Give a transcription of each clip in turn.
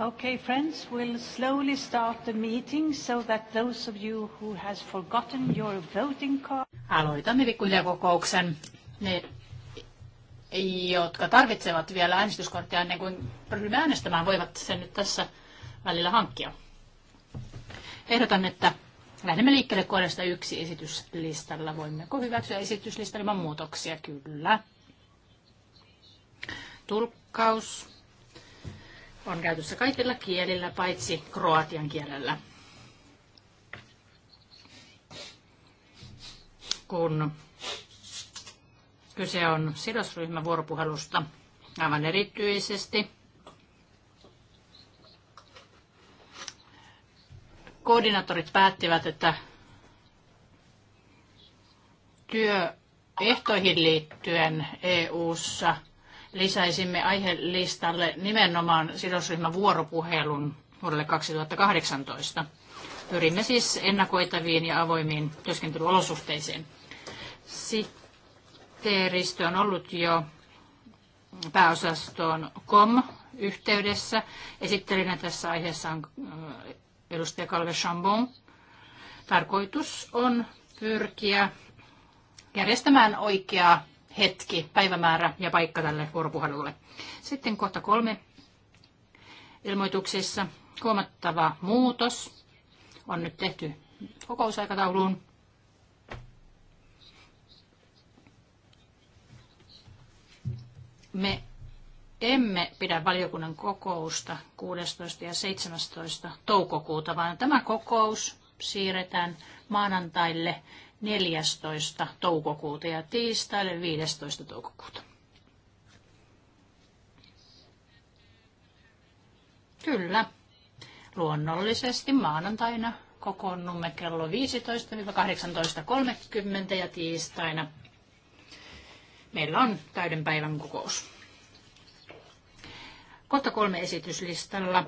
Okay, friends, we'll slowly start the meeting so that those of you who has forgotten your voting card... Aloitamme pikkuhiljaa kokouksen. Ne, jotka tarvitsevat vielä äänestyskorttia ennen kuin ryhdymme äänestämään, voivat sen nyt tässä välillä hankkia. Ehdotan, että lähdemme liikkeelle kohdasta yksi esityslistalla. Voimmeko hyväksyä esityslistan ilman muutoksia? Kyllä. Tulkkaus on käytössä kaikilla kielillä paitsi kroatian kielellä. Kun kyse on sidosryhmävuoropuhelusta aivan erityisesti, koordinaattorit päättivät, että työehtoihin liittyen EU-ssa lisäisimme aihelistalle nimenomaan sidosryhmän vuoropuhelun vuodelle 2018. Pyrimme siis ennakoitaviin ja avoimiin työskentelyolosuhteisiin. Siteeristö on ollut jo pääosastoon kom yhteydessä. Esittelinä tässä aiheessa on äh, edustaja Calve Chambon. Tarkoitus on pyrkiä järjestämään oikeaa hetki, päivämäärä ja paikka tälle vuoropuhelulle. Sitten kohta kolme ilmoituksissa. Huomattava muutos on nyt tehty kokousaikatauluun. Me emme pidä valiokunnan kokousta 16. ja 17. toukokuuta, vaan tämä kokous siirretään maanantaille 14. toukokuuta ja tiistaille 15. toukokuuta. Kyllä. Luonnollisesti maanantaina kokoonnumme kello 15-18.30 ja tiistaina meillä on täyden päivän kokous. Kohta kolme esityslistalla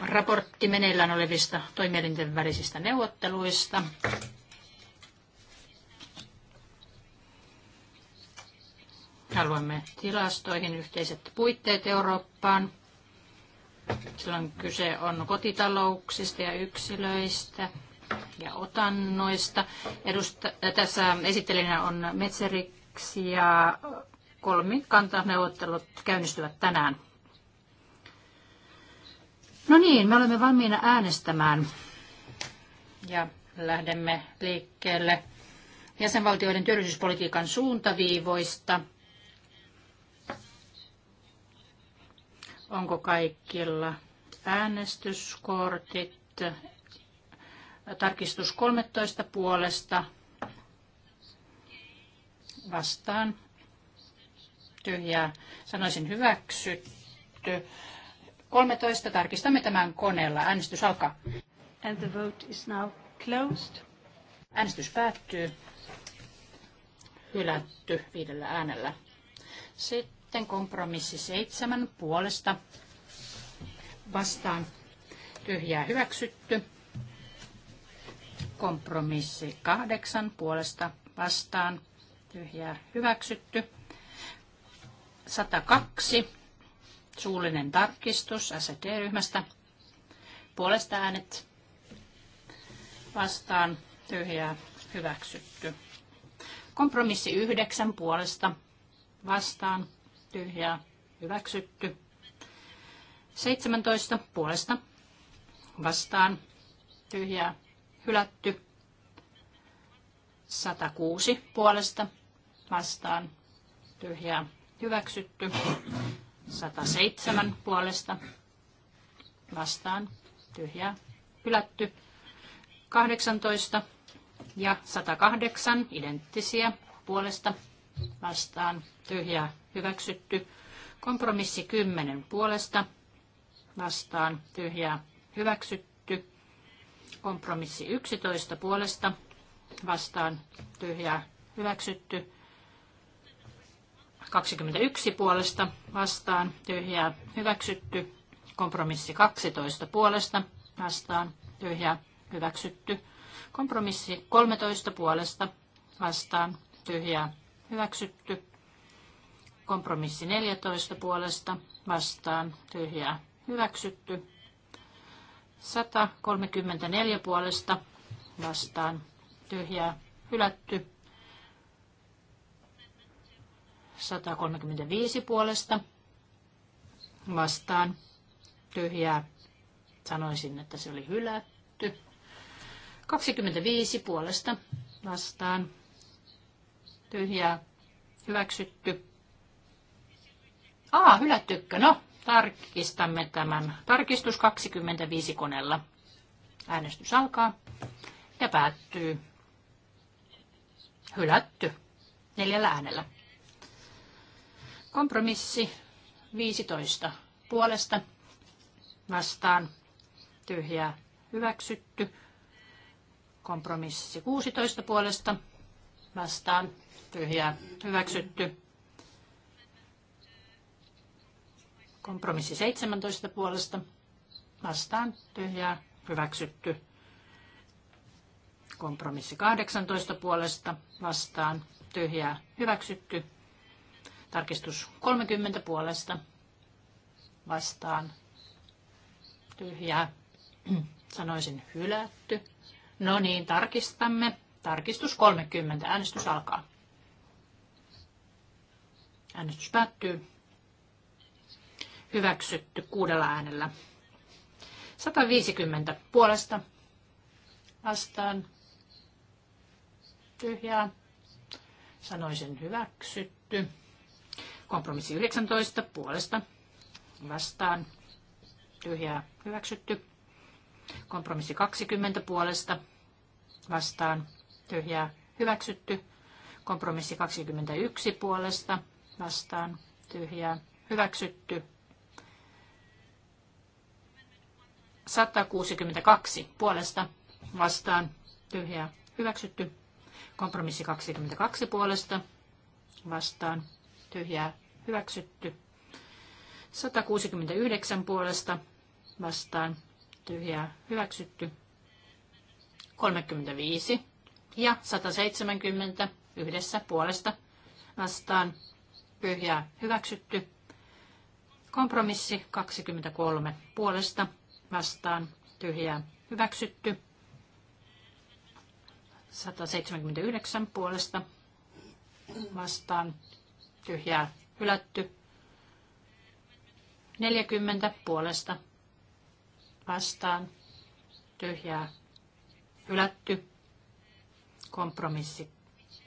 raportti meneillään olevista toimielinten välisistä neuvotteluista. Haluamme tilastoihin yhteiset puitteet Eurooppaan. Silloin kyse on kotitalouksista ja yksilöistä ja otannoista. Edusta, äh, tässä esittelinä on Metseriksi ja kolmikantaneuvottelut käynnistyvät tänään. No niin, me olemme valmiina äänestämään. Ja lähdemme liikkeelle jäsenvaltioiden työllisyyspolitiikan suuntaviivoista. Onko kaikilla äänestyskortit? Tarkistus 13 puolesta vastaan tyhjää. Sanoisin hyväksytty. 13. Tarkistamme tämän koneella. Äänestys alkaa. And the vote is now closed. Äänestys päättyy. Hylätty viidellä äänellä. Sitten kompromissi seitsemän puolesta. Vastaan tyhjää hyväksytty. Kompromissi kahdeksan puolesta vastaan tyhjää hyväksytty. 102 Suullinen tarkistus SED-ryhmästä. Puolesta äänet vastaan tyhjää hyväksytty. Kompromissi yhdeksän puolesta vastaan tyhjää hyväksytty. 17 puolesta vastaan tyhjää hylätty. 106 puolesta vastaan tyhjää hyväksytty. 107 puolesta vastaan tyhjää hylätty. 18 ja 108 identtisiä puolesta vastaan tyhjää hyväksytty. Kompromissi 10 puolesta vastaan tyhjää hyväksytty. Kompromissi 11 puolesta vastaan tyhjää hyväksytty. 21 puolesta vastaan tyhjää hyväksytty. Kompromissi 12 puolesta vastaan tyhjää hyväksytty. Kompromissi 13 puolesta vastaan tyhjää hyväksytty. Kompromissi 14 puolesta vastaan tyhjää hyväksytty. 134 puolesta vastaan tyhjää hylätty. 135 puolesta vastaan tyhjää. Sanoisin, että se oli hylätty. 25 puolesta vastaan tyhjää hyväksytty. Aa, hylättykö? No, tarkistamme tämän. Tarkistus 25 koneella. Äänestys alkaa ja päättyy. Hylätty. Neljällä äänellä. Kompromissi 15 puolesta vastaan tyhjää hyväksytty. Kompromissi 16 puolesta vastaan tyhjää hyväksytty. Kompromissi 17 puolesta vastaan tyhjää hyväksytty. Kompromissi 18 puolesta vastaan tyhjää hyväksytty. Tarkistus 30 puolesta vastaan. Tyhjää. Sanoisin hylätty. No niin, tarkistamme. Tarkistus 30. Äänestys alkaa. Äänestys päättyy. Hyväksytty kuudella äänellä. 150 puolesta vastaan. Tyhjää. Sanoisin hyväksytty. Kompromissi 19 puolesta vastaan tyhjää hyväksytty. Kompromissi 20 puolesta vastaan tyhjää hyväksytty. Kompromissi 21 puolesta vastaan tyhjää hyväksytty. 162 puolesta vastaan tyhjää hyväksytty. Kompromissi 22 puolesta vastaan tyhjää hyväksytty. 169 puolesta vastaan tyhjää hyväksytty. 35 ja 170 yhdessä puolesta vastaan tyhjää hyväksytty. Kompromissi 23 puolesta vastaan tyhjää hyväksytty. 179 puolesta vastaan tyhjää hylätty. 40 puolesta vastaan tyhjää hylätty kompromissi.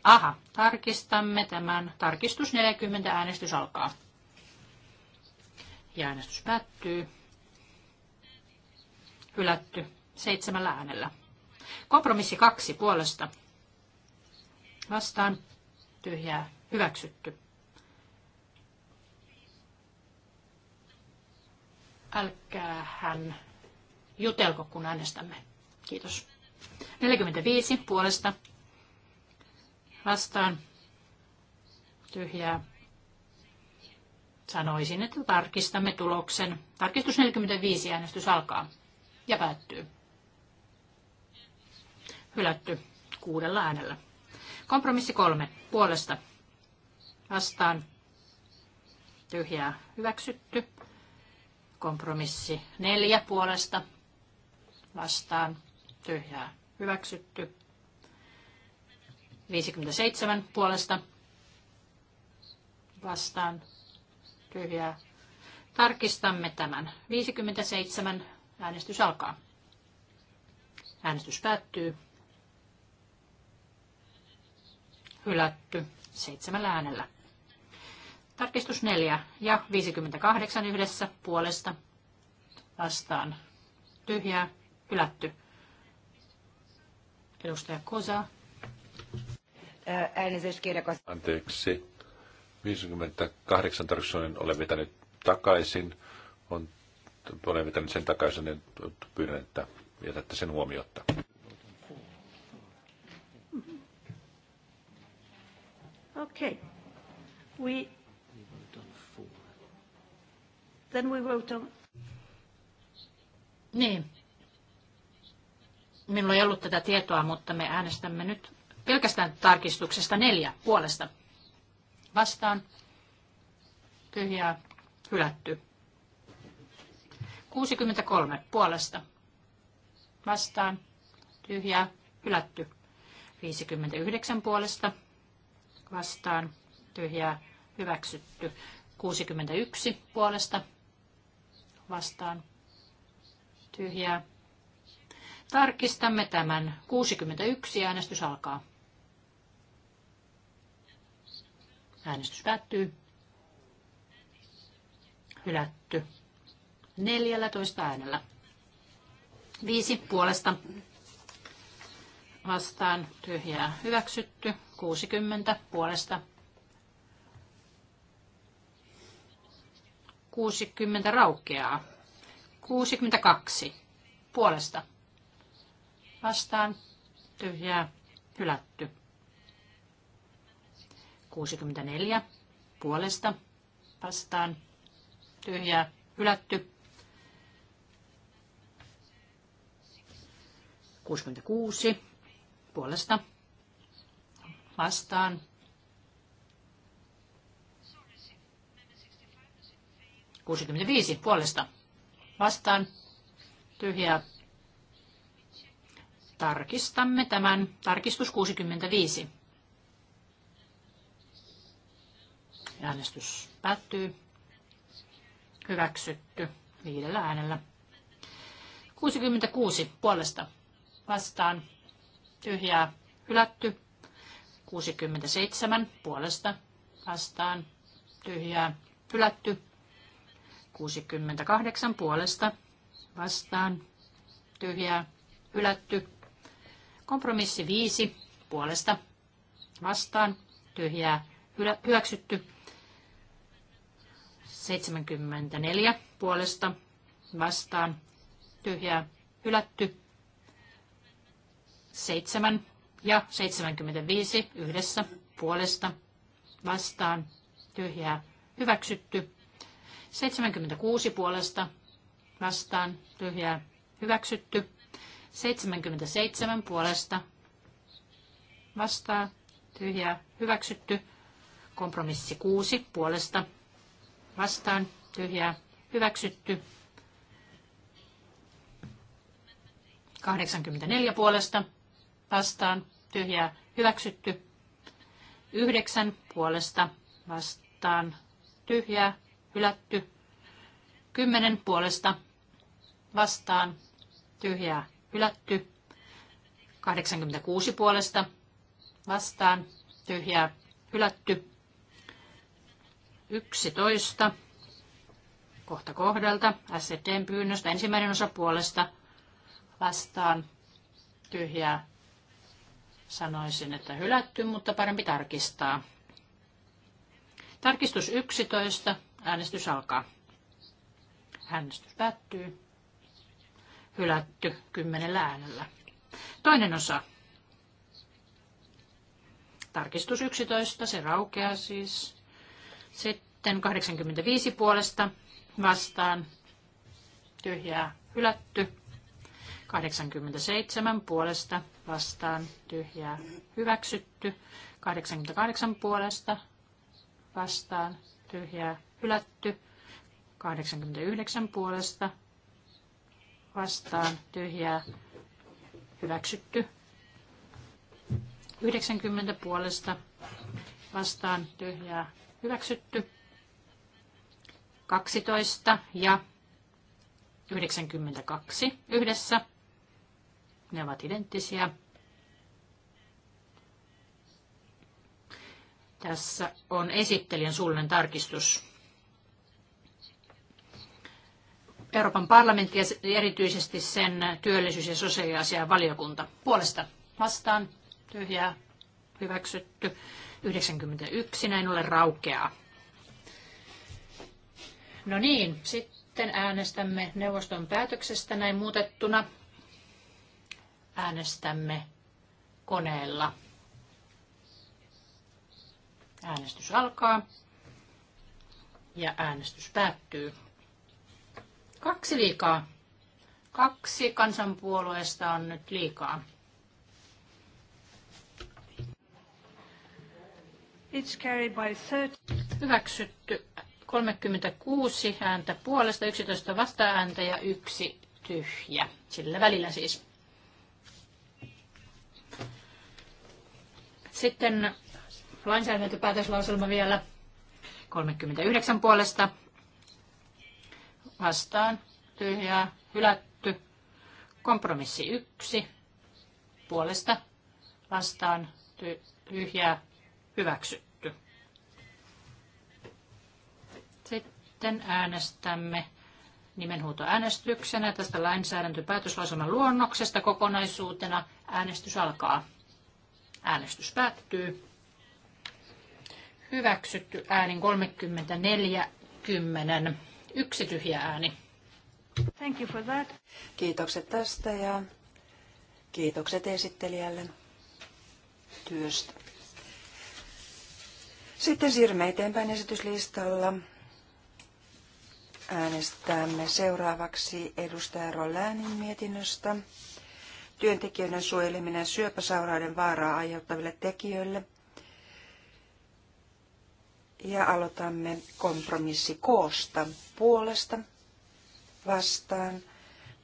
Aha, tarkistamme tämän. Tarkistus 40, äänestys alkaa. Ja äänestys päättyy. Hylätty seitsemällä äänellä. Kompromissi kaksi puolesta. Vastaan tyhjää hyväksytty. Älkää hän jutelko, kun äänestämme. Kiitos. 45 puolesta. Vastaan. Tyhjää. Sanoisin, että tarkistamme tuloksen. Tarkistus 45 äänestys alkaa ja päättyy. Hylätty kuudella äänellä. Kompromissi kolme. Puolesta. Vastaan. Tyhjää. Hyväksytty. Kompromissi neljä puolesta vastaan tyhjää hyväksytty. 57 puolesta vastaan tyhjää. Tarkistamme tämän. 57 äänestys alkaa. Äänestys päättyy. Hylätty seitsemällä äänellä. Tarkistus 4 ja 58 yhdessä puolesta vastaan. Tyhjää, hylätty. Edustaja Kosa. Äänestyskirjakas. Anteeksi. 58 tarkistuksen olen vetänyt takaisin. On, olen vetänyt sen takaisin, niin pyydän, että jätätte sen huomiota. we vote on? Niin. Minulla ei ollut tätä tietoa, mutta me äänestämme nyt pelkästään tarkistuksesta neljä puolesta. Vastaan. Tyhjää. Hylätty. 63 puolesta. Vastaan. Tyhjää. Hylätty. 59 puolesta. Vastaan. Tyhjää. Hyväksytty. 61 puolesta vastaan tyhjää. Tarkistamme tämän. 61 äänestys alkaa. Äänestys päättyy. Hylätty. 14 äänellä. Viisi puolesta vastaan tyhjää hyväksytty. 60 puolesta 60 raukeaa. 62 puolesta. Vastaan tyhjää hylätty. 64 puolesta. Vastaan tyhjää hylätty. 66 puolesta. Vastaan 65 puolesta vastaan tyhjää. Tarkistamme tämän. Tarkistus 65. Äänestys päättyy. Hyväksytty viidellä äänellä. 66 puolesta vastaan tyhjää hylätty. 67 puolesta vastaan tyhjää hylätty. 68 puolesta vastaan tyhjää hylätty. Kompromissi 5 puolesta vastaan tyhjää hyväksytty. 74 puolesta vastaan tyhjää hylätty. 7 ja 75 yhdessä puolesta vastaan tyhjää hyväksytty. 76 puolesta vastaan tyhjää hyväksytty. 77 puolesta vastaan tyhjää hyväksytty. Kompromissi 6 puolesta vastaan tyhjää hyväksytty. 84 puolesta vastaan tyhjää hyväksytty. 9 puolesta vastaan tyhjää hylätty. Kymmenen puolesta vastaan tyhjää hylätty. 86 puolesta vastaan tyhjää hylätty. 11 kohta kohdalta SDn pyynnöstä ensimmäinen osa puolesta vastaan tyhjää. Sanoisin, että hylätty, mutta parempi tarkistaa. Tarkistus 11 Äänestys alkaa. Äänestys päättyy. Hylätty kymmenellä äänellä. Toinen osa. Tarkistus 11, se raukeaa siis. Sitten 85 puolesta vastaan. Tyhjää hylätty. 87 puolesta vastaan tyhjää hyväksytty. 88 puolesta vastaan tyhjää hylätty. 89 puolesta vastaan tyhjää hyväksytty. 90 puolesta vastaan tyhjää hyväksytty. 12 ja 92 yhdessä. Ne ovat identtisiä. Tässä on esittelijän sullen tarkistus. Euroopan parlamentti ja erityisesti sen työllisyys- ja sosiaaliasian valiokunta. Puolesta vastaan tyhjää hyväksytty 91, näin ollen raukeaa. No niin, sitten äänestämme neuvoston päätöksestä näin muutettuna. Äänestämme koneella. Äänestys alkaa ja äänestys päättyy. Kaksi liikaa. Kaksi kansanpuolueesta on nyt liikaa. It's carried by 30. Hyväksytty 36 ääntä puolesta, 11 vasta-ääntä ja yksi tyhjä. Sillä välillä siis. Sitten lainsäädäntöpäätöslauselma vielä 39 puolesta vastaan tyhjää hylätty. Kompromissi 1 puolesta vastaan tyhjää hyväksytty. Sitten äänestämme nimenhuutoäänestyksenä tästä lainsäädäntöpäätöslauselman luonnoksesta kokonaisuutena. Äänestys alkaa. Äänestys päättyy. Hyväksytty äänin 34 10. Yksi tyhjä ääni. Thank you for that. Kiitokset tästä ja kiitokset esittelijälle työstä. Sitten siirrymme eteenpäin esityslistalla. Äänestämme seuraavaksi edustaja Rolänin mietinnöstä. Työntekijöiden suojeleminen syöpäsairauden vaaraa aiheuttaville tekijöille – ja aloitamme kompromissi koosta puolesta vastaan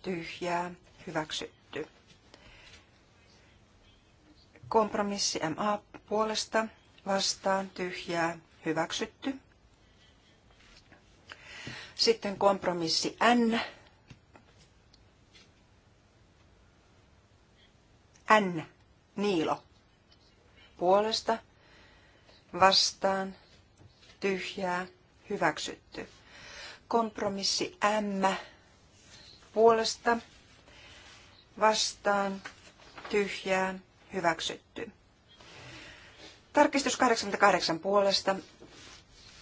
tyhjää hyväksytty. Kompromissi MA puolesta vastaan tyhjää hyväksytty. Sitten kompromissi N. N. Niilo. Puolesta vastaan tyhjää, hyväksytty. Kompromissi M puolesta vastaan tyhjää, hyväksytty. Tarkistus 88 puolesta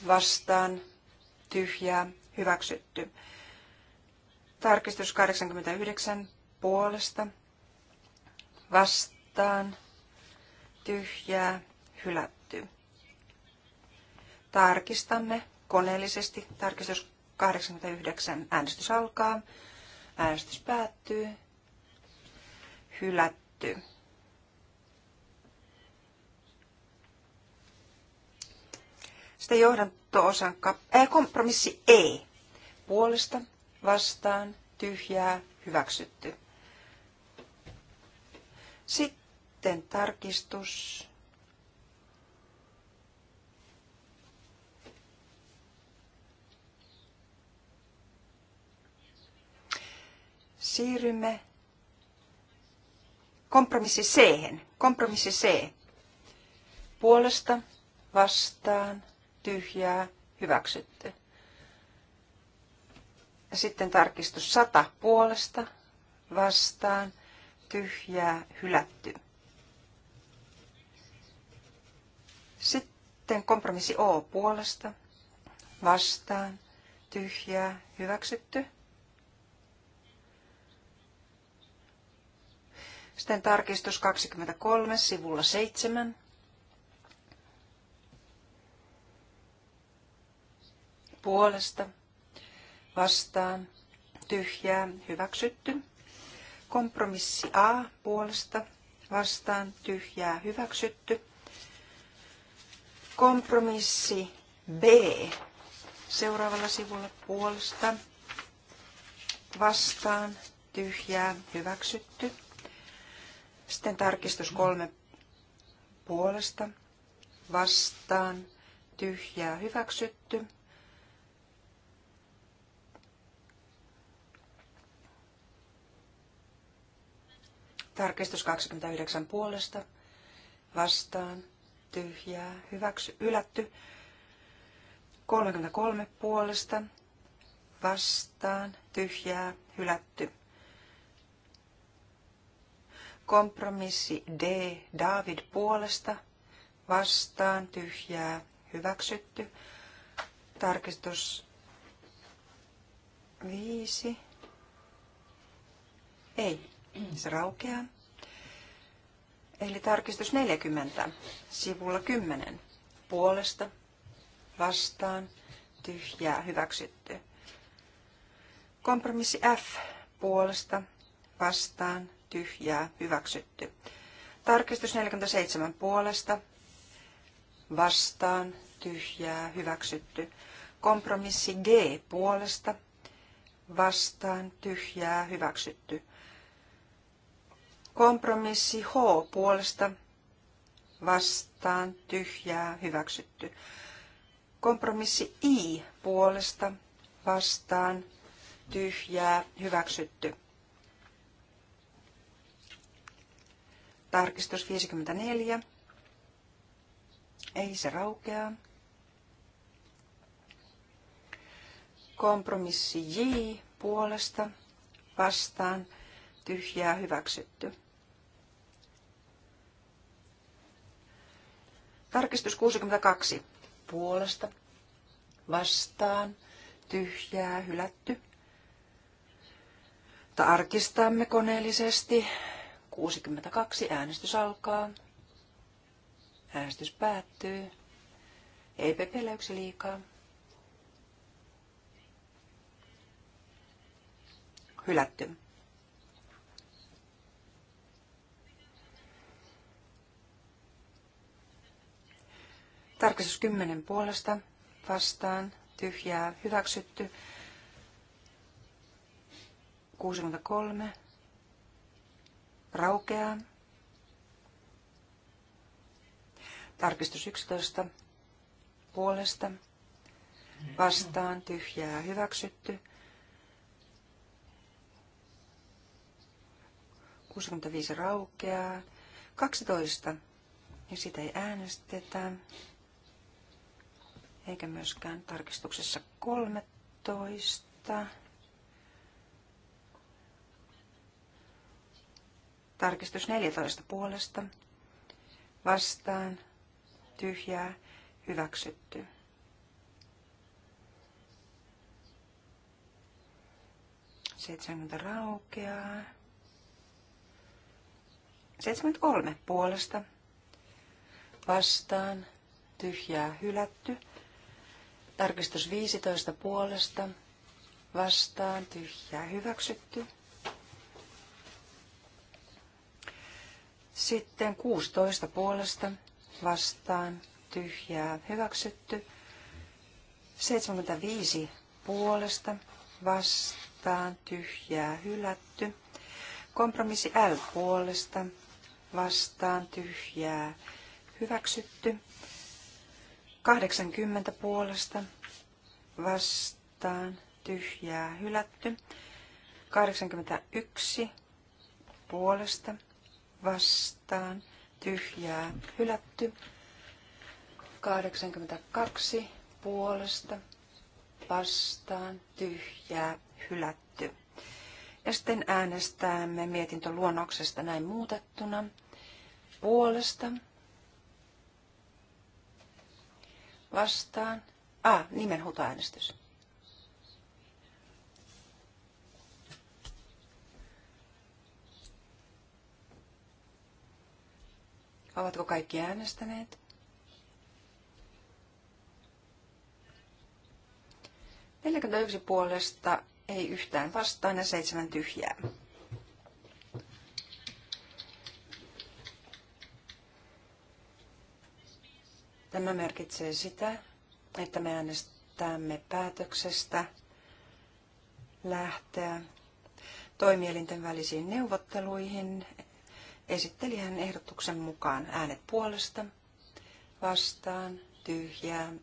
vastaan tyhjää, hyväksytty. Tarkistus 89 puolesta vastaan tyhjää, hylätty Tarkistamme koneellisesti. Tarkistus 89. Äänestys alkaa. Äänestys päättyy. Hylätty. Sitten johdanto-osan äh, kompromissi E. Puolesta, vastaan, tyhjää, hyväksytty. Sitten tarkistus siirrymme kompromissi C. -hän. Kompromissi C. Puolesta, vastaan, tyhjää, hyväksytty. Ja sitten tarkistus 100 puolesta, vastaan, tyhjää, hylätty. Sitten kompromissi O puolesta, vastaan, tyhjää, hyväksytty. Sitten tarkistus 23 sivulla 7. Puolesta, vastaan, tyhjää, hyväksytty. Kompromissi A puolesta, vastaan, tyhjää, hyväksytty. Kompromissi B seuraavalla sivulla puolesta, vastaan, tyhjää, hyväksytty. Sitten tarkistus kolme puolesta, vastaan, tyhjää hyväksytty. Tarkistus 29 puolesta, vastaan, tyhjää, hyväksy, ylätty. 33 puolesta, vastaan, tyhjää, hylätty. Kompromissi D. David puolesta. Vastaan. Tyhjää. Hyväksytty. Tarkistus 5. Ei. Se raukeaa. Eli tarkistus 40. Sivulla 10. Puolesta. Vastaan. Tyhjää. Hyväksytty. Kompromissi F. Puolesta. Vastaan tyhjää, hyväksytty. Tarkistus 47 puolesta, vastaan, tyhjää, hyväksytty. Kompromissi G puolesta, vastaan, tyhjää, hyväksytty. Kompromissi H puolesta, vastaan, tyhjää, hyväksytty. Kompromissi I puolesta, vastaan, tyhjää, hyväksytty. Tarkistus 54. Ei se raukeaa. Kompromissi J puolesta vastaan tyhjää hyväksytty. Tarkistus 62. Puolesta vastaan tyhjää hylätty. Tarkistamme koneellisesti 62. Äänestys alkaa. Äänestys päättyy. EPPllä yksi liikaa. Hylätty. Tarkastus 10 puolesta vastaan. Tyhjää hyväksytty. 63 raukeaa. Tarkistus 11 puolesta vastaan tyhjää hyväksytty. 65 raukeaa. 12. Ja sitä ei äänestetä. Eikä myöskään tarkistuksessa 13. Tarkistus 14 puolesta. Vastaan. Tyhjää. Hyväksytty. Seitsemänkymmentä raukeaa. kolme puolesta. Vastaan. Tyhjää hylätty. Tarkistus 15 puolesta. Vastaan. Tyhjää hyväksytty. Sitten 16 puolesta vastaan tyhjää hyväksytty. 75 puolesta vastaan tyhjää hylätty. Kompromissi L puolesta vastaan tyhjää hyväksytty. 80 puolesta vastaan tyhjää hylätty. 81 puolesta vastaan tyhjää hylätty. 82 puolesta vastaan tyhjää hylätty. Ja sitten äänestämme mietintöluonnoksesta näin muutettuna puolesta vastaan. A, ah, nimenhuutoäänestys. Ovatko kaikki äänestäneet? yksi puolesta, ei yhtään vastaan ja seitsemän tyhjää. Tämä merkitsee sitä, että me äänestämme päätöksestä lähteä toimielinten välisiin neuvotteluihin hän ehdotuksen mukaan äänet puolesta, vastaan, tyhjää.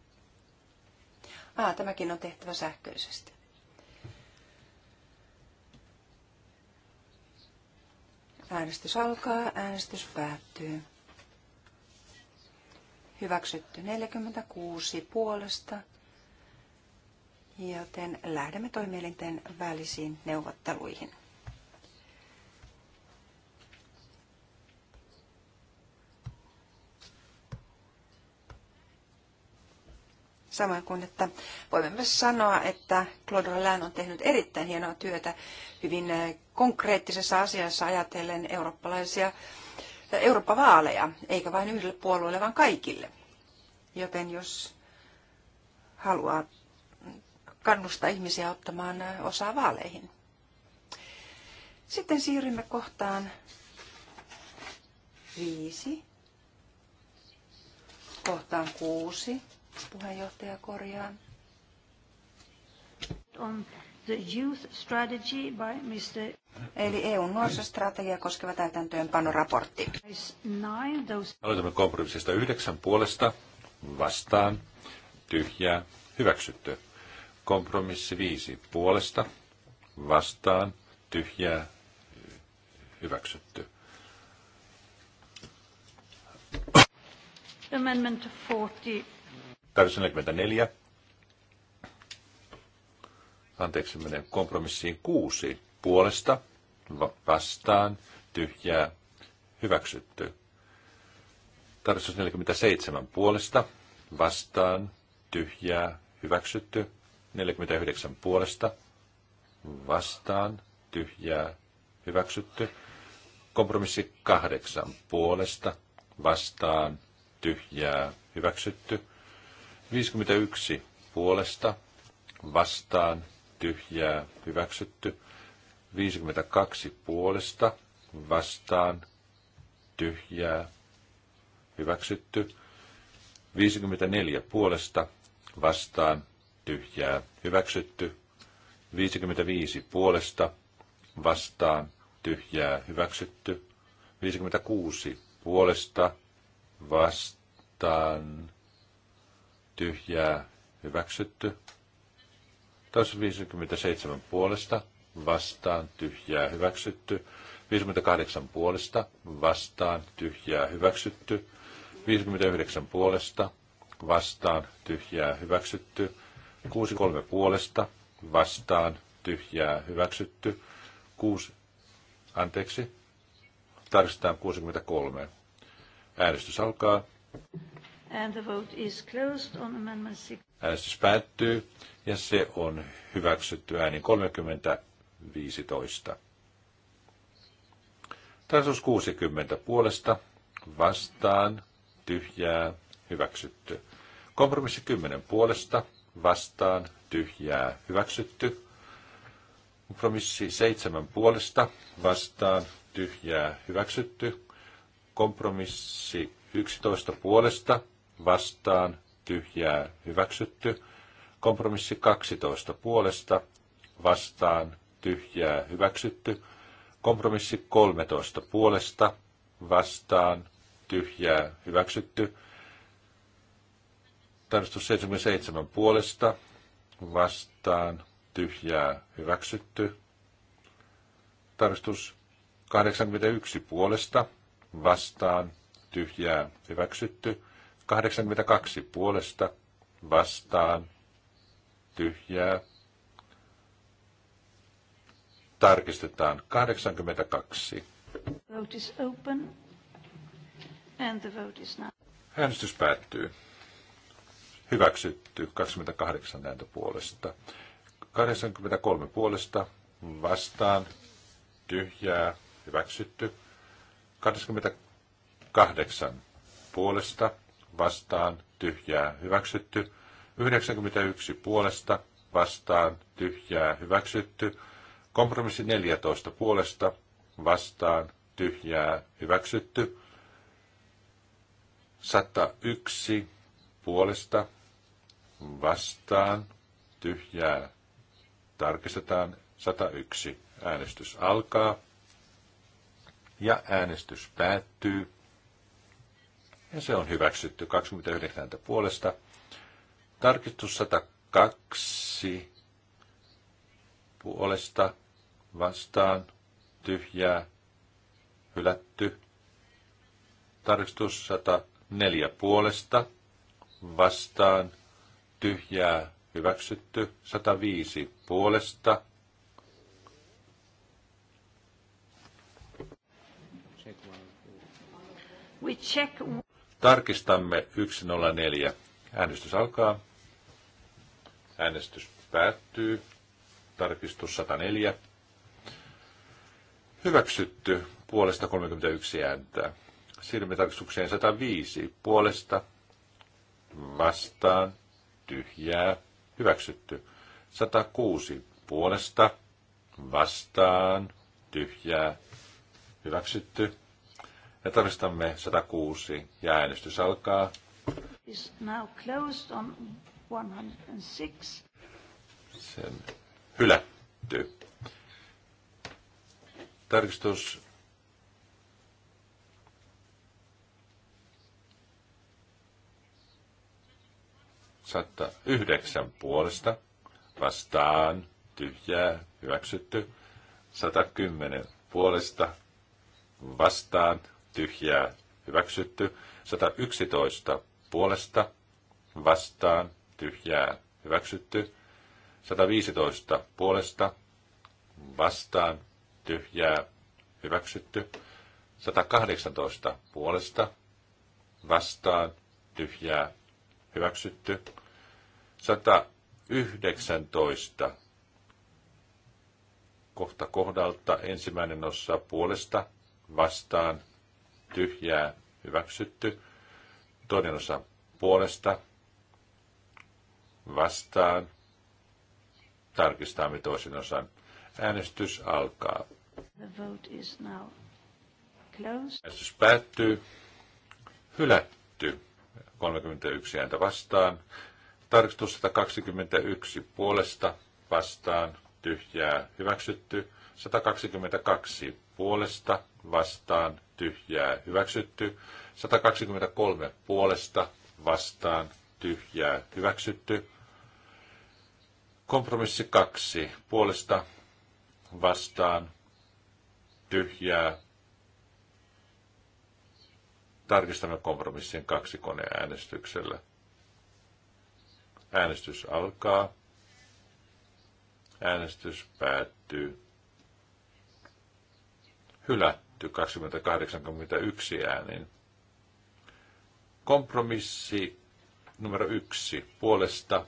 Ah, tämäkin on tehtävä sähköisesti. Äänestys alkaa, äänestys päättyy. Hyväksytty 46 puolesta, joten lähdemme toimielinten välisiin neuvotteluihin. Samoin kuin, että voimme myös sanoa, että Claude Hollande on tehnyt erittäin hienoa työtä hyvin äh, konkreettisessa asiassa ajatellen eurooppalaisia äh, Eurooppa-vaaleja, eikä vain yhdelle puolueelle, vaan kaikille. Joten jos haluaa kannustaa ihmisiä ottamaan äh, osaa vaaleihin. Sitten siirrymme kohtaan viisi, kohtaan kuusi, Puheenjohtaja korjaan. On the youth strategy by Mr. Eli EUn nuorisostrategia koskeva täytäntöönpanoraportti. Aloitamme kompromissista yhdeksän puolesta vastaan tyhjää hyväksytty. Kompromissi viisi puolesta vastaan tyhjää hyväksytty. Amendment 40 Tarkistus 44. Anteeksi, menee kompromissiin 6. Puolesta vastaan tyhjää hyväksytty. Tarkistus 47. Puolesta vastaan tyhjää hyväksytty. 49 puolesta vastaan tyhjää hyväksytty. Kompromissi kahdeksan puolesta vastaan tyhjää hyväksytty. 51 puolesta vastaan tyhjää hyväksytty. 52 puolesta vastaan tyhjää hyväksytty. 54 puolesta vastaan tyhjää hyväksytty. 55 puolesta vastaan tyhjää hyväksytty. 56 puolesta vastaan tyhjää hyväksytty. Taas 57 puolesta vastaan tyhjää hyväksytty. 58 puolesta vastaan tyhjää hyväksytty. 59 puolesta vastaan tyhjää hyväksytty. 63 puolesta vastaan tyhjää hyväksytty. 6, anteeksi, tarkistetaan 63. Äänestys alkaa. And the vote is closed on amendment six. Äänestys päättyy ja se on hyväksytty äänin 30 15. Tarkoitus 60 puolesta vastaan tyhjää hyväksytty. Kompromissi 10 puolesta vastaan tyhjää hyväksytty. Kompromissi 7 puolesta vastaan tyhjää hyväksytty. Kompromissi 11 puolesta vastaan, tyhjää, hyväksytty. Kompromissi 12 puolesta, vastaan, tyhjää, hyväksytty. Kompromissi 13 puolesta, vastaan, tyhjää, hyväksytty. Tarkistus 77 puolesta, vastaan, tyhjää, hyväksytty. Tarkistus 81 puolesta, vastaan, tyhjää, hyväksytty. 82 puolesta vastaan tyhjää. Tarkistetaan 82. Vote is open and the vote is now. Äänestys päättyy. Hyväksytty 28 ääntä puolesta. 83 puolesta vastaan tyhjää hyväksytty. 28 puolesta vastaan, tyhjää, hyväksytty. 91 puolesta, vastaan, tyhjää, hyväksytty. Kompromissi 14 puolesta, vastaan, tyhjää, hyväksytty. 101 puolesta, vastaan, tyhjää, tarkistetaan 101. Äänestys alkaa ja äänestys päättyy ja se on hyväksytty 29 puolesta. Tarkistus 102 puolesta vastaan tyhjää hylätty. Tarkistus 104 puolesta vastaan tyhjää hyväksytty. 105 puolesta We check Tarkistamme 104. Äänestys alkaa. Äänestys päättyy. Tarkistus 104. Hyväksytty puolesta 31 ääntä. Siirrymme tarkistukseen 105. Puolesta vastaan tyhjää. Hyväksytty. 106. Puolesta vastaan tyhjää. Hyväksytty. Me todistamme 106 ja äänestys alkaa. Is now closed on 106. Sen hylätty. Tarkistus satta yhdeksän puolesta vastaan tyhjää hyväksytty 110 puolesta vastaan tyhjää hyväksytty. 111 puolesta vastaan tyhjää hyväksytty. 115 puolesta vastaan tyhjää hyväksytty. 118 puolesta vastaan tyhjää hyväksytty. 119 kohta kohdalta ensimmäinen osa puolesta vastaan tyhjää hyväksytty. Toinen osa puolesta vastaan. Tarkistamme toisen osan. Äänestys alkaa. The vote is now closed. Äänestys päättyy. Hylätty. 31 ääntä vastaan. Tarkistus 121 puolesta vastaan. Tyhjää hyväksytty. 122 puolesta vastaan tyhjää hyväksytty. 123 puolesta vastaan tyhjää hyväksytty. Kompromissi 2 puolesta vastaan tyhjää. Tarkistamme kompromissin kaksi koneäänestyksellä. Äänestys alkaa. Äänestys päättyy. Hylätty hylätty 2081 ääniin. Kompromissi numero yksi puolesta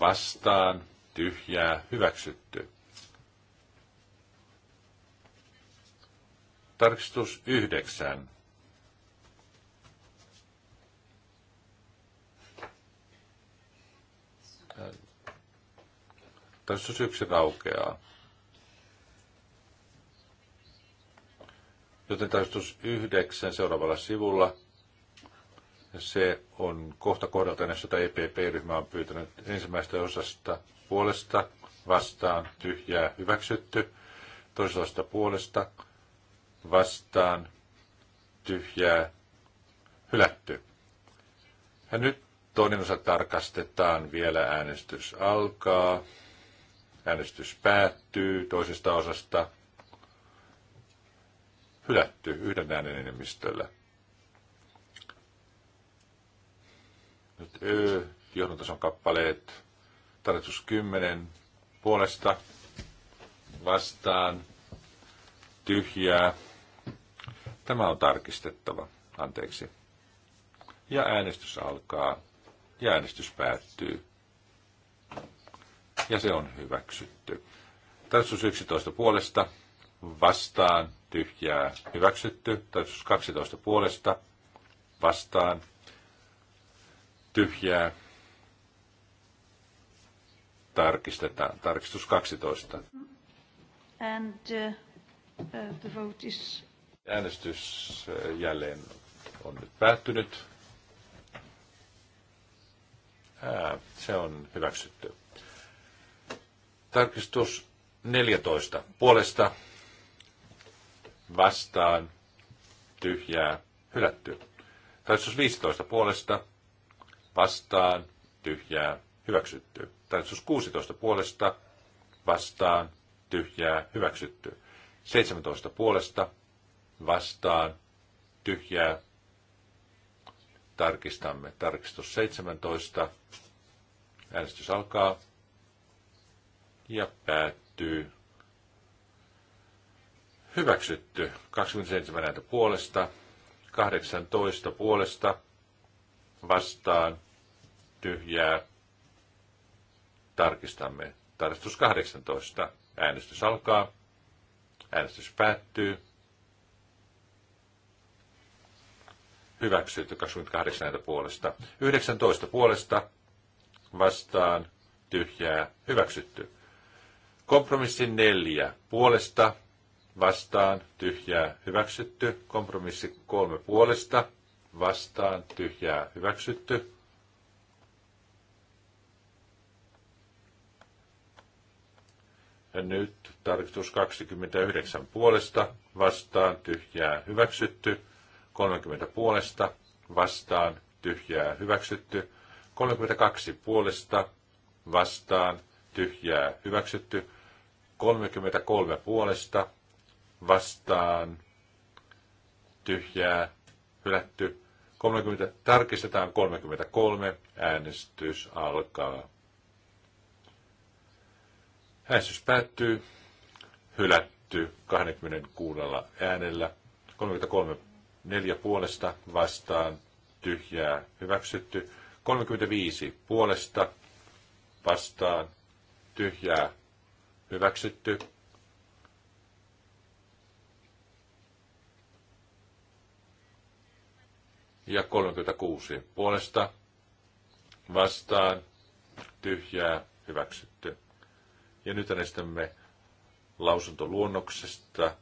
vastaan tyhjää hyväksytty. Tarkistus yhdeksän. Tarkistus yksi raukeaa. Joten taistus yhdeksän seuraavalla sivulla. Se on kohta kohdalta näissä, jota EPP-ryhmä on pyytänyt ensimmäistä osasta puolesta vastaan tyhjää hyväksytty. Toisesta puolesta vastaan tyhjää hylätty. Ja nyt toinen osa tarkastetaan vielä. Äänestys alkaa. Äänestys päättyy toisesta osasta hylätty yhden äänen enemmistöllä. Nyt Ö, johdontason kappaleet, tarkoitus 10 puolesta vastaan tyhjää. Tämä on tarkistettava. Anteeksi. Ja äänestys alkaa. Ja äänestys päättyy. Ja se on hyväksytty. Tarkistus 11 puolesta vastaan tyhjää hyväksytty. Tarkistus 12 puolesta vastaan tyhjää tarkistetaan. Tarkistus 12. And, uh, uh, the vote is... Äänestys äh, jälleen on nyt päättynyt. Ää, äh, se on hyväksytty. Tarkistus 14. Puolesta vastaan, tyhjää, hylätty. Täytyisyys 15 puolesta, vastaan, tyhjää, hyväksytty. Täytyisyys 16 puolesta, vastaan, tyhjää, hyväksytty. 17 puolesta, vastaan, tyhjää, tarkistamme. Tarkistus 17, äänestys alkaa ja päättyy. Hyväksytty. 27 puolesta, 18 puolesta, vastaan, tyhjää. Tarkistamme. Tarkistus 18. Äänestys alkaa. Äänestys päättyy. Hyväksytty 28 puolesta. 19 puolesta vastaan tyhjää hyväksytty. Kompromissi 4 puolesta vastaan, tyhjää, hyväksytty. Kompromissi kolme puolesta, vastaan, tyhjää, hyväksytty. Ja nyt tarkistus 29 puolesta, vastaan, tyhjää, hyväksytty. 30 puolesta, vastaan, tyhjää, hyväksytty. 32 puolesta, vastaan, tyhjää, hyväksytty. 33 puolesta, vastaan tyhjää hylätty. 30, tarkistetaan 33, äänestys alkaa. Äänestys päättyy, hylätty 26 äänellä, 33 neljä puolesta vastaan, tyhjää hyväksytty, 35 puolesta vastaan, tyhjää hyväksytty, ja 36 puolesta vastaan tyhjää hyväksytty. Ja nyt äänestämme lausuntoluonnoksesta.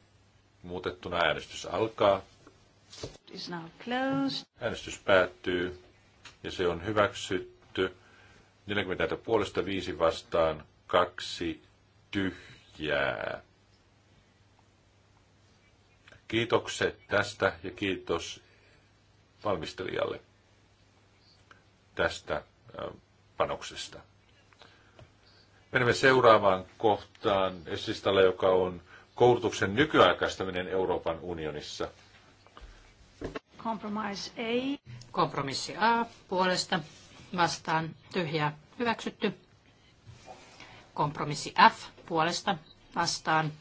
Muutettuna äänestys alkaa. Äänestys päättyy ja se on hyväksytty. 40 puolesta 5 vastaan, kaksi tyhjää. Kiitokset tästä ja kiitos valmistelijalle tästä panoksesta. Menemme seuraavaan kohtaan Essistalle, joka on koulutuksen nykyaikaistaminen Euroopan unionissa. Compromise A. Kompromissi A puolesta vastaan tyhjä hyväksytty. Kompromissi F puolesta vastaan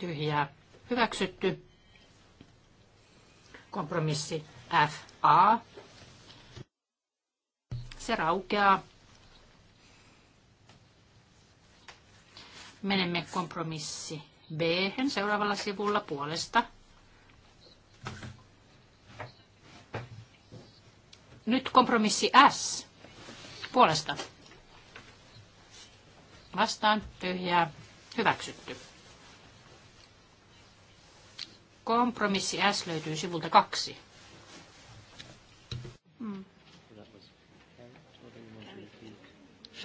tyhjää hyväksytty. Kompromissi FA. Se raukeaa. Menemme kompromissi B seuraavalla sivulla puolesta. Nyt kompromissi S puolesta. Vastaan tyhjää hyväksytty. Kompromissi S löytyy sivulta kaksi.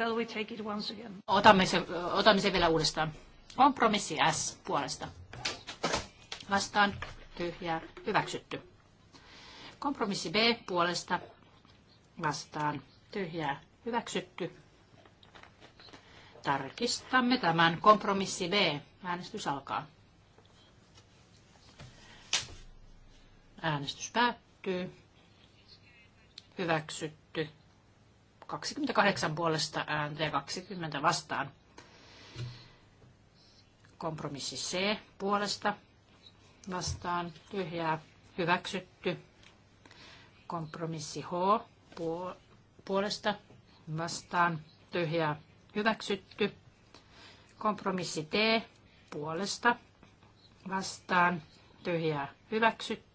Shall we take it once again? Otamme se, otamme se vielä uudestaan. Kompromissi S puolesta. Vastaan tyhjää hyväksytty. Kompromissi B puolesta vastaan tyhjää hyväksytty. Tarkistamme tämän kompromissi B. Äänestys alkaa. Äänestys päättyy. Hyväksytty 28 puolesta ääntä ja 20 vastaan. Kompromissi C puolesta vastaan tyhjää hyväksytty. Kompromissi H puolesta vastaan tyhjää hyväksytty. Kompromissi T puolesta vastaan tyhjää hyväksytty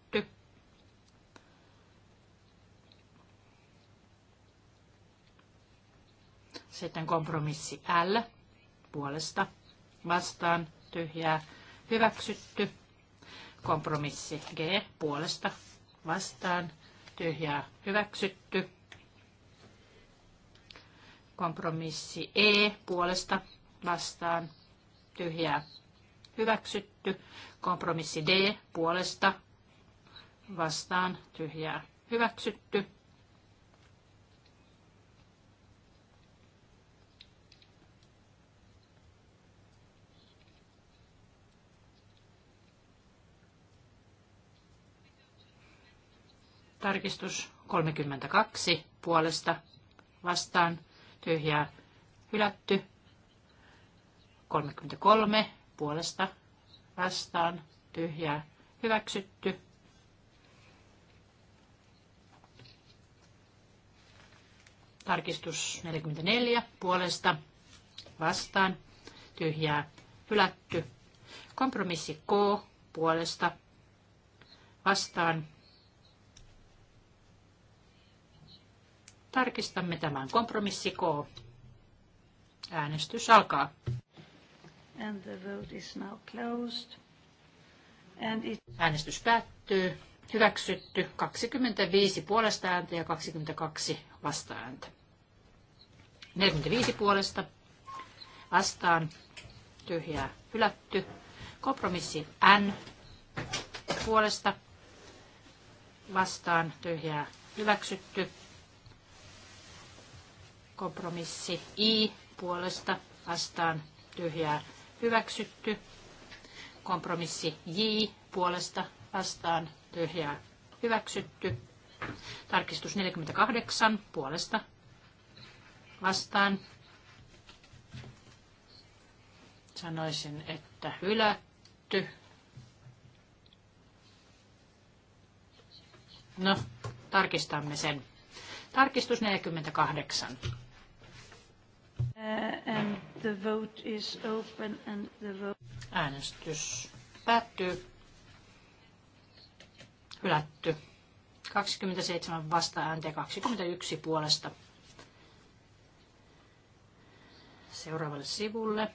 Sitten kompromissi L puolesta vastaan tyhjää hyväksytty. Kompromissi G puolesta vastaan tyhjää hyväksytty. Kompromissi E puolesta vastaan tyhjää hyväksytty. Kompromissi D puolesta vastaan tyhjää hyväksytty. Tarkistus 32 puolesta vastaan tyhjää hylätty. 33 puolesta vastaan tyhjää hyväksytty. Tarkistus 44 puolesta vastaan tyhjää hylätty. Kompromissi K puolesta vastaan Tarkistamme tämän kompromissi Äänestys alkaa. And the vote is now closed. And it... Äänestys päättyy. Hyväksytty 25 puolesta ääntä ja 22 ääntä. 45 puolesta vastaan tyhjää hylätty. Kompromissi N puolesta vastaan tyhjää hyväksytty. Kompromissi I puolesta vastaan tyhjää hyväksytty. Kompromissi J puolesta vastaan tyhjää hyväksytty. Tarkistus 48 puolesta vastaan. Sanoisin, että hylätty. No, tarkistamme sen. Tarkistus 48. Uh, and the vote is open and the vote... Äänestys päättyy. Hylätty. 27 vasta ääntä 21 puolesta. Seuraavalle sivulle.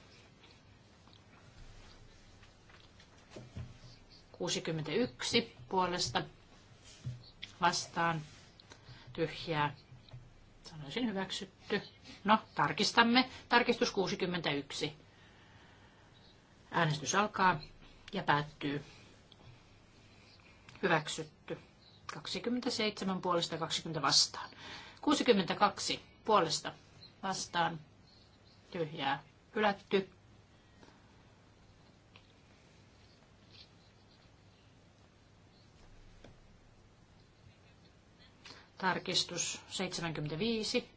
61 puolesta vastaan tyhjää Sanoisin hyväksytty. No, tarkistamme. Tarkistus 61. Äänestys alkaa ja päättyy. Hyväksytty. 27 puolesta 20 vastaan. 62 puolesta vastaan. Tyhjää. Hylätty. Tarkistus 75,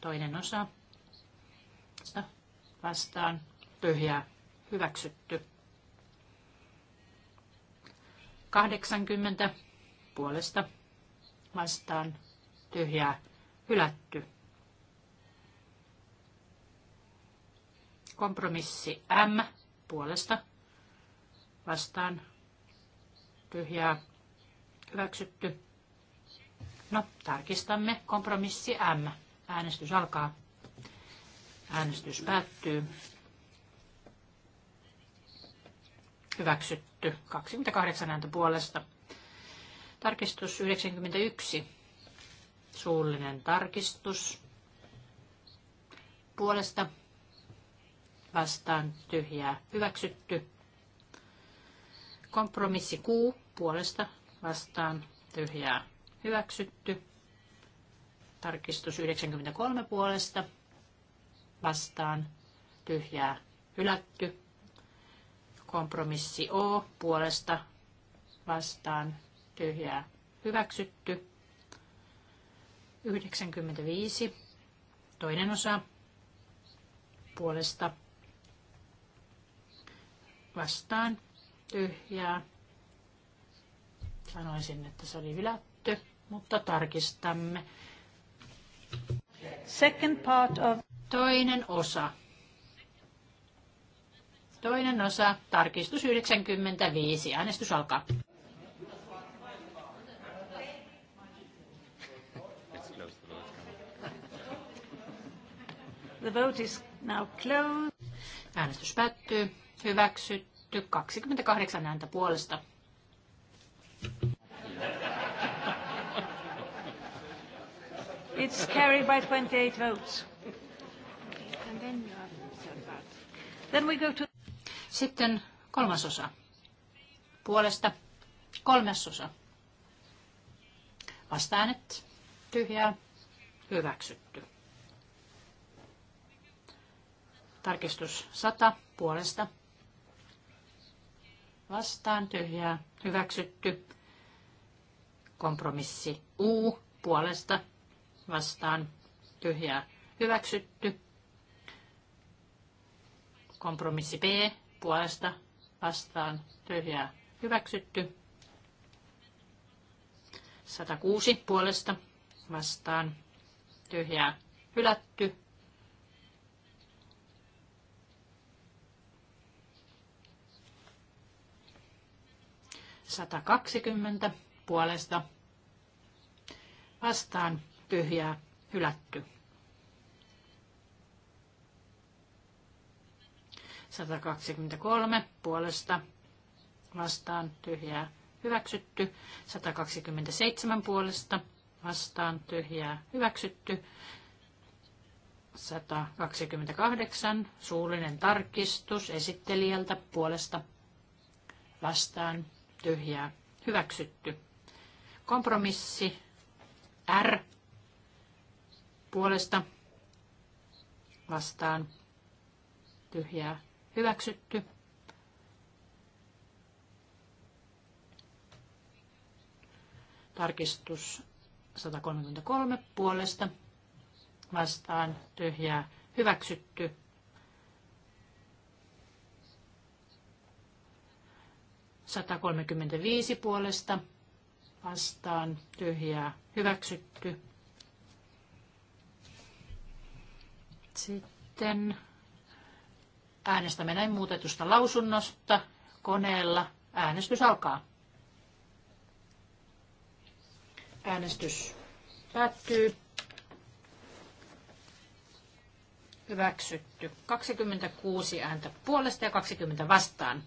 toinen osa. Vastaan tyhjää hyväksytty. 80 puolesta vastaan tyhjää hylätty. Kompromissi M puolesta vastaan tyhjää hyväksytty. No, tarkistamme. Kompromissi M. Äänestys alkaa. Äänestys päättyy. Hyväksytty. 28 ääntä puolesta. Tarkistus 91. Suullinen tarkistus. Puolesta vastaan tyhjää hyväksytty. Kompromissi Q puolesta vastaan tyhjää hyväksytty. Tarkistus 93 puolesta vastaan tyhjää hylätty. Kompromissi O puolesta vastaan tyhjää hyväksytty. 95 toinen osa puolesta vastaan tyhjää. Sanoisin, että se oli hylätty mutta tarkistamme. Second part of... Toinen osa. Toinen osa, tarkistus 95. Äänestys alkaa. The vote is now closed. Äänestys päättyy. Hyväksytty 28 ääntä puolesta. It's carried by 28 votes. And then you have Then we go to... Sitten kolmasosa. Puolesta kolmasosa. Vastaanet. Tyhjää. Hyväksytty. Tarkistus 100 puolesta. Vastaan tyhjää. Hyväksytty. Kompromissi U puolesta vastaan tyhjää hyväksytty. Kompromissi B puolesta vastaan tyhjää hyväksytty. 106 puolesta vastaan tyhjää hylätty. 120 puolesta vastaan tyhjää hylätty. 123 puolesta vastaan tyhjää hyväksytty. 127 puolesta vastaan tyhjää hyväksytty. 128 suullinen tarkistus esittelijältä puolesta vastaan tyhjää hyväksytty. Kompromissi R puolesta vastaan tyhjää hyväksytty. Tarkistus 133 puolesta vastaan tyhjää hyväksytty. viisi puolesta vastaan tyhjää hyväksytty. Sitten äänestämme näin muutetusta lausunnosta koneella. Äänestys alkaa. Äänestys päättyy. Hyväksytty. 26 ääntä puolesta ja 20 vastaan.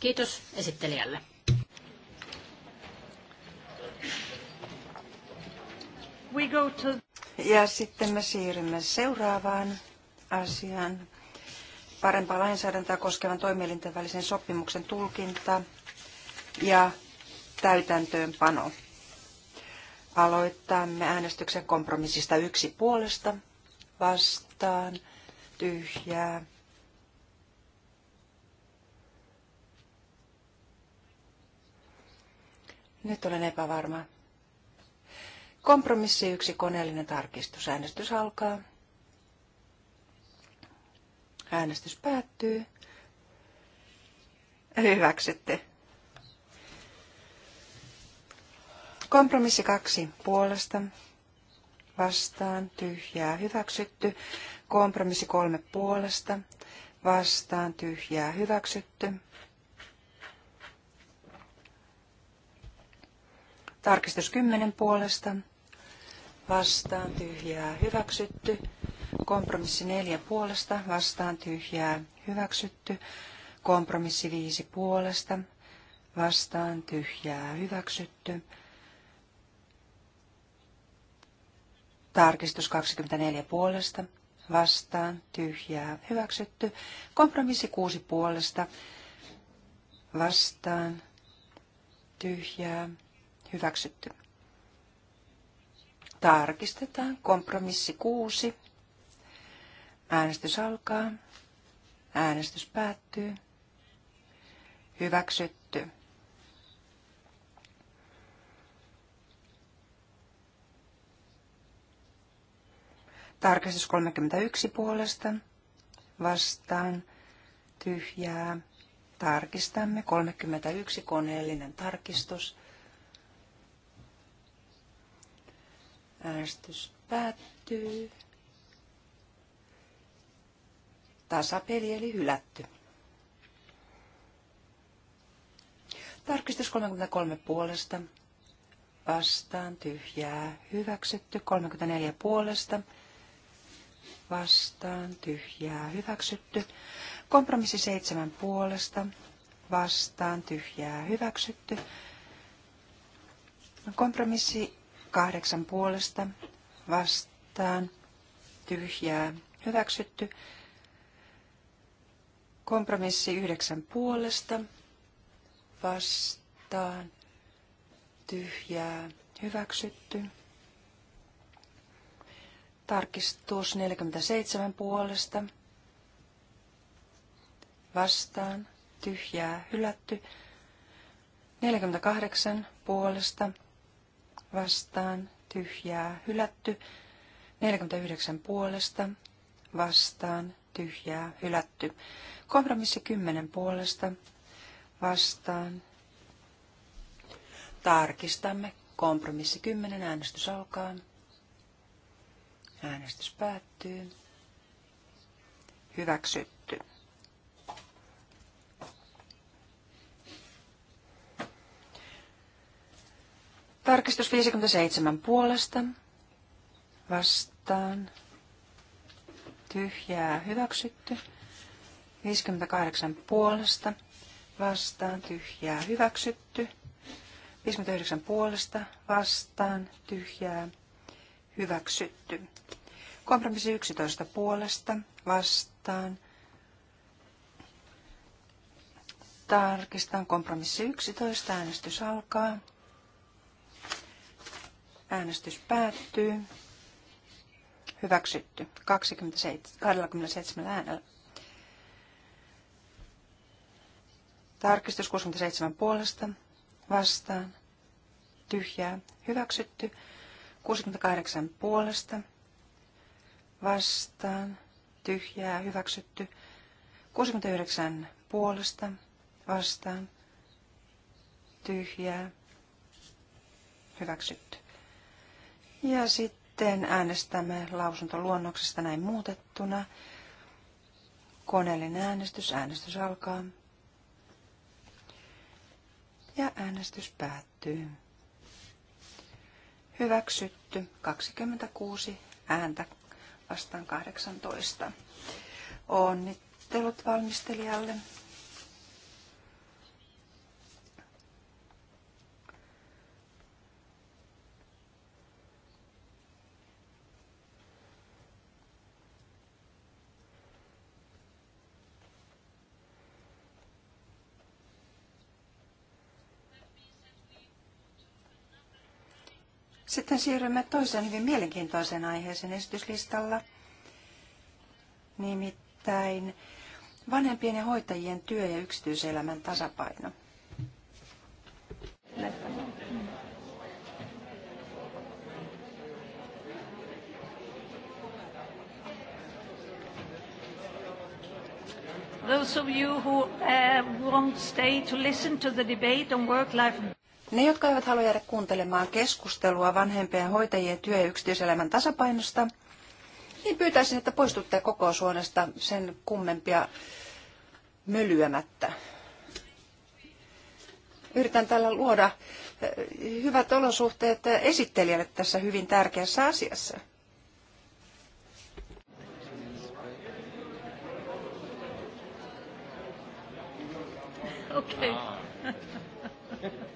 Kiitos esittelijälle. We go to... Ja sitten me siirrymme seuraavaan asiaan. Parempaa lainsäädäntöä koskevan toimielinten välisen sopimuksen tulkinta ja täytäntöönpano. Aloitamme äänestyksen kompromissista yksi puolesta vastaan tyhjää. Nyt olen epävarma. Kompromissi yksi koneellinen tarkistus. Äänestys alkaa. Äänestys päättyy. Hyväksytte. Kompromissi kaksi puolesta. Vastaan tyhjää hyväksytty. Kompromissi kolme puolesta. Vastaan tyhjää hyväksytty. Tarkistus kymmenen puolesta vastaan tyhjää hyväksytty. Kompromissi neljä puolesta vastaan tyhjää hyväksytty. Kompromissi viisi puolesta vastaan tyhjää hyväksytty. Tarkistus 24 puolesta vastaan tyhjää hyväksytty. Kompromissi 6 puolesta vastaan tyhjää hyväksytty. Tarkistetaan kompromissi 6. Äänestys alkaa. Äänestys päättyy. Hyväksytty. Tarkistus 31 puolesta. Vastaan. Tyhjää. Tarkistamme. 31 koneellinen tarkistus. Äänestys päättyy. Tasapeli eli hylätty. Tarkistus 33 puolesta. Vastaan tyhjää. Hyväksytty 34 puolesta. Vastaan tyhjää. Hyväksytty. Kompromissi 7 puolesta. Vastaan tyhjää. Hyväksytty. Kompromissi Kahdeksan puolesta vastaan tyhjää hyväksytty. Kompromissi yhdeksän puolesta vastaan tyhjää hyväksytty. Tarkistus 47 puolesta vastaan tyhjää hylätty. 48 puolesta vastaan, tyhjää, hylätty. 49 puolesta, vastaan, tyhjää, hylätty. Kompromissi 10 puolesta, vastaan. Tarkistamme. Kompromissi 10, äänestys alkaa. Äänestys päättyy. Hyväksytty. Tarkistus 57 puolesta. Vastaan. Tyhjää hyväksytty. 58 puolesta. Vastaan. Tyhjää hyväksytty. 59 puolesta. Vastaan. Tyhjää hyväksytty. Kompromissi 11 puolesta. Vastaan. Tarkistan kompromissi 11. Äänestys alkaa. Äänestys päättyy. Hyväksytty 27, 27 äänellä. Tarkistus 67 puolesta. Vastaan. Tyhjää. Hyväksytty. 68 puolesta. Vastaan. Tyhjää. Hyväksytty. 69 puolesta. Vastaan. Tyhjää. Hyväksytty. Ja sitten äänestämme lausuntoluonnoksesta näin muutettuna. Koneellinen äänestys. Äänestys alkaa. Ja äänestys päättyy. Hyväksytty 26 ääntä vastaan 18. Onnittelut valmistelijalle. Sitten siirrymme toiseen hyvin mielenkiintoiseen aiheeseen esityslistalla, nimittäin vanhempien ja hoitajien työ- ja yksityiselämän tasapaino. Those of you who uh, won't stay to listen to the debate on work-life ne, jotka eivät halua jäädä kuuntelemaan keskustelua vanhempien ja hoitajien työ- ja yksityiselämän tasapainosta, niin pyytäisin, että poistutte suonesta sen kummempia mölyämättä. Yritän tällä luoda eh, hyvät olosuhteet esittelijälle tässä hyvin tärkeässä asiassa. Okay. Ah.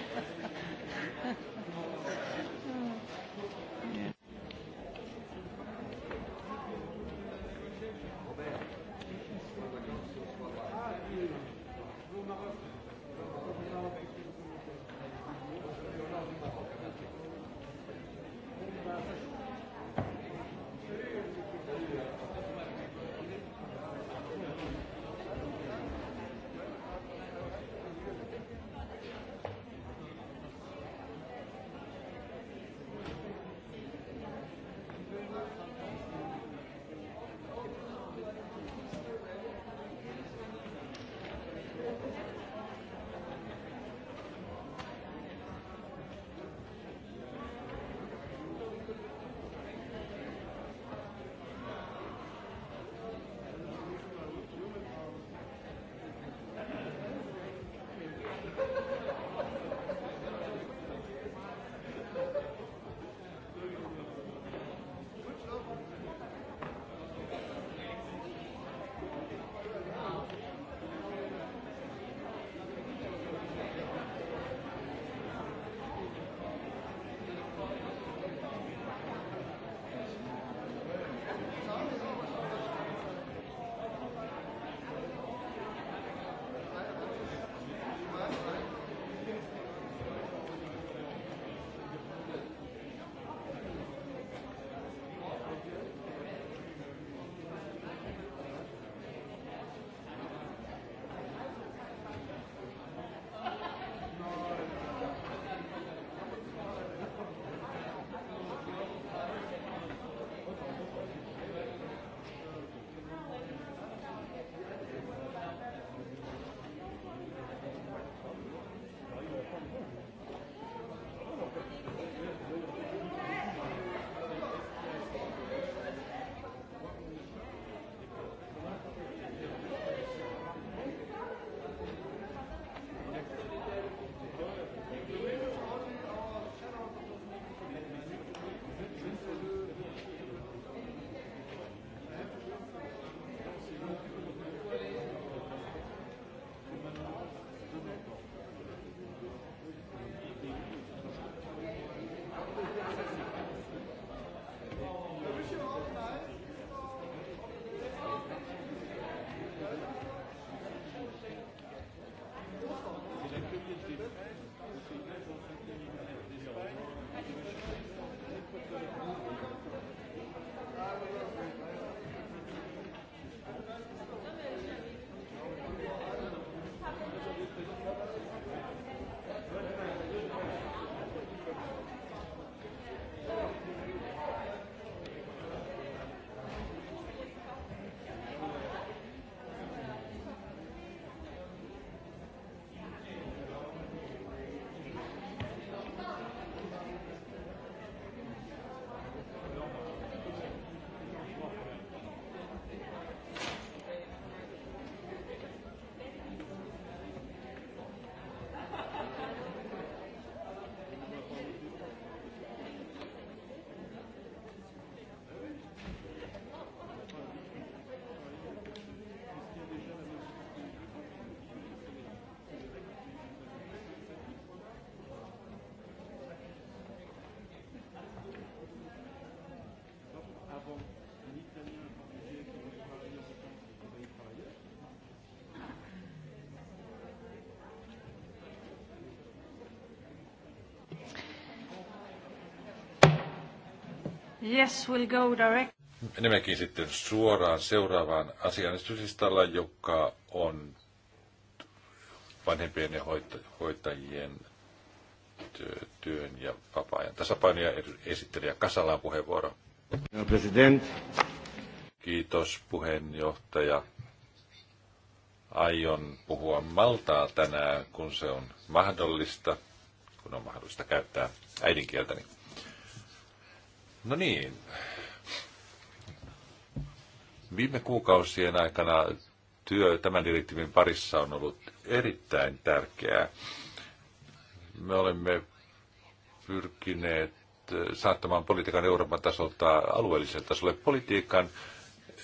Yes, we'll go direct. Menemmekin sitten suoraan seuraavaan asianistuslistalla, joka on vanhempien ja hoitajien työn ja vapaa-ajan tasapainoja ja esittelijä Kasalaan puheenvuoro. president. Kiitos puheenjohtaja. Aion puhua Maltaa tänään, kun se on mahdollista, kun on mahdollista käyttää äidinkieltäni. Niin No niin. Viime kuukausien aikana työ tämän direktiivin parissa on ollut erittäin tärkeää. Me olemme pyrkineet saattamaan politiikan Euroopan tasolta alueelliselle tasolle politiikan,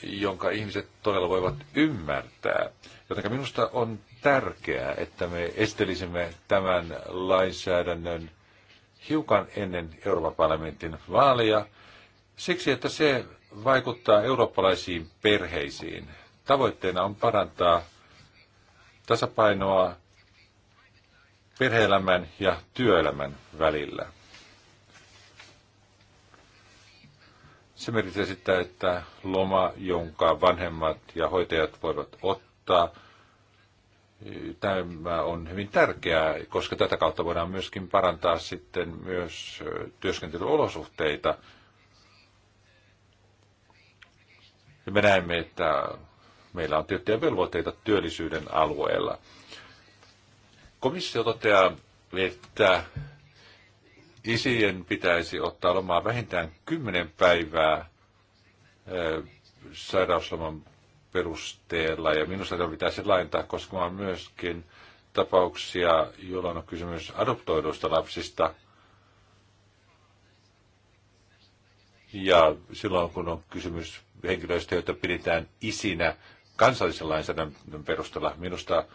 jonka ihmiset todella voivat ymmärtää. Joten minusta on tärkeää, että me estelisimme tämän lainsäädännön hiukan ennen Euroopan parlamentin vaaleja, siksi että se vaikuttaa eurooppalaisiin perheisiin. Tavoitteena on parantaa tasapainoa perheelämän ja työelämän välillä. Se merkitsee sitä, että loma, jonka vanhemmat ja hoitajat voivat ottaa – Tämä on hyvin tärkeää, koska tätä kautta voidaan myöskin parantaa sitten myös työskentelyolosuhteita. Ja me näemme, että meillä on tiettyjä velvoitteita työllisyyden alueella. Komissio toteaa, että isien pitäisi ottaa lomaa vähintään 10 päivää sairausloman perusteella. Ja minusta tämä pitäisi laajentaa koskemaan myöskin tapauksia, jolloin on kysymys adoptoiduista lapsista. Ja silloin, kun on kysymys henkilöistä, joita pidetään isinä kansallisen lainsäädännön perusteella, minusta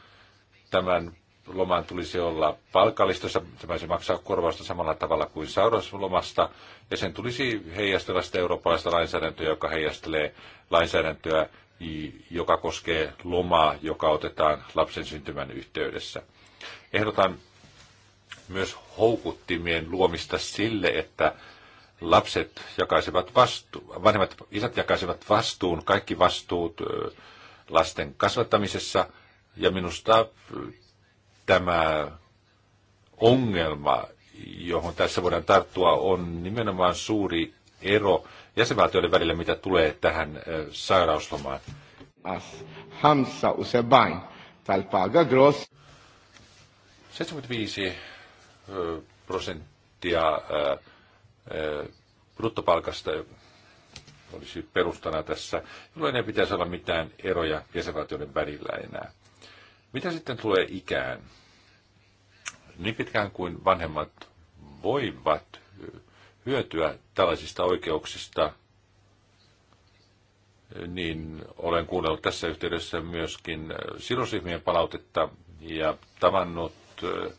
tämän loman tulisi olla palkallista, tämä se maksaa korvausta samalla tavalla kuin sairauslomasta, ja sen tulisi heijastella sitä eurooppalaista lainsäädäntöä, joka heijastelee lainsäädäntöä joka koskee lomaa, joka otetaan lapsen syntymän yhteydessä. Ehdotan myös houkuttimien luomista sille, että lapset jakaisivat vastu, vanhemmat isät jakaisivat vastuun, kaikki vastuut lasten kasvattamisessa. Ja minusta tämä ongelma, johon tässä voidaan tarttua, on nimenomaan suuri ero jäsenvaltioiden välillä, mitä tulee tähän sairauslomaan. As hamsa usebain talpaga gross. 75 prosenttia bruttopalkasta olisi perustana tässä, jolloin ei pitäisi olla mitään eroja jäsenvaltioiden välillä enää. Mitä sitten tulee ikään? Niin pitkään kuin vanhemmat voivat hyötyä tällaisista oikeuksista, niin olen kuunnellut tässä yhteydessä myöskin sidosryhmien palautetta ja tavannut eh,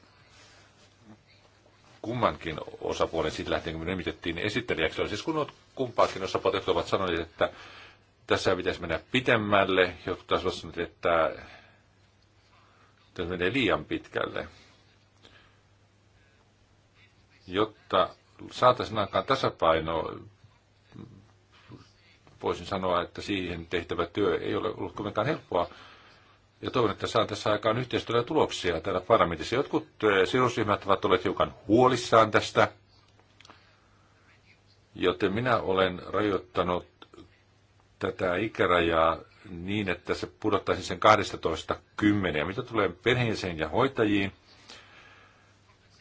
kummankin osapuolen siitä lähtien, kun me nimitettiin esittelijäksi. On siis kun kumpaakin osapuolta, jotka ovat sanoneet, että tässä pitäisi mennä pitemmälle, jotkut taas ovat sanoneet, että tämä menee liian pitkälle. Jotta saataisiin aikaan tasapaino, voisin sanoa, että siihen tehtävä työ ei ole ollut kovinkaan helppoa. Ja toivon, että saan tässä aikaan yhteistyöllä tuloksia täällä parlamentissa. Jotkut eh, sidosryhmät ovat olleet hiukan huolissaan tästä, joten minä olen rajoittanut tätä ikärajaa niin, että se pudottaisi sen 12.10. mitä tulee perheeseen ja hoitajiin,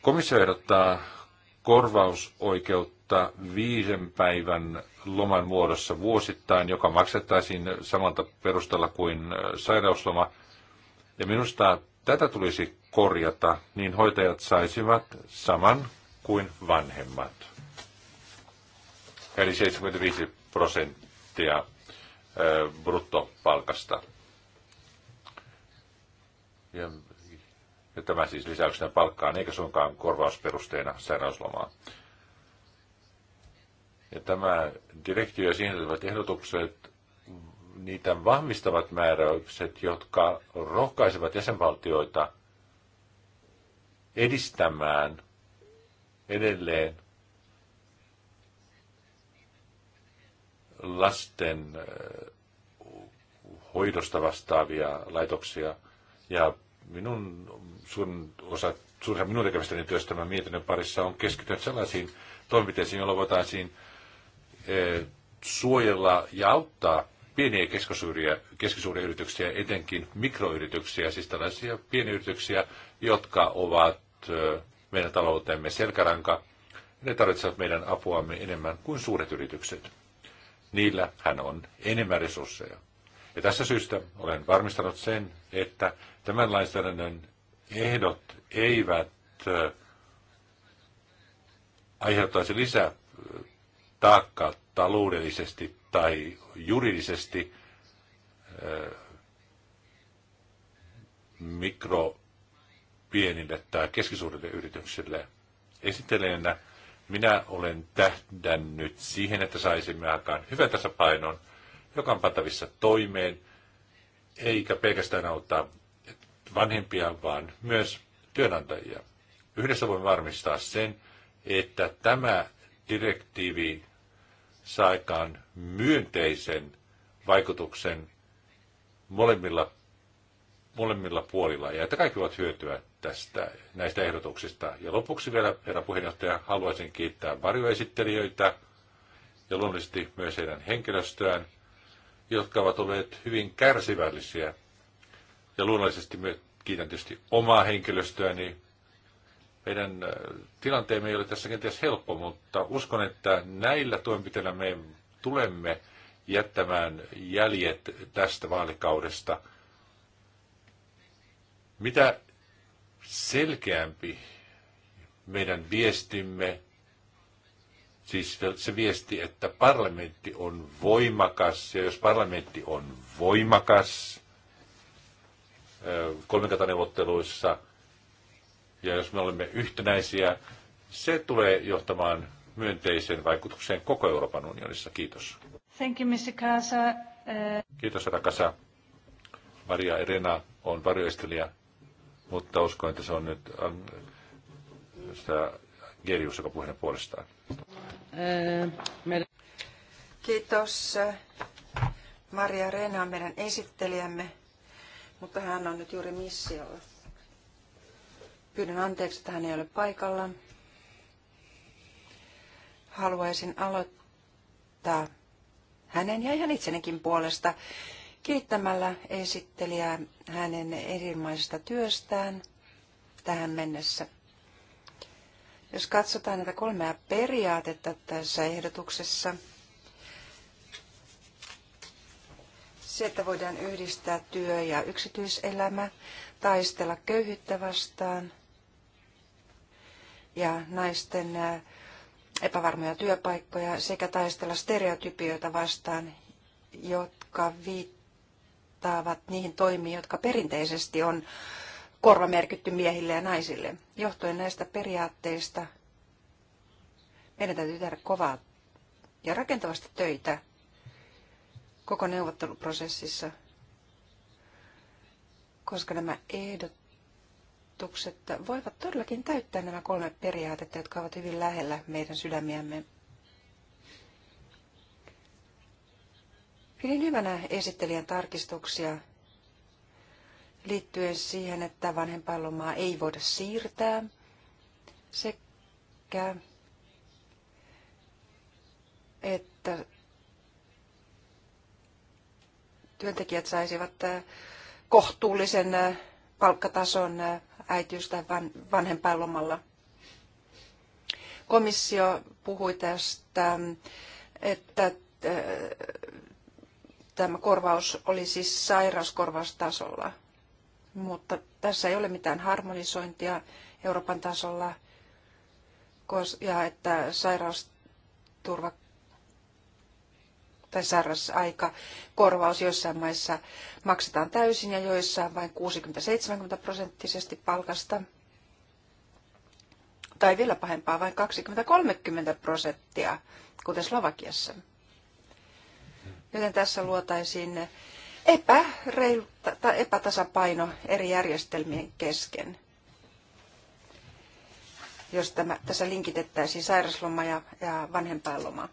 komissio ehdottaa korvausoikeutta viiden päivän loman muodossa vuosittain, joka maksettaisiin samalta perusteella kuin äh, sairausloma. Ja minusta tätä tulisi korjata, niin hoitajat saisivat saman kuin vanhemmat. Eli 75 prosenttia äh, bruttopalkasta. Ja ja tämä siis lisäyksenä palkkaan, eikä suinkaan korvausperusteena sairauslomaa. Ja tämä direktiivi ja siihen liittyvät ehdotukset, niitä vahvistavat määräykset, jotka rohkaisevat jäsenvaltioita edistämään edelleen lasten eh, hoidosta vastaavia laitoksia ja minun suurin osa, suurin minun tekemästäni työstä tämän mietinnön parissa on keskittynyt sellaisiin toimenpiteisiin, joilla voitaisiin e, suojella ja auttaa pieniä keskisuuria, keskisuuria yrityksiä, etenkin mikroyrityksiä, siis tällaisia yrityksiä, jotka ovat e, meidän taloutemme selkäranka. Ne tarvitsevat meidän apuamme enemmän kuin suuret yritykset. Niillä hän on enemmän resursseja. Ja tässä syystä olen varmistanut sen, että tämän lainsäädännön ehdot eivät aiheuttaisi lisää taakkaa taloudellisesti tai juridisesti mikro, pienille tai keskisuurille yrityksille. Esittelijänä minä olen tähdännyt siihen, että saisimme aikaan hyvän tasapainon – joka on pantavissa toimeen, eikä pelkästään auttaa vanhempia, vaan myös työnantajia. Yhdessä voimme varmistaa sen, että tämä direktiivi saa aikaan myönteisen vaikutuksen molemmilla, molemmilla puolilla ja että kaikki voivat hyötyä tästä, näistä ehdotuksista. Ja lopuksi vielä, herra puheenjohtaja, haluaisin kiittää varjoesittelijöitä ja luonnollisesti myös heidän henkilöstöään – jotka ovat olleet hyvin kärsivällisiä. Ja luonnollisesti me kiitän tietysti omaa henkilöstöäni. Meidän äh, tilanteemme ei ole tässä kenties helppo, mutta uskon, että näillä toimenpiteillä me tulemme jättämään jäljet tästä vaalikaudesta. Mitä selkeämpi meidän viestimme Siis se viesti, että parlamentti on voimakas, ja jos parlamentti on voimakas kolmikantaneuvotteluissa, ja jos me olemme yhtenäisiä, se tulee johtamaan myönteisen vaikutukseen koko Euroopan unionissa. Kiitos. Thank you, Mr. Kasa. Kiitos, herra Kasa. Maria Erena on varjoistelija, mutta uskon, että se on nyt ähm, sitä Gerius, joka puheen puolestaan. Kiitos. Maria Reena on meidän esittelijämme, mutta hän on nyt juuri missiolla. Pyydän anteeksi, että hän ei ole paikalla. Haluaisin aloittaa hänen ja ihan itsenekin puolesta kiittämällä esittelijää hänen erilaisesta työstään tähän mennessä. Jos katsotaan näitä kolmea periaatetta tässä ehdotuksessa, se, että voidaan yhdistää työ ja yksityiselämä, taistella köyhyyttä vastaan ja naisten epävarmoja työpaikkoja sekä taistella stereotypioita vastaan, jotka viittaavat niihin toimiin, jotka perinteisesti on korvamerkitty miehille ja naisille. Johtuen näistä periaatteista meidän täytyy tehdä kovaa ja rakentavasti töitä koko neuvotteluprosessissa, koska nämä ehdotukset voivat todellakin täyttää nämä kolme periaatetta, jotka ovat hyvin lähellä meidän sydämiämme. Pidin hyvänä esittelijän tarkistuksia liittyen siihen, että vanhempainlomaa ei voida siirtää sekä että työntekijät saisivat äh, kohtuullisen äh, palkkatason äh, äitiys- tai vanhempainlomalla. Komissio puhui tästä, että tämä korvaus oli siis sairauskorvaustasolla mutta tässä ei ole mitään harmonisointia Euroopan tasolla ja että sairausturva tai sairausaika korvaus joissain maissa maksetaan täysin ja joissain vain 60-70 prosenttisesti palkasta. Tai vielä pahempaa, vain 20-30 prosenttia, kuten Slovakiassa. Joten tässä luotaisiin epäreilu tai epätasapaino eri järjestelmien kesken. Jos tämä, tässä linkitettäisiin sairasloma ja, ja vanhempainloma.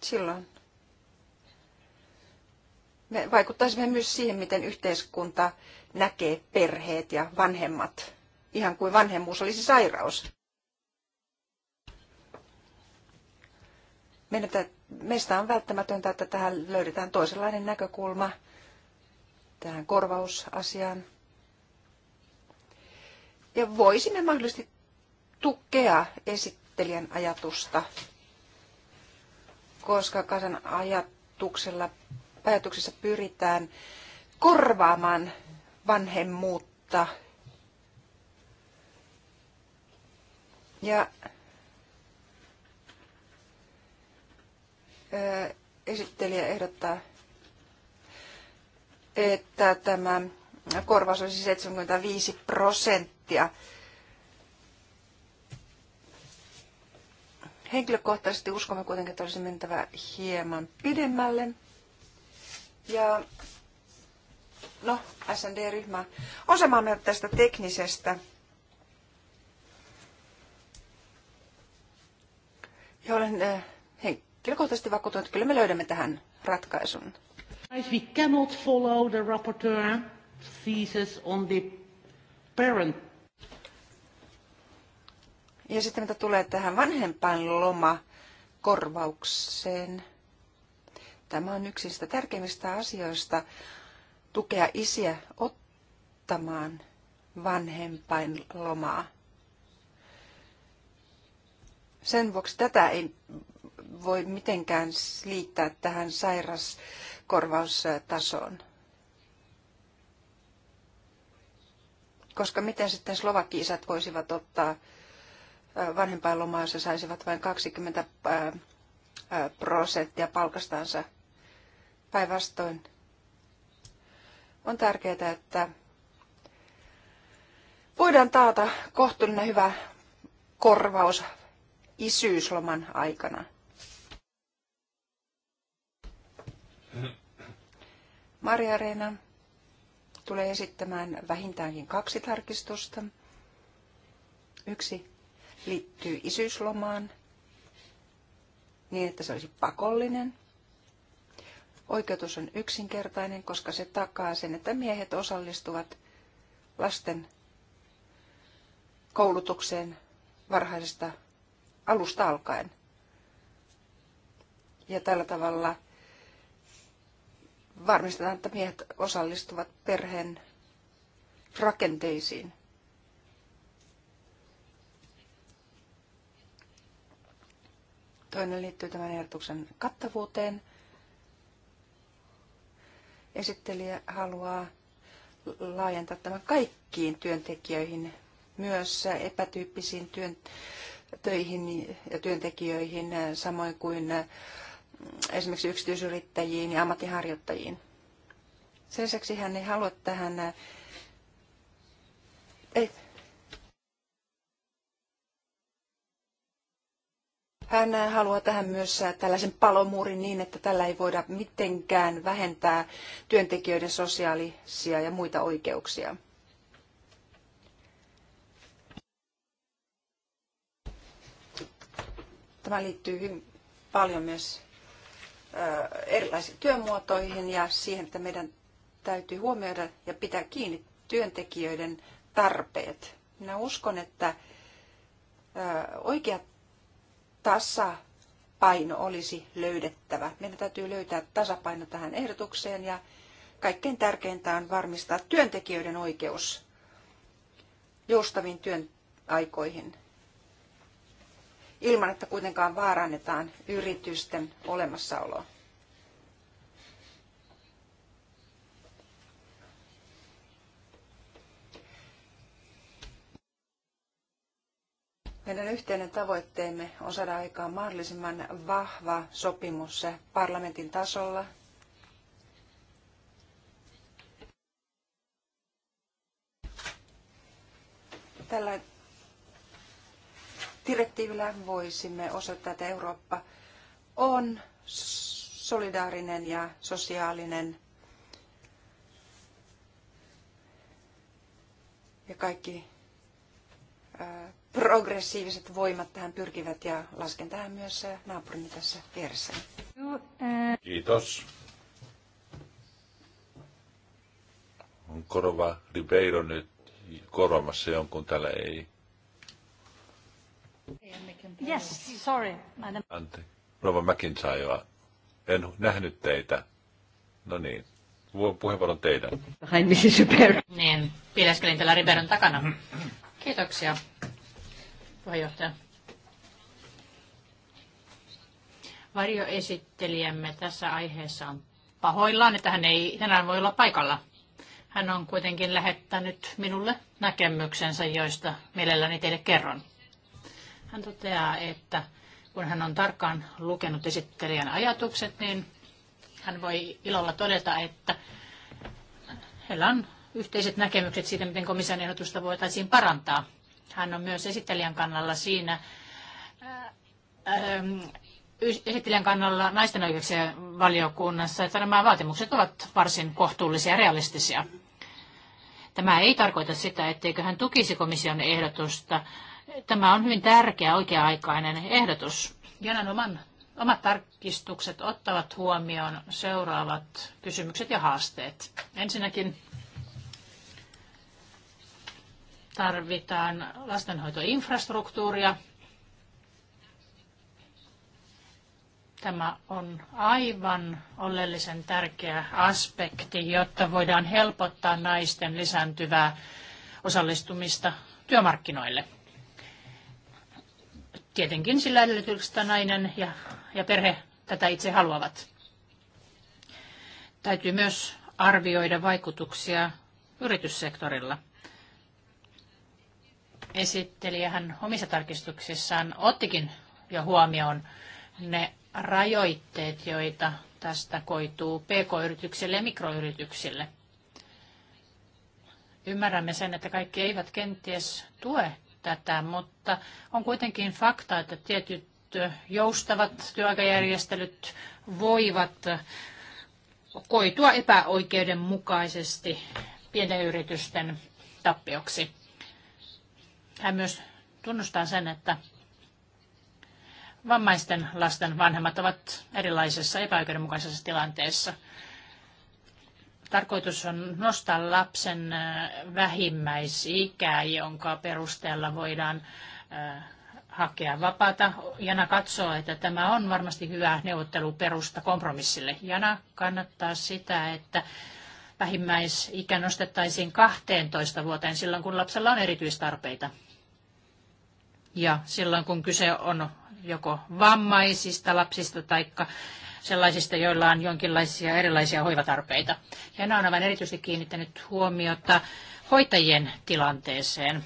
Silloin me vaikuttaisimme myös siihen, miten yhteiskunta näkee perheet ja vanhemmat, ihan kuin vanhemmuus olisi sairaus. Meidän täytyy meistä on välttämätöntä, että tähän löydetään toisenlainen näkökulma tähän korvausasiaan. Ja voisimme mahdollisesti tukea esittelijän ajatusta, koska kansan ajatuksella, ajatuksessa pyritään korvaamaan vanhemmuutta. Ja esittelijä ehdottaa, että tämä korvaus olisi 75 prosenttia. Henkilökohtaisesti uskomme kuitenkin, että olisi mentävä hieman pidemmälle. Ja no, SND-ryhmä on samaa mieltä tästä teknisestä ja olen henkilökohtaisesti vakuuttunut, että kyllä me löydämme tähän ratkaisun. If we cannot follow the rapporteur thesis on the parent. Ja sitten mitä tulee tähän vanhempaan loma korvaukseen. Tämä on yksi sitä tärkeimmistä asioista tukea isiä ottamaan lomaa. Sen vuoksi tätä ei voi mitenkään liittää tähän sairaskorvaustasoon. Koska miten sitten slovakiisat voisivat ottaa vanhempainlomaa, jos saisivat vain 20 prosenttia palkastansa päinvastoin. On tärkeää, että voidaan taata kohtuullinen hyvä korvaus isyysloman aikana. Maria Reena tulee esittämään vähintäänkin kaksi tarkistusta. Yksi liittyy isyyslomaan niin, että se olisi pakollinen. Oikeutus on yksinkertainen, koska se takaa sen, että miehet osallistuvat lasten koulutukseen varhaisesta alusta alkaen. Ja tällä tavalla varmistetaan, että miehet osallistuvat perheen rakenteisiin. Toinen liittyy tämän ehdotuksen kattavuuteen. Esittelijä haluaa laajentaa tämän kaikkiin työntekijöihin, myös epätyyppisiin työn, töihin ja työntekijöihin, samoin kuin esimerkiksi yksityisyrittäjiin ja ammattiharjoittajiin. Sen lisäksi hän ei halua tähän... Ei. Hän haluaa tähän myös tällaisen palomuurin niin, että tällä ei voida mitenkään vähentää työntekijöiden sosiaalisia ja muita oikeuksia. Tämä liittyy hyvin paljon myös erilaisiin työmuotoihin ja siihen, että meidän täytyy huomioida ja pitää kiinni työntekijöiden tarpeet. Minä uskon, että oikea tasapaino olisi löydettävä. Meidän täytyy löytää tasapaino tähän ehdotukseen ja kaikkein tärkeintä on varmistaa työntekijöiden oikeus joustaviin työn aikoihin ilman, että kuitenkaan vaarannetaan yritysten olemassaoloa. Meidän yhteinen tavoitteemme on saada aikaan mahdollisimman vahva sopimus parlamentin tasolla. Tällä direktiivillä voisimme osoittaa, että Eurooppa on solidaarinen ja sosiaalinen ja kaikki progressiiviset voimat tähän pyrkivät ja lasken tähän myös naapurini tässä vieressä. Kiitos. On Korva Ribeiro nyt korvamassa jonkun, täällä ei Yes, sorry, madam. Ante. Rova McIntyre, en nähnyt teitä. No niin, on teidän. Behind Mrs. Ribeiro. Niin, piileskelin täällä Riberon takana. Kiitoksia, puheenjohtaja. Varjoesittelijämme tässä aiheessa on pahoillaan, että hän ei tänään voi olla paikalla. Hän on kuitenkin lähettänyt minulle näkemyksensä, joista mielelläni teille kerron. Hän toteaa, että kun hän on tarkkaan lukenut esittelijän ajatukset, niin hän voi ilolla todeta, että heillä on yhteiset näkemykset siitä, miten komission ehdotusta voitaisiin parantaa. Hän on myös esittelijän kannalla siinä, esittelijän kannalla naisten oikeuksien valiokunnassa, että nämä vaatimukset ovat varsin kohtuullisia ja realistisia. Tämä ei tarkoita sitä, etteikö hän tukisi komission ehdotusta Tämä on hyvin tärkeä oikea-aikainen ehdotus. Janan oman, omat tarkistukset ottavat huomioon seuraavat kysymykset ja haasteet. Ensinnäkin tarvitaan lastenhoitoinfrastruktuuria. Tämä on aivan oleellisen tärkeä aspekti, jotta voidaan helpottaa naisten lisääntyvää osallistumista työmarkkinoille. Tietenkin sillä edellytyksestä nainen ja, ja perhe tätä itse haluavat. Täytyy myös arvioida vaikutuksia yrityssektorilla. Esittelijähän omissa tarkistuksissaan ottikin jo huomioon ne rajoitteet, joita tästä koituu pk-yrityksille ja mikroyrityksille. Ymmärrämme sen, että kaikki eivät kenties tue tätä, mutta on kuitenkin fakta, että tietyt joustavat työaikajärjestelyt voivat koitua epäoikeudenmukaisesti pienten yritysten tappioksi. Hän myös tunnustaa sen, että vammaisten lasten vanhemmat ovat erilaisessa epäoikeudenmukaisessa tilanteessa tarkoitus on nostaa lapsen vähimmäisikää, jonka perusteella voidaan hakea vapaata. Jana katsoo, että tämä on varmasti hyvä neuvotteluperusta kompromissille. Jana kannattaa sitä, että vähimmäisikä nostettaisiin 12 vuoteen silloin, kun lapsella on erityistarpeita. Ja silloin, kun kyse on joko vammaisista lapsista tai sellaisista, joilla on jonkinlaisia erilaisia hoivatarpeita. Ja nämä on aivan erityisesti kiinnittänyt huomiota hoitajien tilanteeseen.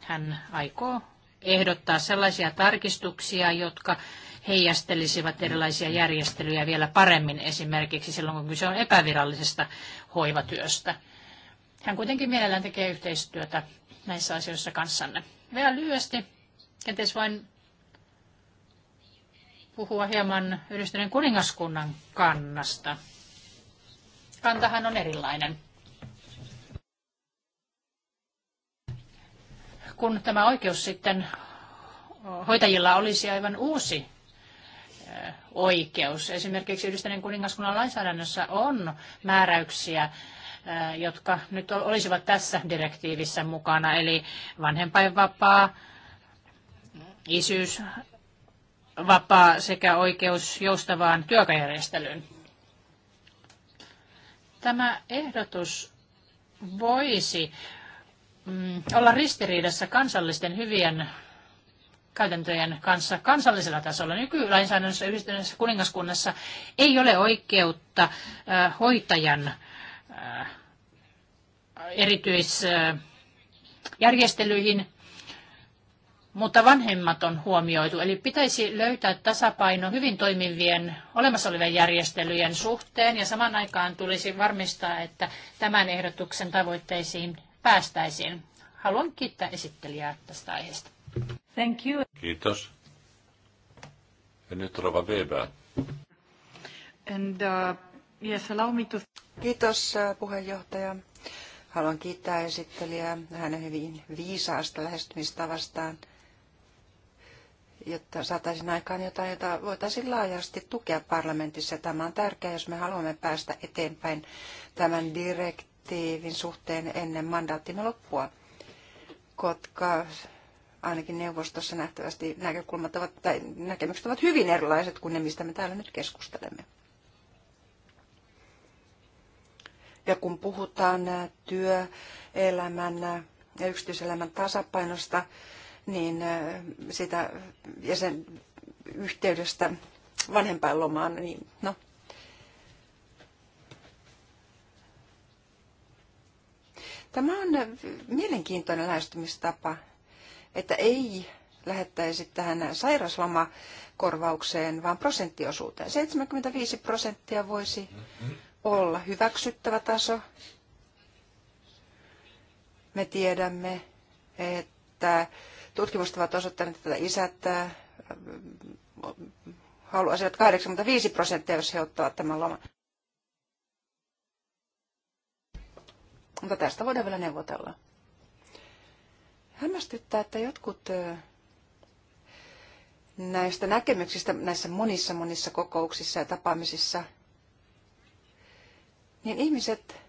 Hän aikoo ehdottaa sellaisia tarkistuksia, jotka heijastelisivat erilaisia järjestelyjä vielä paremmin esimerkiksi silloin, kun kyse on epävirallisesta hoivatyöstä. Hän kuitenkin mielellään tekee yhteistyötä näissä asioissa kanssanne. Vielä lyhyesti, kenties vain puhua hieman yhdistyneen kuningaskunnan kannasta. Kantahan on erilainen. Kun tämä oikeus sitten hoitajilla olisi aivan uusi eh, oikeus. Esimerkiksi yhdistyneen kuningaskunnan lainsäädännössä on määräyksiä, eh, jotka nyt olisivat tässä direktiivissä mukana, eli vanhempainvapaa, isyys, vapaa sekä oikeus joustavaan työkajärjestelyyn. Tämä ehdotus voisi mm, olla ristiriidassa kansallisten hyvien käytäntöjen kanssa kansallisella tasolla. Nykylainsäädännössä yhdistyneessä kuningaskunnassa ei ole oikeutta hoitajan erityisjärjestelyihin, mutta vanhemmat on huomioitu. Eli pitäisi löytää tasapaino hyvin toimivien olemassa olevien järjestelyjen suhteen ja saman aikaan tulisi varmistaa, että tämän ehdotuksen tavoitteisiin päästäisiin. Haluan kiittää esittelijää tästä aiheesta. Thank you. Kiitos. Ja nyt Rova Weber. And, uh, yes, allow me to... Kiitos uh, puheenjohtaja. Haluan kiittää esittelijää hänen hyvin viisaasta lähestymistavastaan jotta saataisiin aikaan jotain, jota voitaisiin laajasti tukea parlamentissa. Tämä on tärkeää, jos me haluamme päästä eteenpäin tämän direktiivin suhteen ennen mandaattimme loppua, koska ainakin neuvostossa nähtävästi näkökulmat ovat, tai näkemykset ovat hyvin erilaiset kuin ne, mistä me täällä nyt keskustelemme. Ja kun puhutaan työelämän ja yksityiselämän tasapainosta, niin sitä ja sen yhteydestä vanhempainlomaan, niin no. Tämä on mielenkiintoinen lähestymistapa, että ei lähettäisi tähän sairaslomakorvaukseen, vaan prosenttiosuuteen. 75 prosenttia voisi olla hyväksyttävä taso. Me tiedämme, että Tutkimukset ovat osoittaneet, että isät äh, haluaisivat 85 prosenttia, jos he ottavat tämän loman. Mutta tästä voidaan vielä neuvotella. Hämmästyttää, että jotkut äh, näistä näkemyksistä näissä monissa monissa kokouksissa ja tapaamisissa, niin ihmiset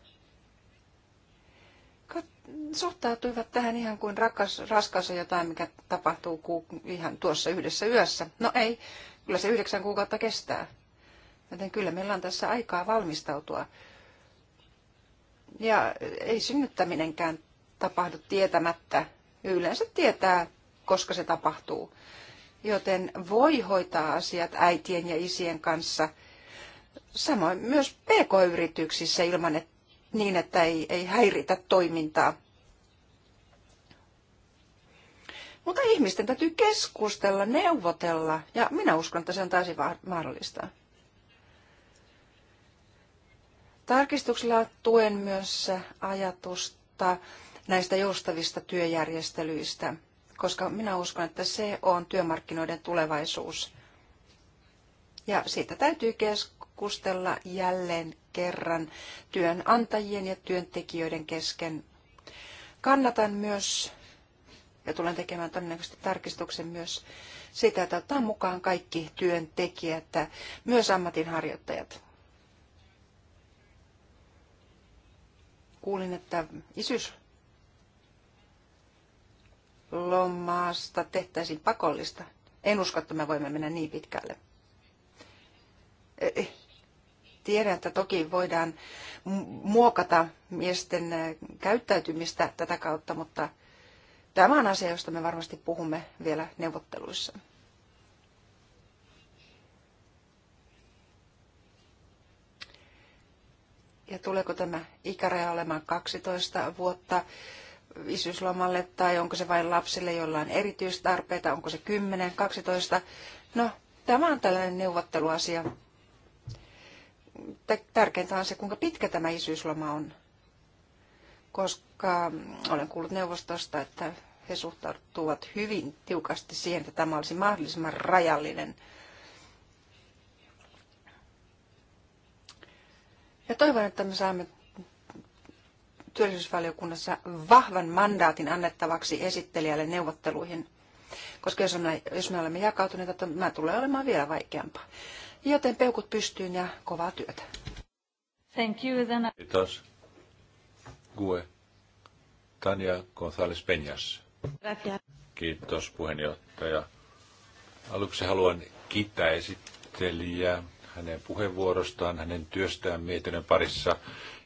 suhtautuivat tähän ihan kuin rakas, raskas on jotain, mikä tapahtuu ku, ihan tuossa yhdessä yössä. No ei, kyllä se yhdeksän kuukautta kestää. Joten kyllä meillä on tässä aikaa valmistautua. Ja ei synnyttäminenkään tapahdu tietämättä. Yleensä tietää, koska se tapahtuu. Joten voi hoitaa asiat äitien ja isien kanssa. Samoin myös pk-yrityksissä ilman, että niin, että ei, ei häiritä toimintaa. Mutta ihmisten täytyy keskustella, neuvotella, ja minä uskon, että se on täysin mahdollista. Tarkistuksella tuen myös ajatusta näistä joustavista työjärjestelyistä, koska minä uskon, että se on työmarkkinoiden tulevaisuus. Ja siitä täytyy keskustella keskustella jälleen kerran työnantajien ja työntekijöiden kesken. Kannatan myös, ja tulen tekemään todennäköisesti tarkistuksen myös sitä, että otetaan mukaan kaikki työntekijät, myös ammatinharjoittajat. Kuulin, että isyys lomaasta tehtäisiin pakollista. En usko, että me voimme mennä niin pitkälle. Eh, eh, tiedä, että toki voidaan muokata miesten äh, käyttäytymistä tätä kautta, mutta tämä on asia, josta me varmasti puhumme vielä neuvotteluissa. Ja tuleeko tämä ikäraja olemaan 12 vuotta isyyslomalle tai onko se vain lapsille, joilla on erityistarpeita, onko se 10, 12? No, tämä on tällainen neuvotteluasia, tärkeintä on se, kuinka pitkä tämä isyysloma on. Koska olen kuullut neuvostosta, että he suhtautuvat hyvin tiukasti siihen, että tämä olisi mahdollisimman rajallinen. Ja toivon, että me saamme työllisyysvaliokunnassa vahvan mandaatin annettavaksi esittelijälle neuvotteluihin. Koska jos, me olemme jakautuneita, tämä tulee olemaan vielä vaikeampaa. Joten peukut pystyyn ja kovaa työtä. Thank you, then I... Kiitos. Gue. Tania González Peñas. Kiitos puheenjohtaja. Aluksi haluan kiittää esittelijää hänen puheenvuorostaan, hänen työstään mietinnön parissa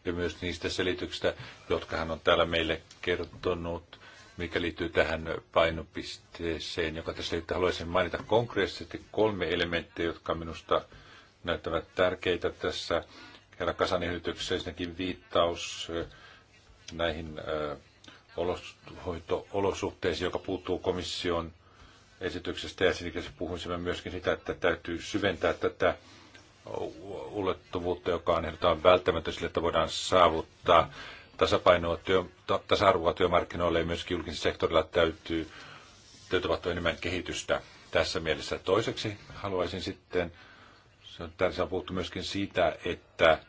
ja myös niistä selityksistä, jotka hän on täällä meille kertonut mikä liittyy tähän painopisteeseen, joka tässä liittyy. Haluaisin mainita konkreettisesti kolme elementtiä, jotka minusta näyttävät tärkeitä tässä. Herra Kasan ehdotuksessa ensinnäkin viittaus eh, näihin eh, olosuhteisiin, joka puuttuu komission esityksestä ja siinä puhuisimme myöskin sitä, että täytyy syventää tätä ulottuvuutta, joka on ehdotaan välttämätön sille, että voidaan saavuttaa tasapainoa, työ, tasa-arvoa työmarkkinoille ja myöskin julkisella sektorilla täytyy, tapahtua enemmän kehitystä tässä mielessä. Toiseksi haluaisin sitten, tässä on puhuttu myöskin siitä, että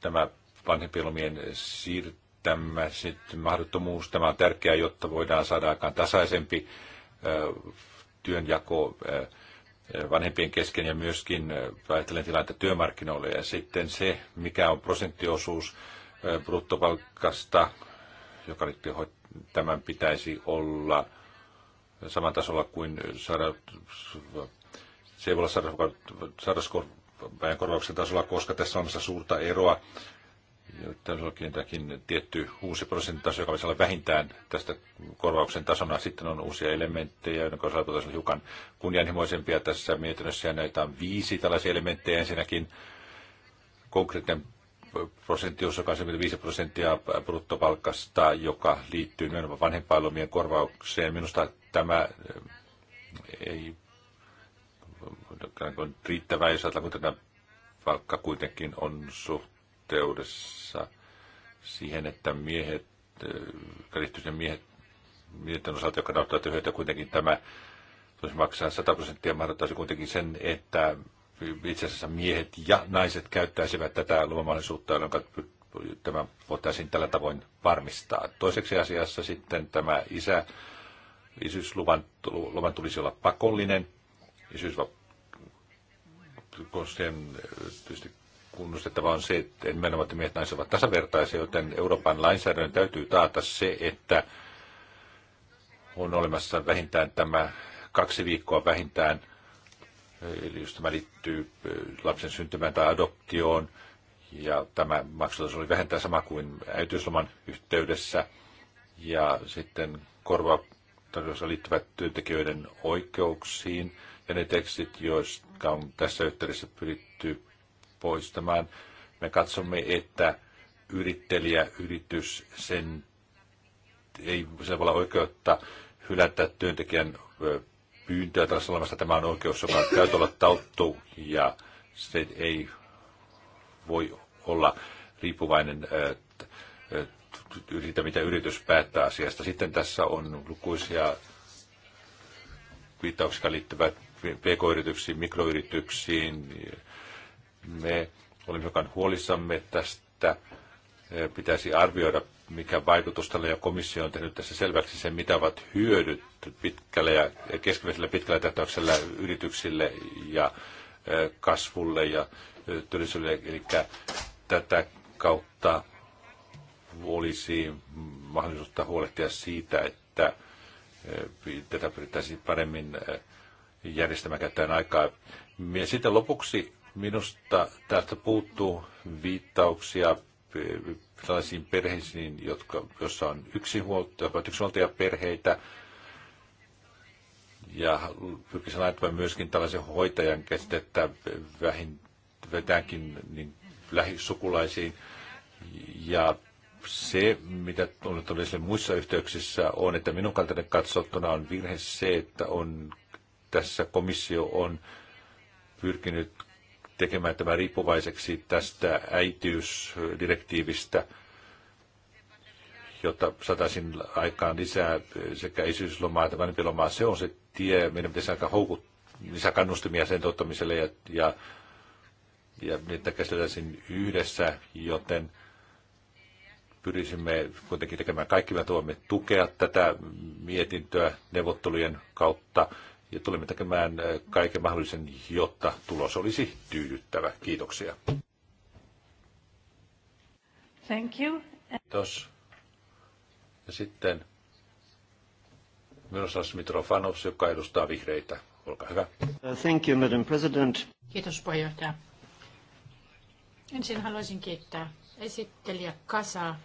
tämä vanhempien lomien siirtämä sitten mahdottomuus, tämä on tärkeää, jotta voidaan saada aikaan tasaisempi työnjako vanhempien kesken ja myöskin ajattelen tilannetta työmarkkinoille. Ja sitten se, mikä on prosenttiosuus bruttopalkkasta, joka liittyy tämän pitäisi olla saman tasolla kuin se ei voi olla sairauskorvauksen korvauksen tasolla, koska tässä on suurta eroa. Tässä on tietty uusi taso, joka voisi olla vähintään tästä korvauksen tasona. Sitten on uusia elementtejä, joiden osalta voitaisiin hiukan kunnianhimoisempia tässä mietinnössä. Ja näitä on viisi tällaisia elementtejä. Ensinnäkin konkreettinen prosentti, jossa 25 prosenttia bruttopalkasta, joka liittyy nimenomaan vanhempailomien korvaukseen. Minusta tämä eh, ei ole riittävää, jos ajatellaan, kun tämä palkka kuitenkin on suhteudessa siihen, että miehet, erityisen eh, miehet, miesten osalta, jotka nauttavat yhdessä, kuitenkin tämä maksaa 100 prosenttia, mahdottaisi kuitenkin sen, että itse asiassa miehet ja naiset käyttäisivät tätä lomamahdollisuutta, jonka tämä voitaisiin tällä tavoin varmistaa. Toiseksi asiassa sitten tämä isä, isyysluvan luvan tulisi olla pakollinen. Isyysluvan eh, tietysti kunnostettava on se, että nimenomaan että miehet naiset ovat tasavertaisia, joten Euroopan lainsäädännön täytyy taata se, että on olemassa vähintään tämä kaksi viikkoa vähintään – eli jos tämä liittyy lapsen syntymään tai adoptioon, ja tämä maksutaso oli vähentää sama kuin äitiysloman yhteydessä, ja sitten korvatarjoissa liittyvät työntekijöiden oikeuksiin, ja ne tekstit, joista on tässä yhteydessä pyritty poistamaan. Me katsomme, että yrittelijä, yritys, sen ei se voi olla oikeutta hylätä työntekijän pyyntöä tässä olemassa. Tämä on oikeus, joka täytyy olla tauttu ja se ei voi olla riippuvainen siitä, mitä yritys päättää asiasta. Sitten tässä on lukuisia viittauksia, liittyvät pk-yrityksiin, mikroyrityksiin. Me olemme hiukan huolissamme tästä. Pitäisi arvioida mikä vaikutus tällä ja komissio on tehnyt tässä selväksi sen, mitä ovat hyödyt pitkällä ja keskimmäisellä pitkällä tähtäyksellä yrityksille ja kasvulle ja työllisyydelle. Eli tätä kautta olisi mahdollisuutta huolehtia siitä, että tätä pyrittäisiin paremmin järjestämään käyttäen aikaa. Ja sitten lopuksi minusta tästä puuttuu viittauksia tällaisiin perheisiin, jotka, jossa on yksinhuoltaja, perheitä. Ja pyrkisin laittamaan myöskin tällaisen hoitajan käsitettä vähin, niin lähisukulaisiin. Ja se, mitä on tullut esille muissa yhteyksissä, on, että minun kaltainen katsottuna on virhe se, että on, tässä komissio on pyrkinyt tekemään tämä riippuvaiseksi tästä äitiysdirektiivistä, jotta saataisiin aikaan lisää sekä isyyslomaa että vanhempilomaa. Se on se tie, meidän pitäisi aika houkut, lisää kannustimia sen tuottamiselle ja, ja, ja niitä käsiteltäisiin yhdessä, joten pyrisimme kuitenkin tekemään kaikki, tuomme tukea tätä mietintöä neuvottelujen kautta ja tulemme tekemään äh, kaiken mahdollisen, jotta tulos olisi tyydyttävä. Kiitoksia. Thank you. Kiitos. Ja sitten Miroslav Mitrofanov, joka edustaa vihreitä. Olkaa hyvä. Uh, thank you, Madam President. Kiitos puheenjohtaja. Ensin haluaisin kiittää esittelijä Kasaa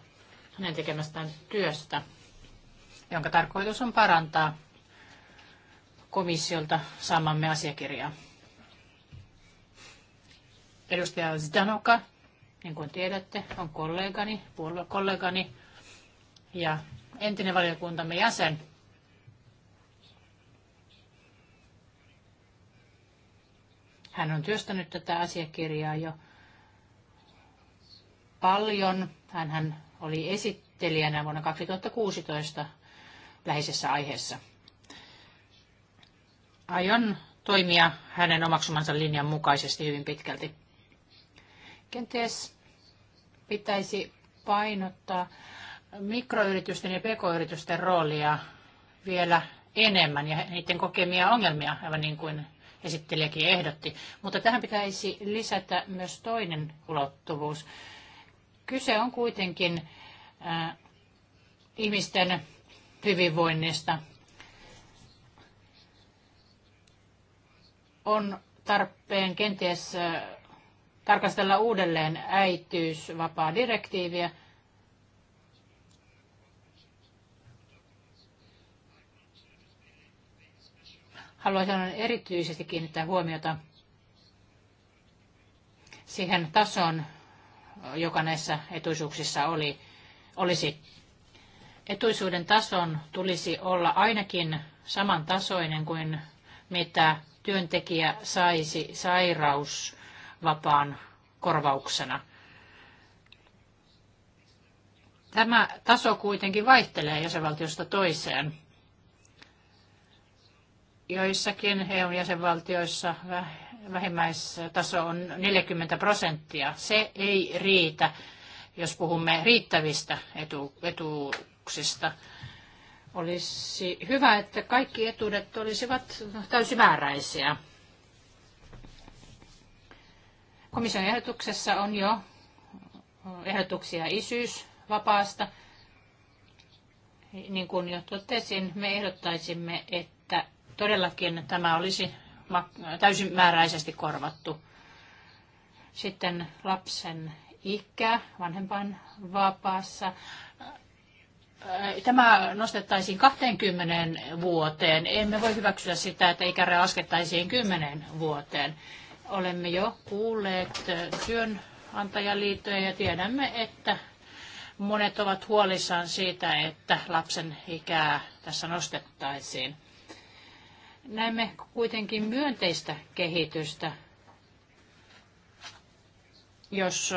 hänen tekemästään työstä, jonka tarkoitus on parantaa komissiolta saamamme asiakirjaa. Edustaja Zdanoka, niin kuin tiedätte, on kollegani, puoluekollegani ja entinen valiokuntamme jäsen. Hän on työstänyt tätä asiakirjaa jo paljon. Hän oli esittelijänä vuonna 2016 läheisessä aiheessa. Aion toimia hänen omaksumansa linjan mukaisesti hyvin pitkälti. Kenties pitäisi painottaa mikroyritysten ja pk-yritysten roolia vielä enemmän ja niiden kokemia ongelmia, aivan niin kuin esittelijäkin ehdotti. Mutta tähän pitäisi lisätä myös toinen ulottuvuus. Kyse on kuitenkin äh, ihmisten hyvinvoinnista, on tarpeen kenties tarkastella uudelleen äitiysvapaa-direktiiviä. Haluaisin erityisesti kiinnittää huomiota siihen tason, joka näissä etuisuuksissa oli, olisi. Etuisuuden tason tulisi olla ainakin samantasoinen kuin mitä työntekijä saisi sairausvapaan korvauksena. Tämä taso kuitenkin vaihtelee jäsenvaltiosta toiseen. Joissakin eu jäsenvaltioissa vähimmäistaso on 40 prosenttia. Se ei riitä, jos puhumme riittävistä etu, etuuksista. Olisi hyvä, että kaikki etuudet olisivat täysimääräisiä. Komission ehdotuksessa on jo ehdotuksia isyysvapaasta. Niin kuin jo totesin, me ehdottaisimme, että todellakin tämä olisi täysimääräisesti korvattu. Sitten lapsen ikä vanhempain vapaassa tämä nostettaisiin 20 vuoteen. Emme voi hyväksyä sitä, että ikäraja laskettaisiin 10 vuoteen. Olemme jo kuulleet työnantajaliittoja ja tiedämme, että monet ovat huolissaan siitä, että lapsen ikää tässä nostettaisiin. Näemme kuitenkin myönteistä kehitystä, jos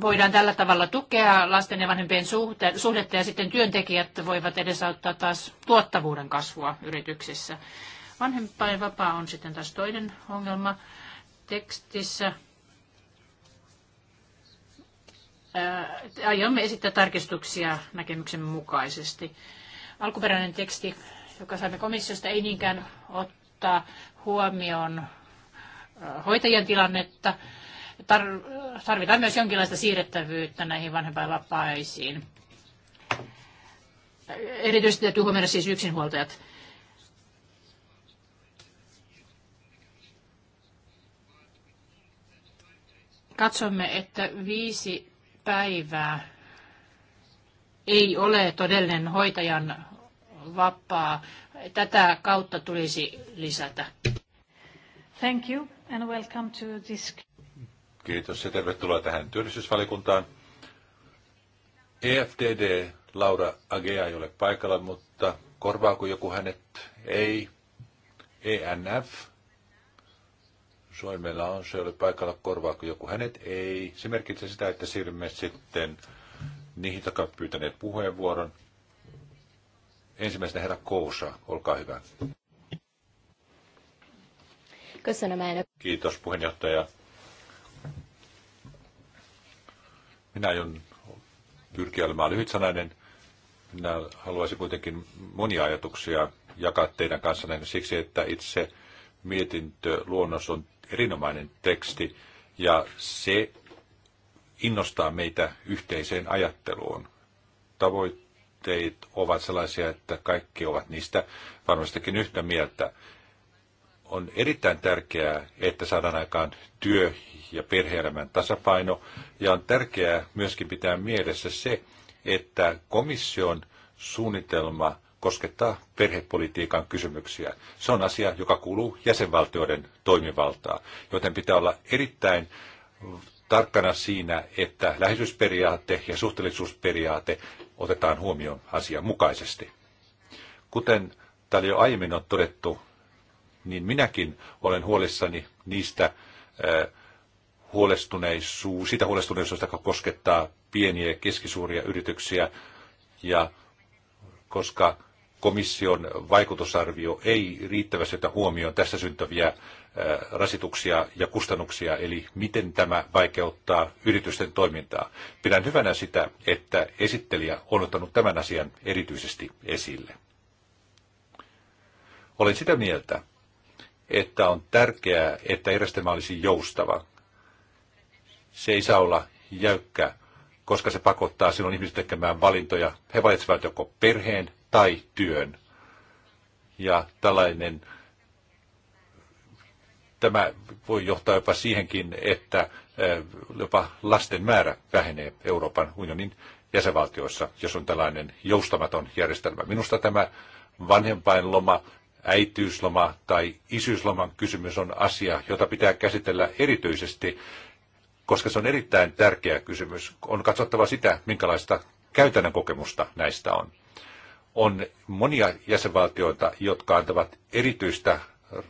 voidaan tällä tavalla tukea lasten ja vanhempien suhte, suhdetta ja sitten työntekijät voivat edesauttaa taas tuottavuuden kasvua yrityksissä. Vanhempainvapaa on sitten taas toinen ongelma tekstissä. aiomme esittää tarkistuksia näkemyksen mukaisesti. Alkuperäinen teksti, joka saimme komissiosta, ei niinkään ottaa huomioon hoitajien tilannetta tarvitaan myös jonkinlaista siirrettävyyttä näihin vanhempainvapaisiin. Erityisesti täytyy huomioida siis yksinhuoltajat. Katsomme, että viisi päivää ei ole todellinen hoitajan vapaa. Tätä kautta tulisi lisätä. Thank you and welcome to this. Kiitos ja tervetuloa tähän työllisyysvalikuntaan. EFTD Laura Agea ei ole paikalla, mutta korvaako joku hänet? Ei. ENF. Suomella on, se oli paikalla, korvaako joku hänet? Ei. Se merkitsee sitä, että siirrymme sitten niihin, jotka ovat pyytäneet puheenvuoron. Ensimmäisenä herra Kousa, olkaa hyvä. Kiitos puheenjohtaja. Minä aion pyrkiä olemaan lyhytsanainen. Minä haluaisin kuitenkin monia ajatuksia jakaa teidän kanssanne siksi, että itse mietintö luonnos on erinomainen teksti ja se innostaa meitä yhteiseen ajatteluun. Tavoitteet ovat sellaisia, että kaikki ovat niistä varmastikin yhtä mieltä on erittäin tärkeää, että saadaan aikaan työ- ja perheelämän tasapaino. Ja on tärkeää myöskin pitää mielessä se, että komission suunnitelma koskettaa perhepolitiikan kysymyksiä. Se on asia, joka kuuluu jäsenvaltioiden toimivaltaan, joten pitää olla erittäin tarkkana siinä, että läheisyysperiaate ja suhteellisuusperiaate otetaan huomioon asianmukaisesti. Kuten täällä jo aiemmin on todettu, niin minäkin olen huolissani niistä äh, huolestuneisuus, sitä huolestuneisuudesta, joka koskettaa pieniä ja keskisuuria yrityksiä. Ja koska komission vaikutusarvio ei riittävästi ota huomioon tässä syntyviä äh, rasituksia ja kustannuksia, eli miten tämä vaikeuttaa yritysten toimintaa. Pidän hyvänä sitä, että esittelijä on ottanut tämän asian erityisesti esille. Olen sitä mieltä, että on tärkeää, että järjestelmä olisi joustava. Se ei saa olla jäykkä, koska se pakottaa silloin ihmiset tekemään valintoja. He valitsevat joko perheen tai työn. Ja tällainen tämä voi johtaa jopa siihenkin, että jopa lasten määrä vähenee Euroopan unionin jäsenvaltioissa, jos on tällainen joustamaton järjestelmä. Minusta tämä vanhempainloma äitiysloma tai isyysloman kysymys on asia, jota pitää käsitellä erityisesti, koska se on erittäin tärkeä kysymys. On katsottava sitä, minkälaista käytännön kokemusta näistä on. On monia jäsenvaltioita, jotka antavat erityistä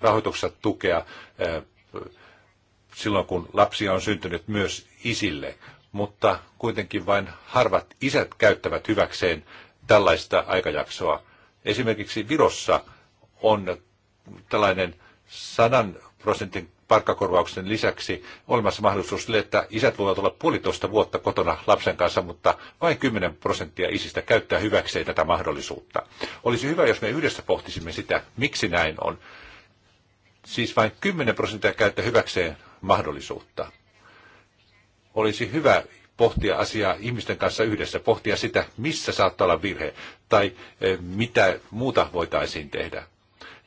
rahoituksessa tukea eh, silloin, kun lapsia on syntynyt myös isille, mutta kuitenkin vain harvat isät käyttävät hyväkseen tällaista aikajaksoa. Esimerkiksi Virossa on tällainen sadan prosentin palkkakorvauksen lisäksi olemassa mahdollisuus sille, että isät voivat olla puolitoista vuotta kotona lapsen kanssa, mutta vain 10 prosenttia isistä käyttää hyväkseen tätä mahdollisuutta. Olisi hyvä, jos me yhdessä pohtisimme sitä, miksi näin on. Siis vain 10 prosenttia käyttää hyväkseen mahdollisuutta. Olisi hyvä pohtia asiaa ihmisten kanssa yhdessä, pohtia sitä, missä saattaa olla virhe tai eh, mitä muuta voitaisiin tehdä.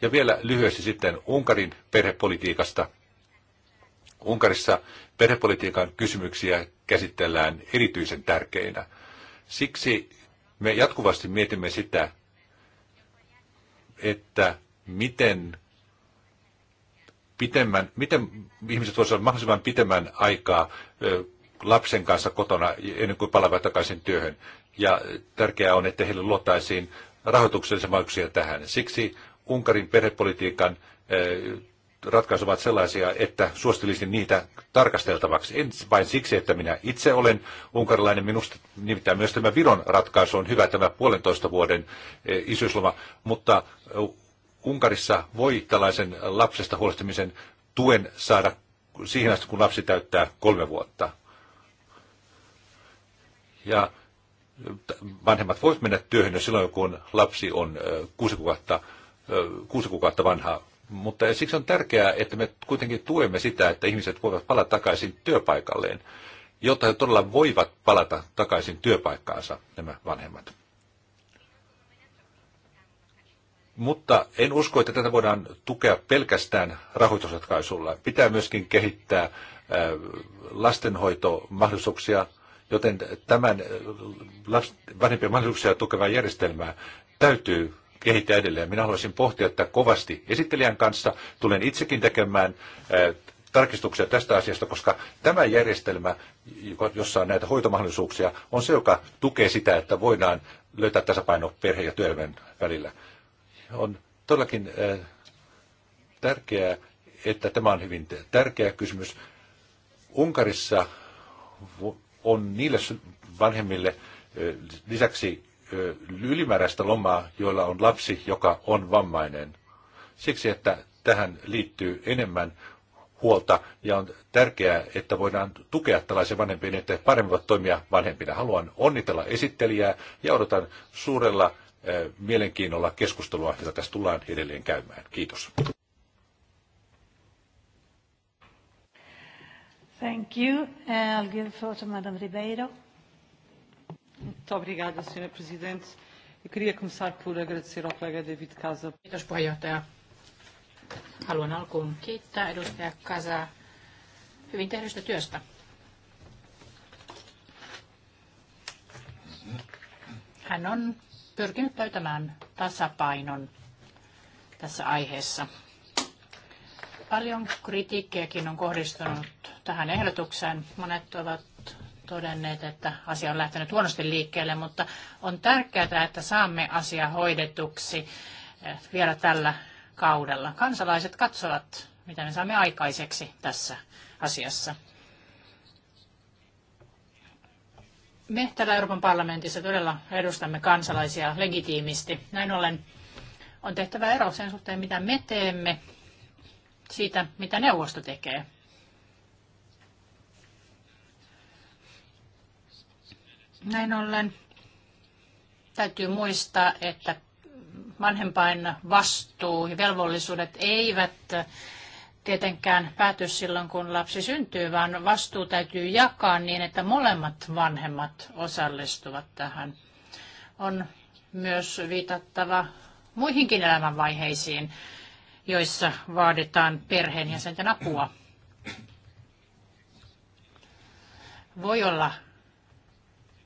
Ja vielä lyhyesti sitten Unkarin perhepolitiikasta. Unkarissa perhepolitiikan kysymyksiä käsitellään erityisen tärkeinä. Siksi me jatkuvasti mietimme sitä, että miten, pitemmän, miten ihmiset voisivat mahdollisimman pitemmän aikaa lapsen kanssa kotona ennen kuin palaavat takaisin työhön. Ja tärkeää on, että heille luotaisiin rahoituksellisia mahdollisuuksia tähän. Siksi Unkarin perhepolitiikan eh, ratkaisut ovat sellaisia, että suosittelisin niitä tarkasteltavaksi. En vain siksi, että minä itse olen unkarilainen, minusta nimittäin myös tämä Viron ratkaisu on hyvä, tämä puolentoista vuoden eh, isyysloma, mutta eh, Unkarissa voi tällaisen lapsesta huolehtimisen tuen saada siihen asti, kun lapsi täyttää kolme vuotta. Ja vanhemmat voivat mennä työhön jo silloin, kun lapsi on kuusi kuukautta kuusi kuukautta vanhaa. Mutta siksi on tärkeää, että me kuitenkin tuemme sitä, että ihmiset voivat palata takaisin työpaikalleen, jotta he todella voivat palata takaisin työpaikkaansa, nämä vanhemmat. Mutta en usko, että tätä voidaan tukea pelkästään rahoitusratkaisulla. Pitää myöskin kehittää lastenhoitomahdollisuuksia, joten tämän vanhempien mahdollisuuksia tukevaa järjestelmää täytyy kehittää edelleen. Minä haluaisin pohtia että kovasti esittelijän kanssa. Tulen itsekin tekemään eh, tarkistuksia tästä asiasta, koska tämä järjestelmä, jossa on näitä hoitomahdollisuuksia, on se, joka tukee sitä, että voidaan löytää tasapaino perhe- ja työelämän välillä. On todellakin eh, tärkeää, että tämä on hyvin tärkeä kysymys. Unkarissa on niille vanhemmille eh, lisäksi ylimääräistä lomaa, joilla on lapsi, joka on vammainen. Siksi, että tähän liittyy enemmän huolta ja on tärkeää, että voidaan tukea tällaisia vanhempia, niin että paremmin voivat toimia vanhempina. Haluan onnitella esittelijää ja odotan suurella mielenkiinnolla keskustelua, jota tässä tullaan edelleen käymään. Kiitos. Thank you. I'll give the floor to Madame Ribeiro. Muito obrigada, Sra. Presidente. Eu queria começar por agradecer ao colega David Casa. Kiitos puheenjohtaja. Haluan alkuun kiittää edustaja Kasaa hyvin tehdystä työstä. Hän on pyrkinyt löytämään tasapainon tässä aiheessa. Paljon kritiikkiäkin on kohdistunut tähän ehdotukseen. Monet ovat todenneet, että asia on lähtenyt huonosti liikkeelle, mutta on tärkeää, että saamme asia hoidetuksi eh, vielä tällä kaudella. Kansalaiset katsovat, mitä me saamme aikaiseksi tässä asiassa. Me täällä Euroopan parlamentissa todella edustamme kansalaisia legitiimisti. Näin ollen on tehtävä ero sen suhteen, mitä me teemme, siitä, mitä neuvosto tekee. Näin ollen täytyy muistaa, että vanhempain vastuu ja velvollisuudet eivät tietenkään pääty silloin, kun lapsi syntyy, vaan vastuu täytyy jakaa niin, että molemmat vanhemmat osallistuvat tähän. On myös viitattava muihinkin elämänvaiheisiin, joissa vaaditaan perheenjäsenten apua. Voi olla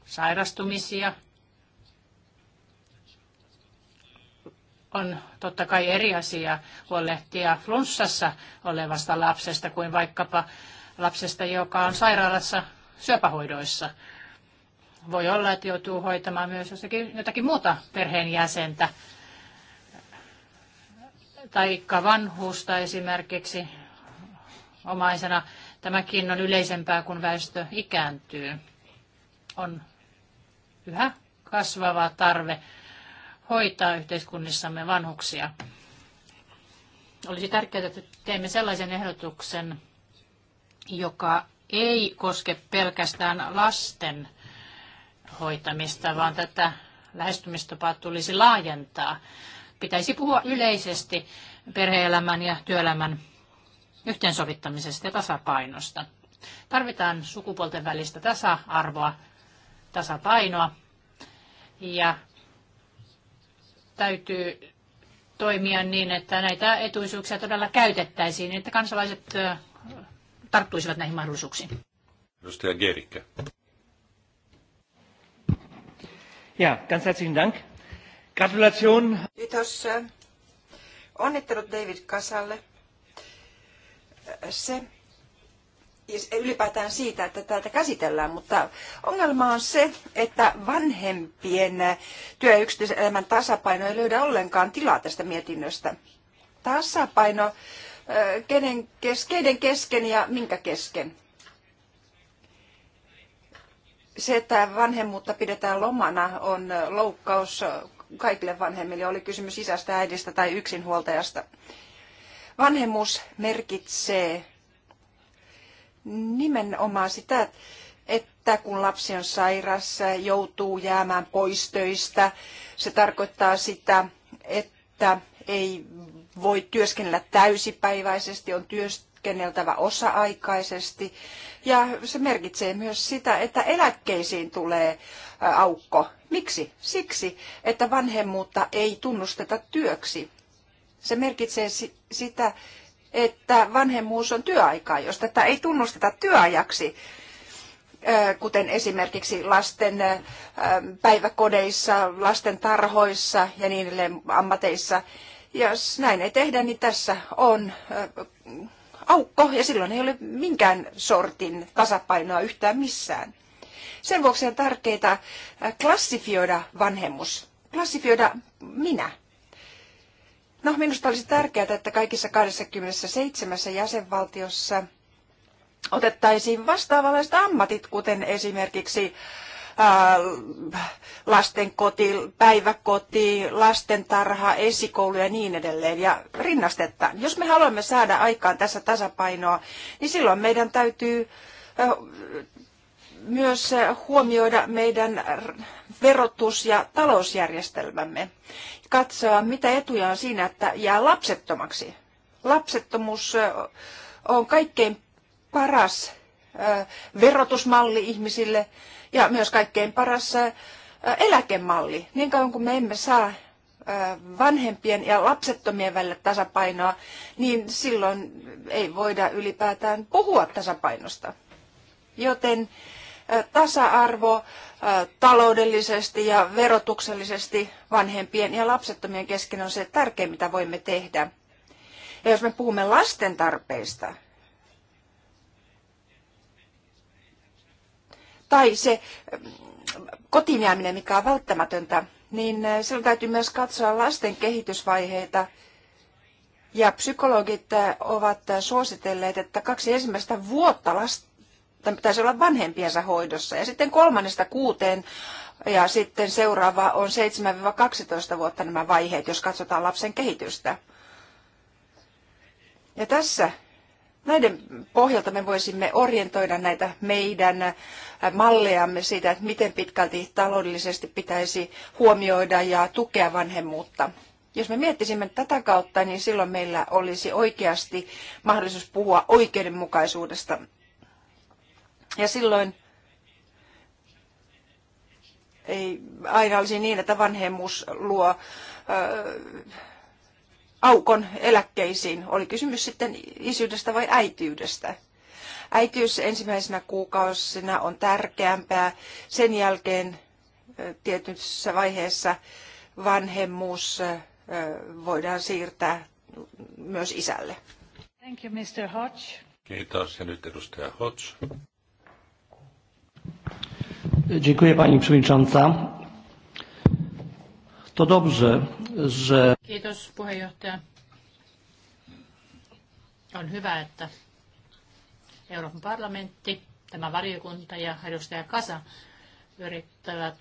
sairastumisia. On totta kai eri asia huolehtia flunssassa olevasta lapsesta kuin vaikkapa lapsesta, joka on sairaalassa syöpähoidoissa. Voi olla, että joutuu hoitamaan myös jossakin, jotakin muuta perheenjäsentä tai vanhuusta esimerkiksi omaisena. Tämäkin on yleisempää, kun väestö ikääntyy. On yhä kasvava tarve hoitaa yhteiskunnissamme vanhuksia. Olisi tärkeää, että teemme sellaisen ehdotuksen, joka ei koske pelkästään lasten hoitamista, vaan tätä lähestymistapaa tulisi laajentaa. Pitäisi puhua yleisesti perheelämän ja työelämän yhteensovittamisesta ja tasapainosta. Tarvitaan sukupuolten välistä tasa-arvoa tasapainoa ja täytyy toimia niin, että näitä etuisuuksia todella käytettäisiin, että kansalaiset tarttuisivat näihin mahdollisuuksiin. Edustaja Gerikkä. Ja, ganz herzlichen Dank. Gratulation. Kiitos. Onnittelut David Kasalle. Se, Siis ylipäätään siitä, että täältä käsitellään, mutta ongelma on se, että vanhempien työ- ja yksityiselämän tasapaino ei löydä ollenkaan tilaa tästä mietinnöstä. Tasapaino kenen, kes, keiden kesken ja minkä kesken? Se, että vanhemmuutta pidetään lomana, on loukkaus kaikille vanhemmille, oli kysymys isästä, äidistä tai yksinhuoltajasta. Vanhemmuus merkitsee nimenomaan sitä, että kun lapsi on sairas, joutuu jäämään pois töistä, se tarkoittaa sitä, että ei voi työskennellä täysipäiväisesti, on työskenneltävä osa-aikaisesti. Ja se merkitsee myös sitä, että eläkkeisiin tulee aukko. Miksi? Siksi, että vanhemmuutta ei tunnusteta työksi. Se merkitsee sitä, että vanhemmuus on työaikaa. Jos tätä ei tunnusteta työajaksi, kuten esimerkiksi lasten päiväkodeissa, lasten tarhoissa ja niin edelleen ammateissa, jos näin ei tehdä, niin tässä on aukko ja silloin ei ole minkään sortin tasapainoa yhtään missään. Sen vuoksi on tärkeää klassifioida vanhemmus, klassifioida minä. No, minusta olisi tärkeää, että kaikissa 27 jäsenvaltiossa otettaisiin vastaavanlaiset ammatit, kuten esimerkiksi äh, lastenkoti, päiväkoti, lastentarha, esikoulu ja niin edelleen ja rinnastetaan. Jos me haluamme saada aikaan tässä tasapainoa, niin silloin meidän täytyy äh, myös huomioida meidän verotus- ja talousjärjestelmämme katsoa, mitä etuja on siinä, että jää lapsettomaksi. Lapsettomuus on kaikkein paras verotusmalli ihmisille ja myös kaikkein paras eläkemalli. Niin kauan kuin me emme saa vanhempien ja lapsettomien välillä tasapainoa, niin silloin ei voida ylipäätään puhua tasapainosta. Joten tasa-arvo taloudellisesti ja verotuksellisesti vanhempien ja lapsettomien kesken on se tärkein, mitä voimme tehdä. Ja jos me puhumme lasten tarpeista, tai se kotiin jääminen, mikä on välttämätöntä, niin silloin täytyy myös katsoa lasten kehitysvaiheita. Ja psykologit ovat suositelleet, että kaksi ensimmäistä vuotta last tai pitäisi olla vanhempiensa hoidossa. Ja sitten kolmannesta kuuteen ja sitten seuraava on 7-12 vuotta nämä vaiheet, jos katsotaan lapsen kehitystä. Ja tässä näiden pohjalta me voisimme orientoida näitä meidän äh, malleamme siitä, että miten pitkälti taloudellisesti pitäisi huomioida ja tukea vanhemmuutta. Jos me miettisimme tätä kautta, niin silloin meillä olisi oikeasti mahdollisuus puhua oikeudenmukaisuudesta ja silloin ei aina olisi niin, että vanhemmuus luo ö, aukon eläkkeisiin. Oli kysymys sitten isyydestä vai äitiydestä. Äityys ensimmäisenä kuukausina on tärkeämpää. Sen jälkeen tietyssä vaiheessa vanhemmuus voidaan siirtää myös isälle. Thank you, Mr. Hodge. Kiitos. Ja nyt edustaja Hodge. Dziękuję pani przewodnicząca. To dobrze, że... Kiitos puheenjohtaja. On hyvä, että Euroopan parlamentti, tämä valiokunta ja edustaja Kasa yrittävät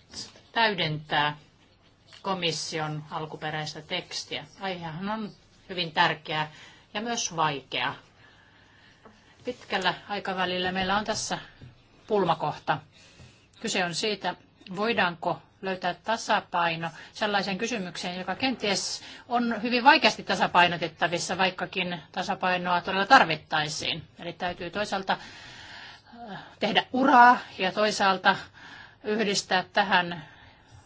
täydentää komission alkuperäistä tekstiä. Aihehan on hyvin tärkeä ja myös vaikea. Pitkällä aikavälillä meillä on tässä pulmakohta. Kyse on siitä, voidaanko löytää tasapaino sellaiseen kysymykseen, joka kenties on hyvin vaikeasti tasapainotettavissa, vaikkakin tasapainoa todella tarvittaisiin. Eli täytyy toisaalta äh, tehdä uraa ja toisaalta yhdistää tähän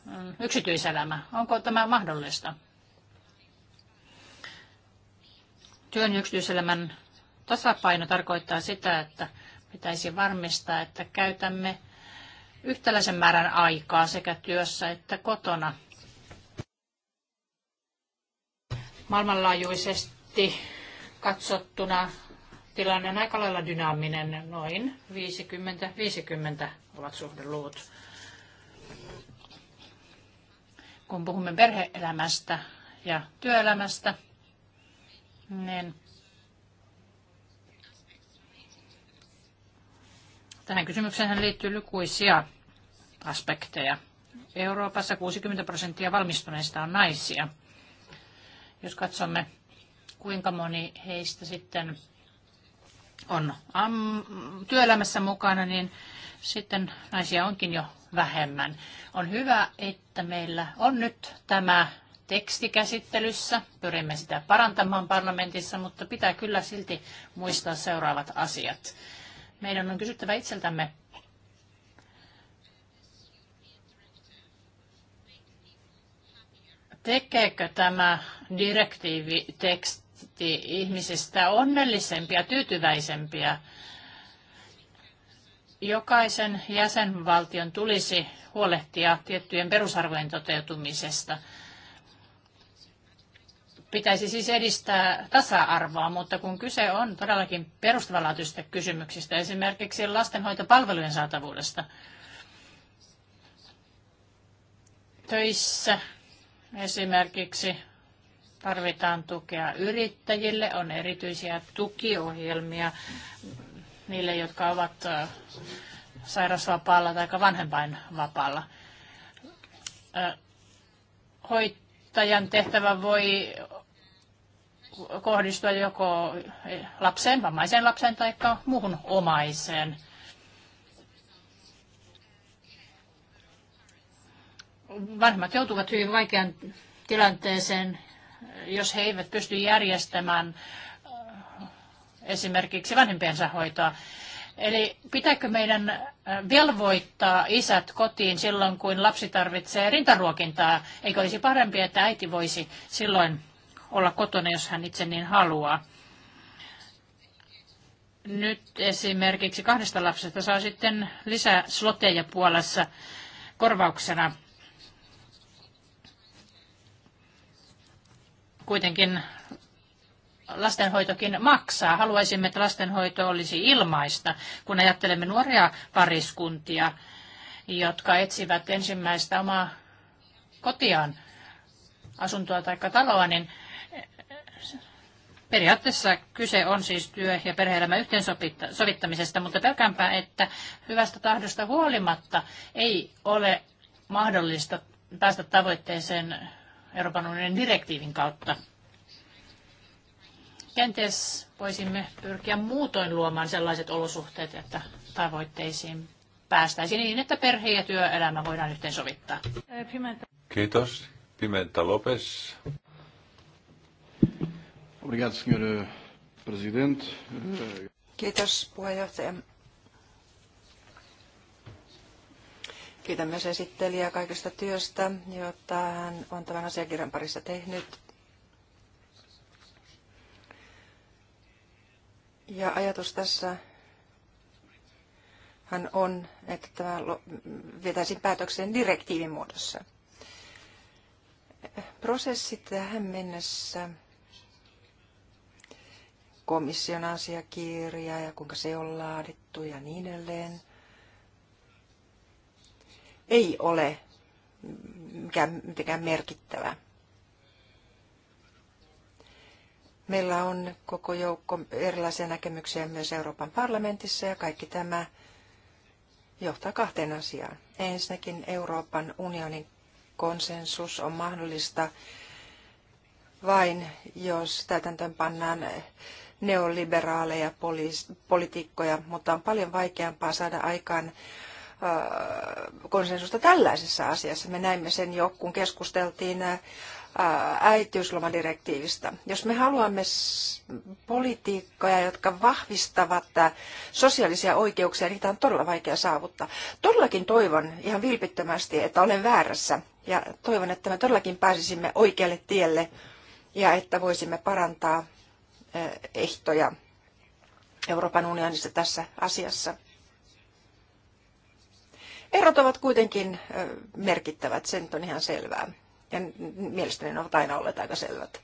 mm, yksityiselämä. Onko tämä mahdollista? Työn yksityiselämän tasapaino tarkoittaa sitä, että pitäisi varmistaa, että käytämme yhtäläisen määrän aikaa sekä työssä että kotona. Maailmanlaajuisesti katsottuna tilanne on aika lailla dynaaminen, noin 50-50 ovat suhdeluut. Kun puhumme perheelämästä ja työelämästä, niin Tähän kysymykseen liittyy lukuisia aspekteja. Euroopassa 60 prosenttia valmistuneista on naisia. Jos katsomme, kuinka moni heistä sitten on työelämässä mukana, niin sitten naisia onkin jo vähemmän. On hyvä, että meillä on nyt tämä tekstikäsittelyssä. Pyrimme sitä parantamaan parlamentissa, mutta pitää kyllä silti muistaa seuraavat asiat. Meidän on kysyttävä itseltämme, tekeekö tämä direktiiviteksti ihmisistä onnellisempia, tyytyväisempiä? Jokaisen jäsenvaltion tulisi huolehtia tiettyjen perusarvojen toteutumisesta – Pitäisi siis edistää tasa-arvoa, mutta kun kyse on todellakin perustavanlaatuisista kysymyksistä, esimerkiksi lastenhoitopalvelujen saatavuudesta, töissä esimerkiksi tarvitaan tukea yrittäjille, on erityisiä tukiohjelmia niille, jotka ovat sairausvapaalla tai vanhempainvapaalla. Hoitajan tehtävä voi kohdistua joko eh, lapseen, vammaiseen lapseen tai muuhun omaiseen. Vanhemmat joutuvat hyvin vaikean tilanteeseen, jos he eivät pysty järjestämään eh, esimerkiksi vanhempiensa hoitoa. Eli pitääkö meidän eh, velvoittaa isät kotiin silloin, kun lapsi tarvitsee rintaruokintaa? Eikö olisi parempi, että äiti voisi silloin olla kotona, jos hän itse niin haluaa. Nyt esimerkiksi kahdesta lapsesta saa sitten lisää sloteja Puolassa korvauksena. Kuitenkin lastenhoitokin maksaa. Haluaisimme, että lastenhoito olisi ilmaista, kun ajattelemme nuoria pariskuntia, jotka etsivät ensimmäistä omaa kotiaan, asuntoa tai taloa, niin Periaatteessa kyse on siis työ- ja perhe-elämän yhteensovittamisesta, mutta pelkäänpä, että hyvästä tahdosta huolimatta ei ole mahdollista päästä tavoitteeseen Euroopan unionin direktiivin kautta. Kenties voisimme pyrkiä muutoin luomaan sellaiset olosuhteet, että tavoitteisiin päästäisiin niin, että perhe ja työelämä voidaan yhteensovittaa. Kiitos. Pimenta Lopes. Obrigado, presidente. Kiitos puheenjohtaja. Kiitän myös esittelijää kaikesta työstä, jota hän on tämän asiakirjan parissa tehnyt. Ja ajatus tässä hän on, että tämä vietäisiin päätökseen direktiivin muodossa. Prosessi tähän mennessä komission asiakirja ja kuinka se on laadittu ja niin edelleen. Ei ole mikään, mitenkään merkittävä. Meillä on koko joukko erilaisia näkemyksiä myös Euroopan parlamentissa ja kaikki tämä johtaa kahteen asiaan. Ensinnäkin Euroopan unionin konsensus on mahdollista vain, jos täytäntöön pannaan neoliberaaleja poliitikkoja, mutta on paljon vaikeampaa saada aikaan äh, konsensusta tällaisessa asiassa. Me näimme sen jo, kun keskusteltiin äh, äitiyslomadirektiivistä. Jos me haluamme politiikkoja, jotka vahvistavat äh, sosiaalisia oikeuksia, niitä on todella vaikea saavuttaa. Todellakin toivon ihan vilpittömästi, että olen väärässä ja toivon, että me todellakin pääsisimme oikealle tielle ja että voisimme parantaa ehtoja Euroopan unionissa tässä asiassa. Erot ovat kuitenkin merkittävät, sen on ihan selvää. Ja mielestäni ne ovat aina olleet aika selvät.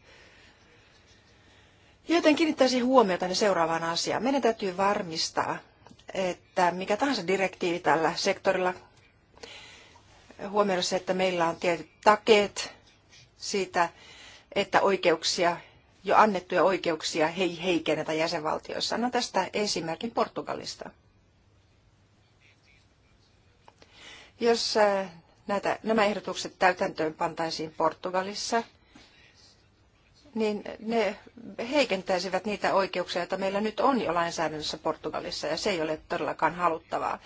Joten kiinnittäisin huomiota seuraavaan asiaan. Meidän täytyy varmistaa, että mikä tahansa direktiivi tällä sektorilla huomioida se, että meillä on tietyt takeet siitä, että oikeuksia jo annettuja oikeuksia ei heikennetä jäsenvaltioissa. Annan tästä esimerkin Portugalista. Jos äh, näitä, nämä ehdotukset täytäntöön pantaisiin Portugalissa, niin ne heikentäisivät niitä oikeuksia, joita meillä nyt on jo lainsäädännössä Portugalissa, ja se ei ole todellakaan haluttavaa.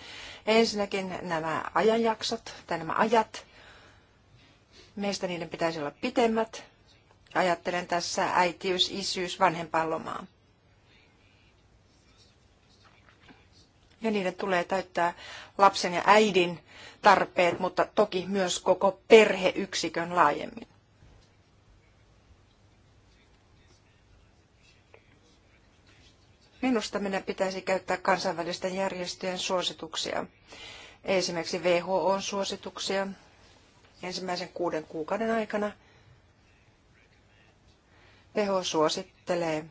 Ensinnäkin nämä ajanjaksot tai nämä ajat, meistä niiden pitäisi olla pitemmät, Ajattelen tässä äitiys, isyys, vanhempainlomaa. Ja niiden tulee täyttää lapsen ja äidin tarpeet, mutta toki myös koko perheyksikön laajemmin. Minusta meidän pitäisi käyttää kansainvälisten järjestöjen suosituksia. Esimerkiksi WHOn suosituksia ensimmäisen kuuden kuukauden aikana. WHO suosittelee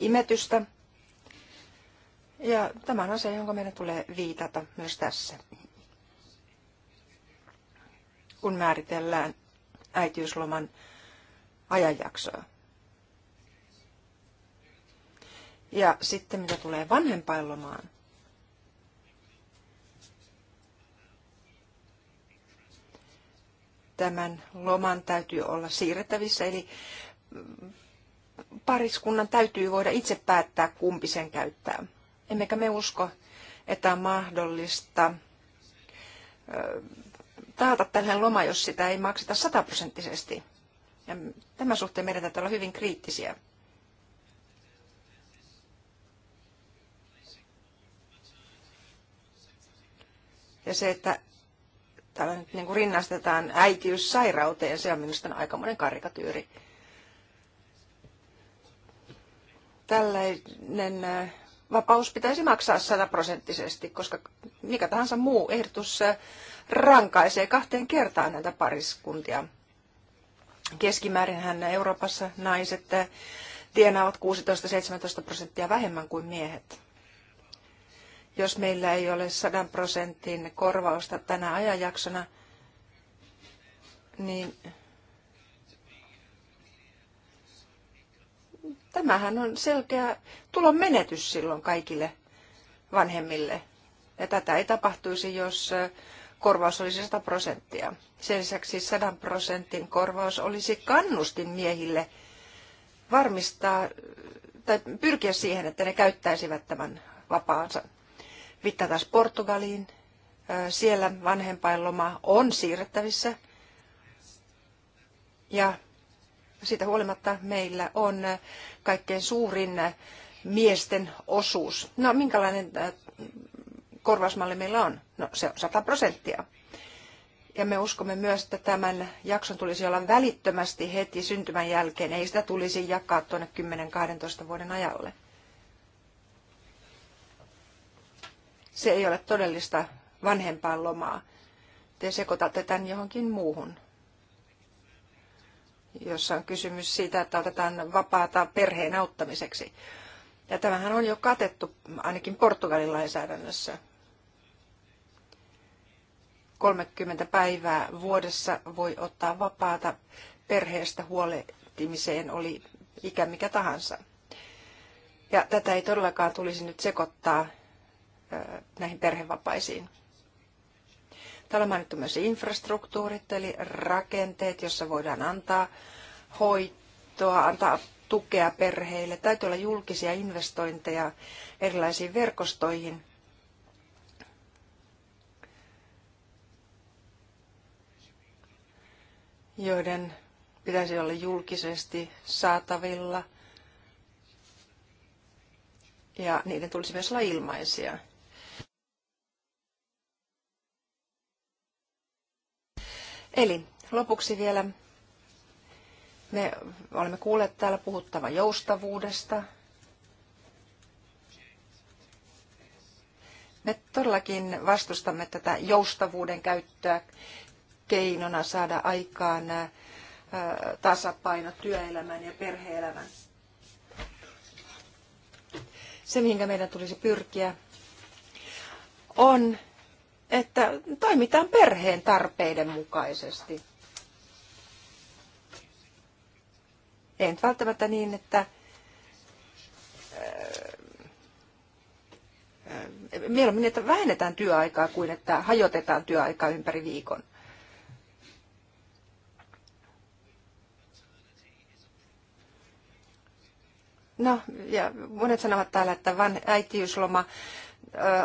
imetystä. Ja tämä on asia, jonka meidän tulee viitata myös tässä, kun määritellään äitiysloman ajanjaksoa. Ja sitten mitä tulee vanhempainlomaan, tämän loman täytyy olla siirrettävissä, eli pariskunnan täytyy voida itse päättää, kumpi sen käyttää. Emmekä me usko, että on mahdollista taata tällainen loma, jos sitä ei makseta sataprosenttisesti. Ja tämän suhteen meidän täytyy olla hyvin kriittisiä. Ja se, että täällä nyt niin kuin rinnastetaan äitiyssairauteen, se on minusta aikamoinen karikatyyri. tällainen äh, vapaus pitäisi maksaa sataprosenttisesti, koska mikä tahansa muu ehdotus äh, rankaisee kahteen kertaan näitä pariskuntia. Keskimäärinhän Euroopassa naiset äh, tienaavat 16-17 prosenttia vähemmän kuin miehet. Jos meillä ei ole 100 prosentin korvausta tänä ajanjaksona, niin Tämähän on selkeä tulon menetys silloin kaikille vanhemmille. Ja tätä ei tapahtuisi, jos korvaus olisi 100 prosenttia. Sen lisäksi 100 prosentin korvaus olisi kannustin miehille varmistaa tai pyrkiä siihen, että ne käyttäisivät tämän vapaansa. Vittaa taas Portugaliin. Siellä vanhempainloma on siirrettävissä. Ja siitä huolimatta meillä on kaikkein suurin miesten osuus. No minkälainen äh, korvausmalli meillä on? No se on 100 prosenttia. Ja me uskomme myös, että tämän jakson tulisi olla välittömästi heti syntymän jälkeen. Ei sitä tulisi jakaa tuonne 10-12 vuoden ajalle. Se ei ole todellista vanhempaan lomaa. Te sekoitatte tämän johonkin muuhun jossa on kysymys siitä, että otetaan vapaata perheen auttamiseksi. Ja tämähän on jo katettu ainakin Portugalin lainsäädännössä. 30 päivää vuodessa voi ottaa vapaata perheestä huolehtimiseen, oli ikä mikä tahansa. Ja tätä ei todellakaan tulisi nyt sekoittaa näihin perhevapaisiin. Täällä on mainittu myös infrastruktuurit, eli rakenteet, jossa voidaan antaa hoitoa, antaa tukea perheille. Täytyy olla julkisia investointeja erilaisiin verkostoihin. joiden pitäisi olla julkisesti saatavilla ja niiden tulisi myös olla ilmaisia. Eli lopuksi vielä me olemme kuulleet täällä puhuttava joustavuudesta. Me todellakin vastustamme tätä joustavuuden käyttöä keinona saada aikaan tasapaino työelämän ja perheelämän. Se, mihin meidän tulisi pyrkiä, on että toimitaan perheen tarpeiden mukaisesti. Ei nyt välttämättä niin, että äh, äh, mieluummin, että vähennetään työaikaa kuin että hajotetaan työaikaa ympäri viikon. No, ja monet sanovat täällä, että van, äitiysloma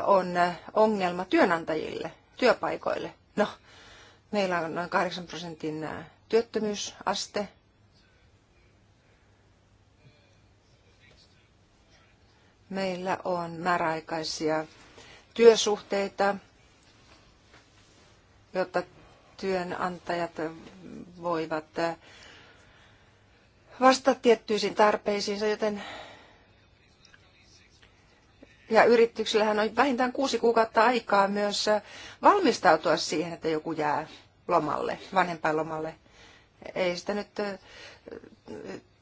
on ongelma työnantajille, työpaikoille? No, meillä on noin 8 prosentin työttömyysaste. Meillä on määräaikaisia työsuhteita, jotta työnantajat voivat vastata tiettyisiin tarpeisiinsa, joten ja yrityksillähän on vähintään kuusi kuukautta aikaa myös valmistautua siihen, että joku jää lomalle, vanhempainlomalle. Ei sitä nyt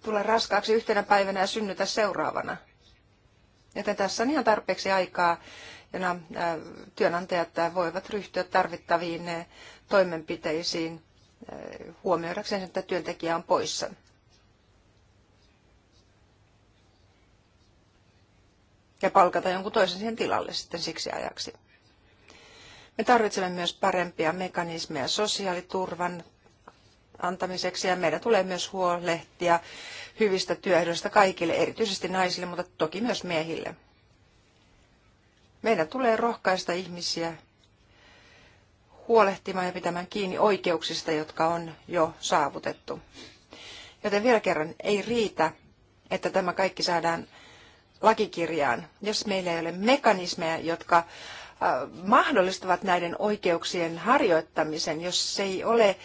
tule raskaaksi yhtenä päivänä ja synnytä seuraavana. Joten tässä on ihan tarpeeksi aikaa, jona työnantajat voivat ryhtyä tarvittaviin toimenpiteisiin huomioidakseen, että työntekijä on poissa. ja palkata jonkun toisen siihen tilalle sitten siksi ajaksi. Me tarvitsemme myös parempia mekanismeja sosiaaliturvan antamiseksi ja meidän tulee myös huolehtia hyvistä työehdoista kaikille, erityisesti naisille, mutta toki myös miehille. Meidän tulee rohkaista ihmisiä huolehtimaan ja pitämään kiinni oikeuksista, jotka on jo saavutettu. Joten vielä kerran ei riitä, että tämä kaikki saadaan lakikirjaan, jos meillä ei ole mekanismeja, jotka äh, mahdollistavat näiden oikeuksien harjoittamisen, jos ei ole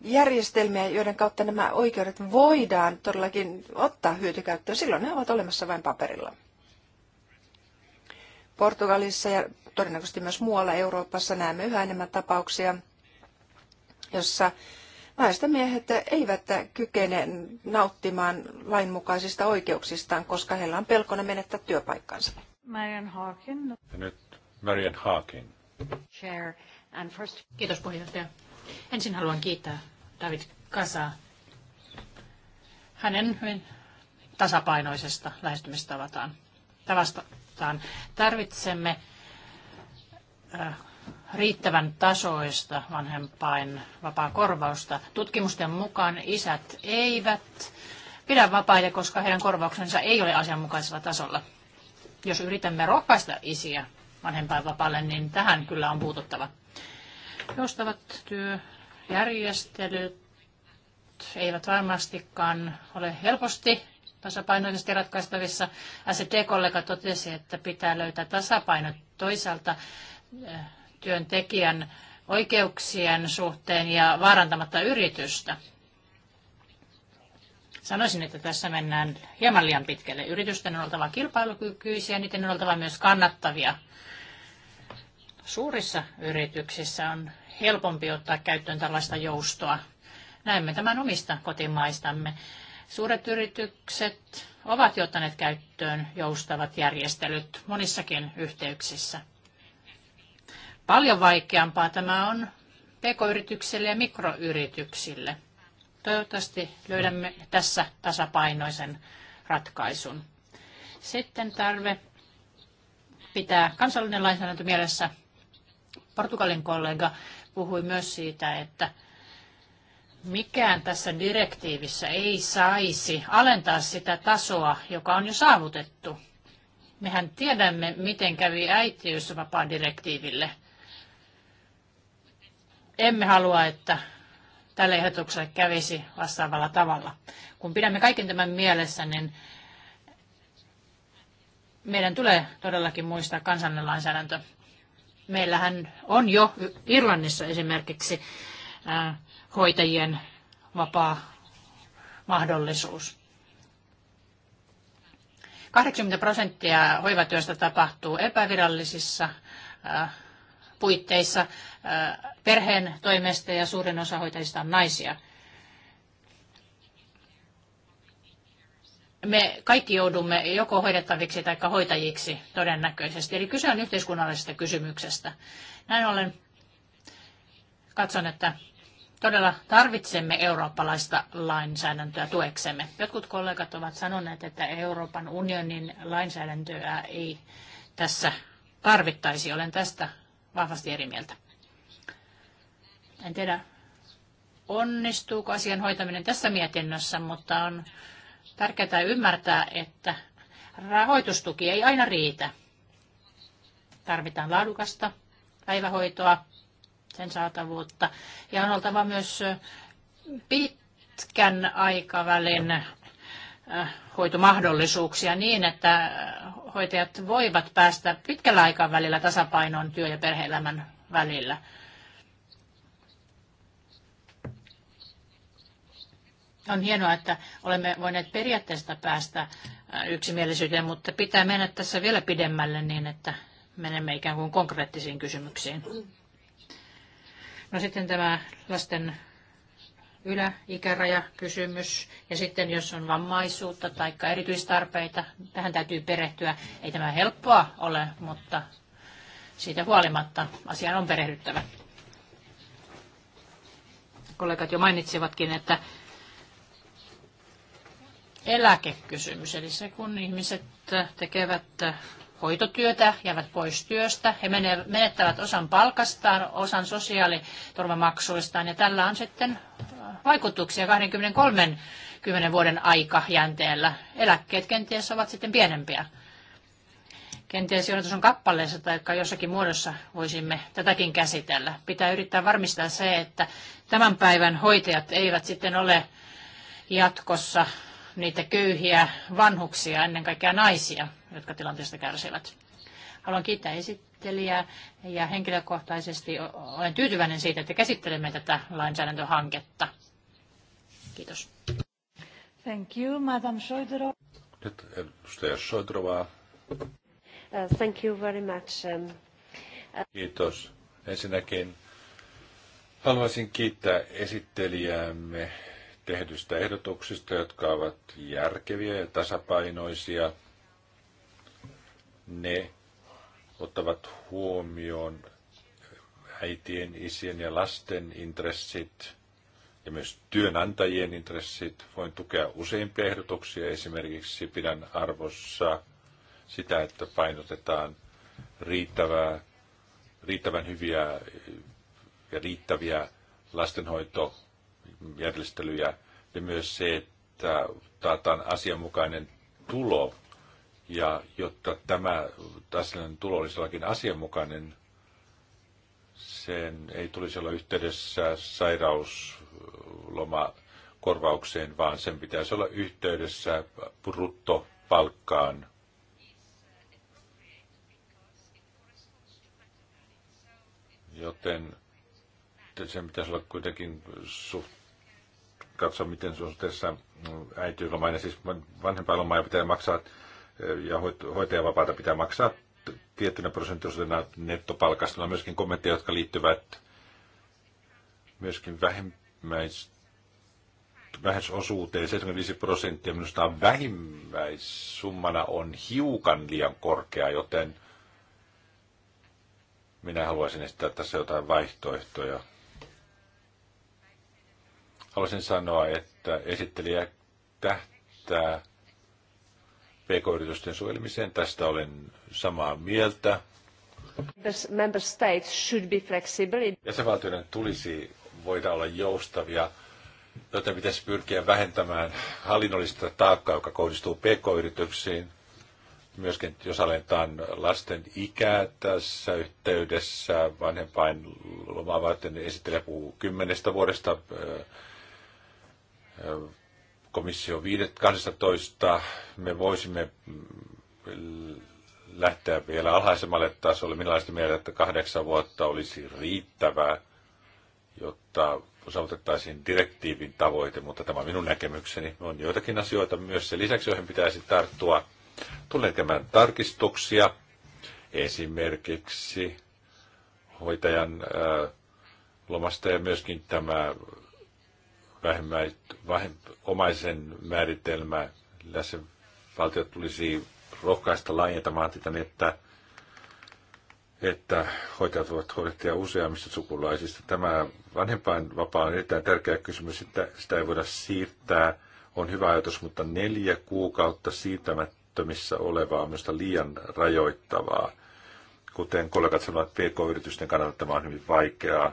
järjestelmiä, joiden kautta nämä oikeudet voidaan todellakin ottaa hyötykäyttöön, silloin ne ovat olemassa vain paperilla. Portugalissa ja todennäköisesti myös muualla Euroopassa näemme yhä enemmän tapauksia, jossa Miehet eivät kykene nauttimaan lainmukaisista oikeuksistaan, koska heillä on pelkona menettää työpaikkansa. Marian Harkin. Ja nyt Marian Harkin. Chair and first... Kiitos puheenjohtaja. Ensin haluan kiittää David Kasaa hänen hyvin tasapainoisesta lähestymistavataan. Tavastaan. Tarvitsemme äh, riittävän tasoista vanhempain korvausta Tutkimusten mukaan isät eivät pidä vapaita, koska heidän korvauksensa ei ole asianmukaisella tasolla. Jos yritämme rohkaista isiä vanhempainvapaalle, niin tähän kyllä on puututtava. Joustavat työjärjestelyt eivät varmastikaan ole helposti tasapainoisesti ratkaistavissa. ST-kollega totesi, että pitää löytää tasapaino toisaalta eh, työntekijän oikeuksien suhteen ja vaarantamatta yritystä. Sanoisin, että tässä mennään hieman liian pitkälle. Yritysten on oltava kilpailukykyisiä, niiden on oltava myös kannattavia. Suurissa yrityksissä on helpompi ottaa käyttöön tällaista joustoa. Näemme tämän omista kotimaistamme. Suuret yritykset ovat jo ottaneet käyttöön joustavat järjestelyt monissakin yhteyksissä. Paljon vaikeampaa tämä on pk-yrityksille ja mikroyrityksille. Toivottavasti löydämme tässä tasapainoisen ratkaisun. Sitten tarve pitää kansallinen lainsäädäntö mielessä. Portugalin kollega puhui myös siitä, että mikään tässä direktiivissä ei saisi alentaa sitä tasoa, joka on jo saavutettu. Mehän tiedämme, miten kävi äitiysvapaa-direktiiville – emme halua, että tälle ehdotukselle kävisi vastaavalla tavalla. Kun pidämme kaiken tämän mielessä, niin meidän tulee todellakin muistaa kansallinen lainsäädäntö. Meillähän on jo Irlannissa esimerkiksi äh, hoitajien vapaa mahdollisuus. 80 prosenttia hoivatyöstä tapahtuu epävirallisissa äh, puitteissa perheen toimesta ja suurin osa hoitajista on naisia. Me kaikki joudumme joko hoidettaviksi tai hoitajiksi todennäköisesti. Eli kyse on yhteiskunnallisesta kysymyksestä. Näin ollen katson, että todella tarvitsemme eurooppalaista lainsäädäntöä tueksemme. Jotkut kollegat ovat sanoneet, että Euroopan unionin lainsäädäntöä ei tässä tarvittaisi. Olen tästä vahvasti eri mieltä. En tiedä, onnistuuko asian hoitaminen tässä mietinnössä, mutta on tärkeää ymmärtää, että rahoitustuki ei aina riitä. Tarvitaan laadukasta päivähoitoa, sen saatavuutta ja on oltava myös pitkän aikavälin äh, hoitomahdollisuuksia niin, että hoitajat voivat päästä pitkällä aikavälillä tasapainoon työ- ja perheelämän välillä. On hienoa, että olemme voineet periaatteesta päästä äh, yksimielisyyteen, mutta pitää mennä tässä vielä pidemmälle niin, että menemme ikään kuin konkreettisiin kysymyksiin. No sitten tämä lasten yläikärajakysymys ja sitten jos on vammaisuutta tai erityistarpeita, tähän täytyy perehtyä. Ei tämä helppoa ole, mutta siitä huolimatta asiaan on perehdyttävä. Kollegat jo mainitsivatkin, että eläkekysymys, eli se kun ihmiset tekevät hoitotyötä, jäävät pois työstä, he menettävät osan palkastaan, osan sosiaaliturvamaksuistaan ja tällä on sitten äh, vaikutuksia 23 10 vuoden aikajänteellä. Eläkkeet kenties ovat sitten pienempiä. Kenties jonotus on kappaleessa tai jossakin muodossa voisimme tätäkin käsitellä. Pitää yrittää varmistaa se, että tämän päivän hoitajat eivät sitten ole jatkossa niitä köyhiä vanhuksia, ennen kaikkea naisia jotka tilanteesta kärsivät. Haluan kiittää esittelijää ja henkilökohtaisesti olen tyytyväinen siitä, että käsittelemme tätä lainsäädäntöhanketta. Kiitos. Thank you, Madam Soidro. Nyt edustaja Uh, thank you very much. Um, uh... Kiitos. Ensinnäkin haluaisin kiittää esittelijäämme tehdystä ehdotuksista, jotka ovat järkeviä ja tasapainoisia – ne ottavat huomioon äitien, isien ja lasten intressit ja myös työnantajien intressit. Voin tukea useimpia ehdotuksia. Esimerkiksi pidän arvossa sitä, että painotetaan riittävää, riittävän hyviä ja riittäviä lastenhoitojärjestelyjä ja myös se, että taataan asianmukainen tulo ja jotta tämä tällainen tulo olisi jollakin asianmukainen, sen ei tulisi olla yhteydessä sairauslomakorvaukseen, vaan sen pitäisi olla yhteydessä bruttopalkkaan. Joten sen pitäisi olla kuitenkin suht katsoa, miten suhteessa äitiyslomaa ja siis vanhempainlomaa ja pitää maksaa ja hoitajavapaata pitää maksaa tiettynä prosenttiosuutena nettopalkasta. On myöskin kommentteja, jotka liittyvät myöskin vähimmäis osuuteen, 75 prosenttia. Minusta on vähimmäissummana on hiukan liian korkea, joten minä haluaisin esittää tässä jotain vaihtoehtoja. Haluaisin sanoa, että esittelijä tähtää pk-yritysten suojelemiseen. Tästä olen samaa mieltä. Member states should be flexible. Jäsenvaltioiden tulisi voida olla joustavia, joten pitäisi pyrkiä vähentämään hallinnollista taakkaa, joka kohdistuu pk-yrityksiin. Myöskin jos alentaan lasten ikää tässä yhteydessä, vanhempain lomaa varten niin esittelijä puhuu kymmenestä vuodesta komissio 12. Me voisimme lähteä vielä alhaisemmalle tasolle. Minä mieltä, että kahdeksan vuotta olisi riittävää, jotta saavutettaisiin direktiivin tavoite, mutta tämä on minun näkemykseni. On joitakin asioita myös sen lisäksi, joihin pitäisi tarttua. Tulen tekemään tarkistuksia, esimerkiksi hoitajan lomasta ja myöskin tämä vähemmä, vähem, omaisen määritelmä valtiot tulisi rohkaista laajentamaan sitä, että, että hoitajat voivat huolehtia useammista sukulaisista. Tämä vanhempainvapaa on erittäin tärkeä kysymys, että sitä ei voida siirtää. On hyvä ajatus, mutta neljä kuukautta siirtämättömissä olevaa on minusta liian rajoittavaa. Kuten kollegat sanovat, PK-yritysten kannalta tämä on hyvin vaikeaa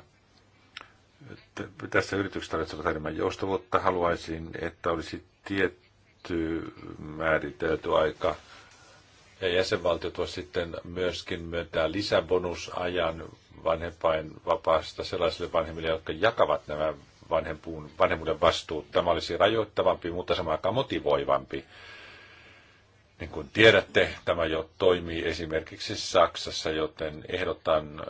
tässä yrityksessä tarvitsevat enemmän joustavuutta. Haluaisin, että olisi tietty määritelty aika ja jäsenvaltiot tuo sitten myöskin myöntää lisäbonusajan vanhempain vapaasta sellaisille vanhemmille, jotka jakavat nämä vanhempuun, vanhemmuuden vastuut. Tämä olisi rajoittavampi, mutta samaan aikaan motivoivampi. Niin kuin tiedätte, tämä jo toimii esimerkiksi Saksassa, joten ehdotan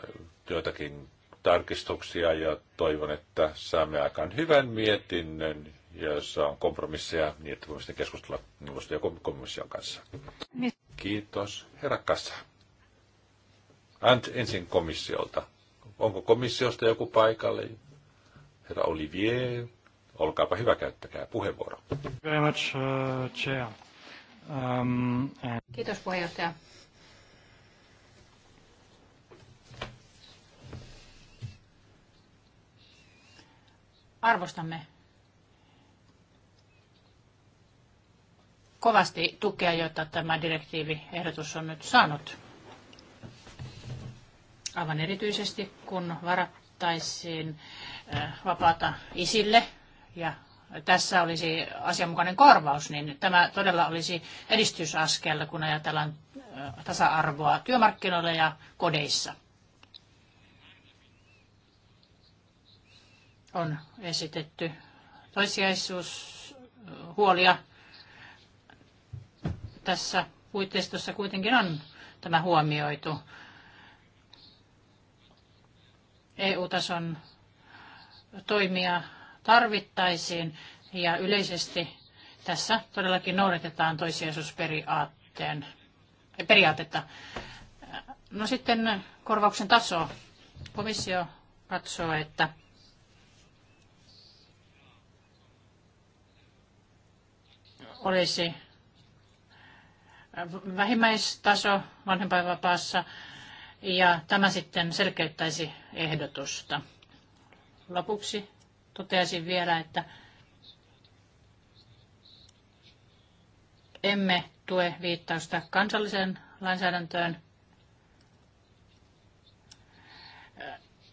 joitakin tarkistuksia ja toivon, että saamme aikaan hyvän mietinnön, jossa on kompromisseja niin, että voimme keskustella neuvoston ja komission kanssa. Kiitos. Herra Kassa. Ant ensin komissiolta. Onko komissiosta joku paikalle? Herra Olivier, olkaapa hyvä, käyttäkää puheenvuoro. Very much, uh, chair. Um, and... Kiitos puheenjohtaja. Arvostamme kovasti tukea, jota tämä direktiiviehdotus on nyt saanut. Aivan erityisesti, kun varattaisiin äh, vapaata isille ja tässä olisi asianmukainen korvaus, niin tämä todella olisi edistysaskel, kun ajatellaan äh, tasa-arvoa työmarkkinoilla ja kodeissa. On esitetty toissijaisuushuolia. Tässä puitteistossa kuitenkin on tämä huomioitu. EU-tason toimia tarvittaisiin ja yleisesti tässä todellakin noudatetaan toissijaisuusperiaatteen periaatetta. No sitten korvauksen taso. Komissio katsoo, että olisi vähimmäistaso vanhempainvapaassa ja tämä sitten selkeyttäisi ehdotusta. Lopuksi toteaisin vielä, että emme tue viittausta kansalliseen lainsäädäntöön.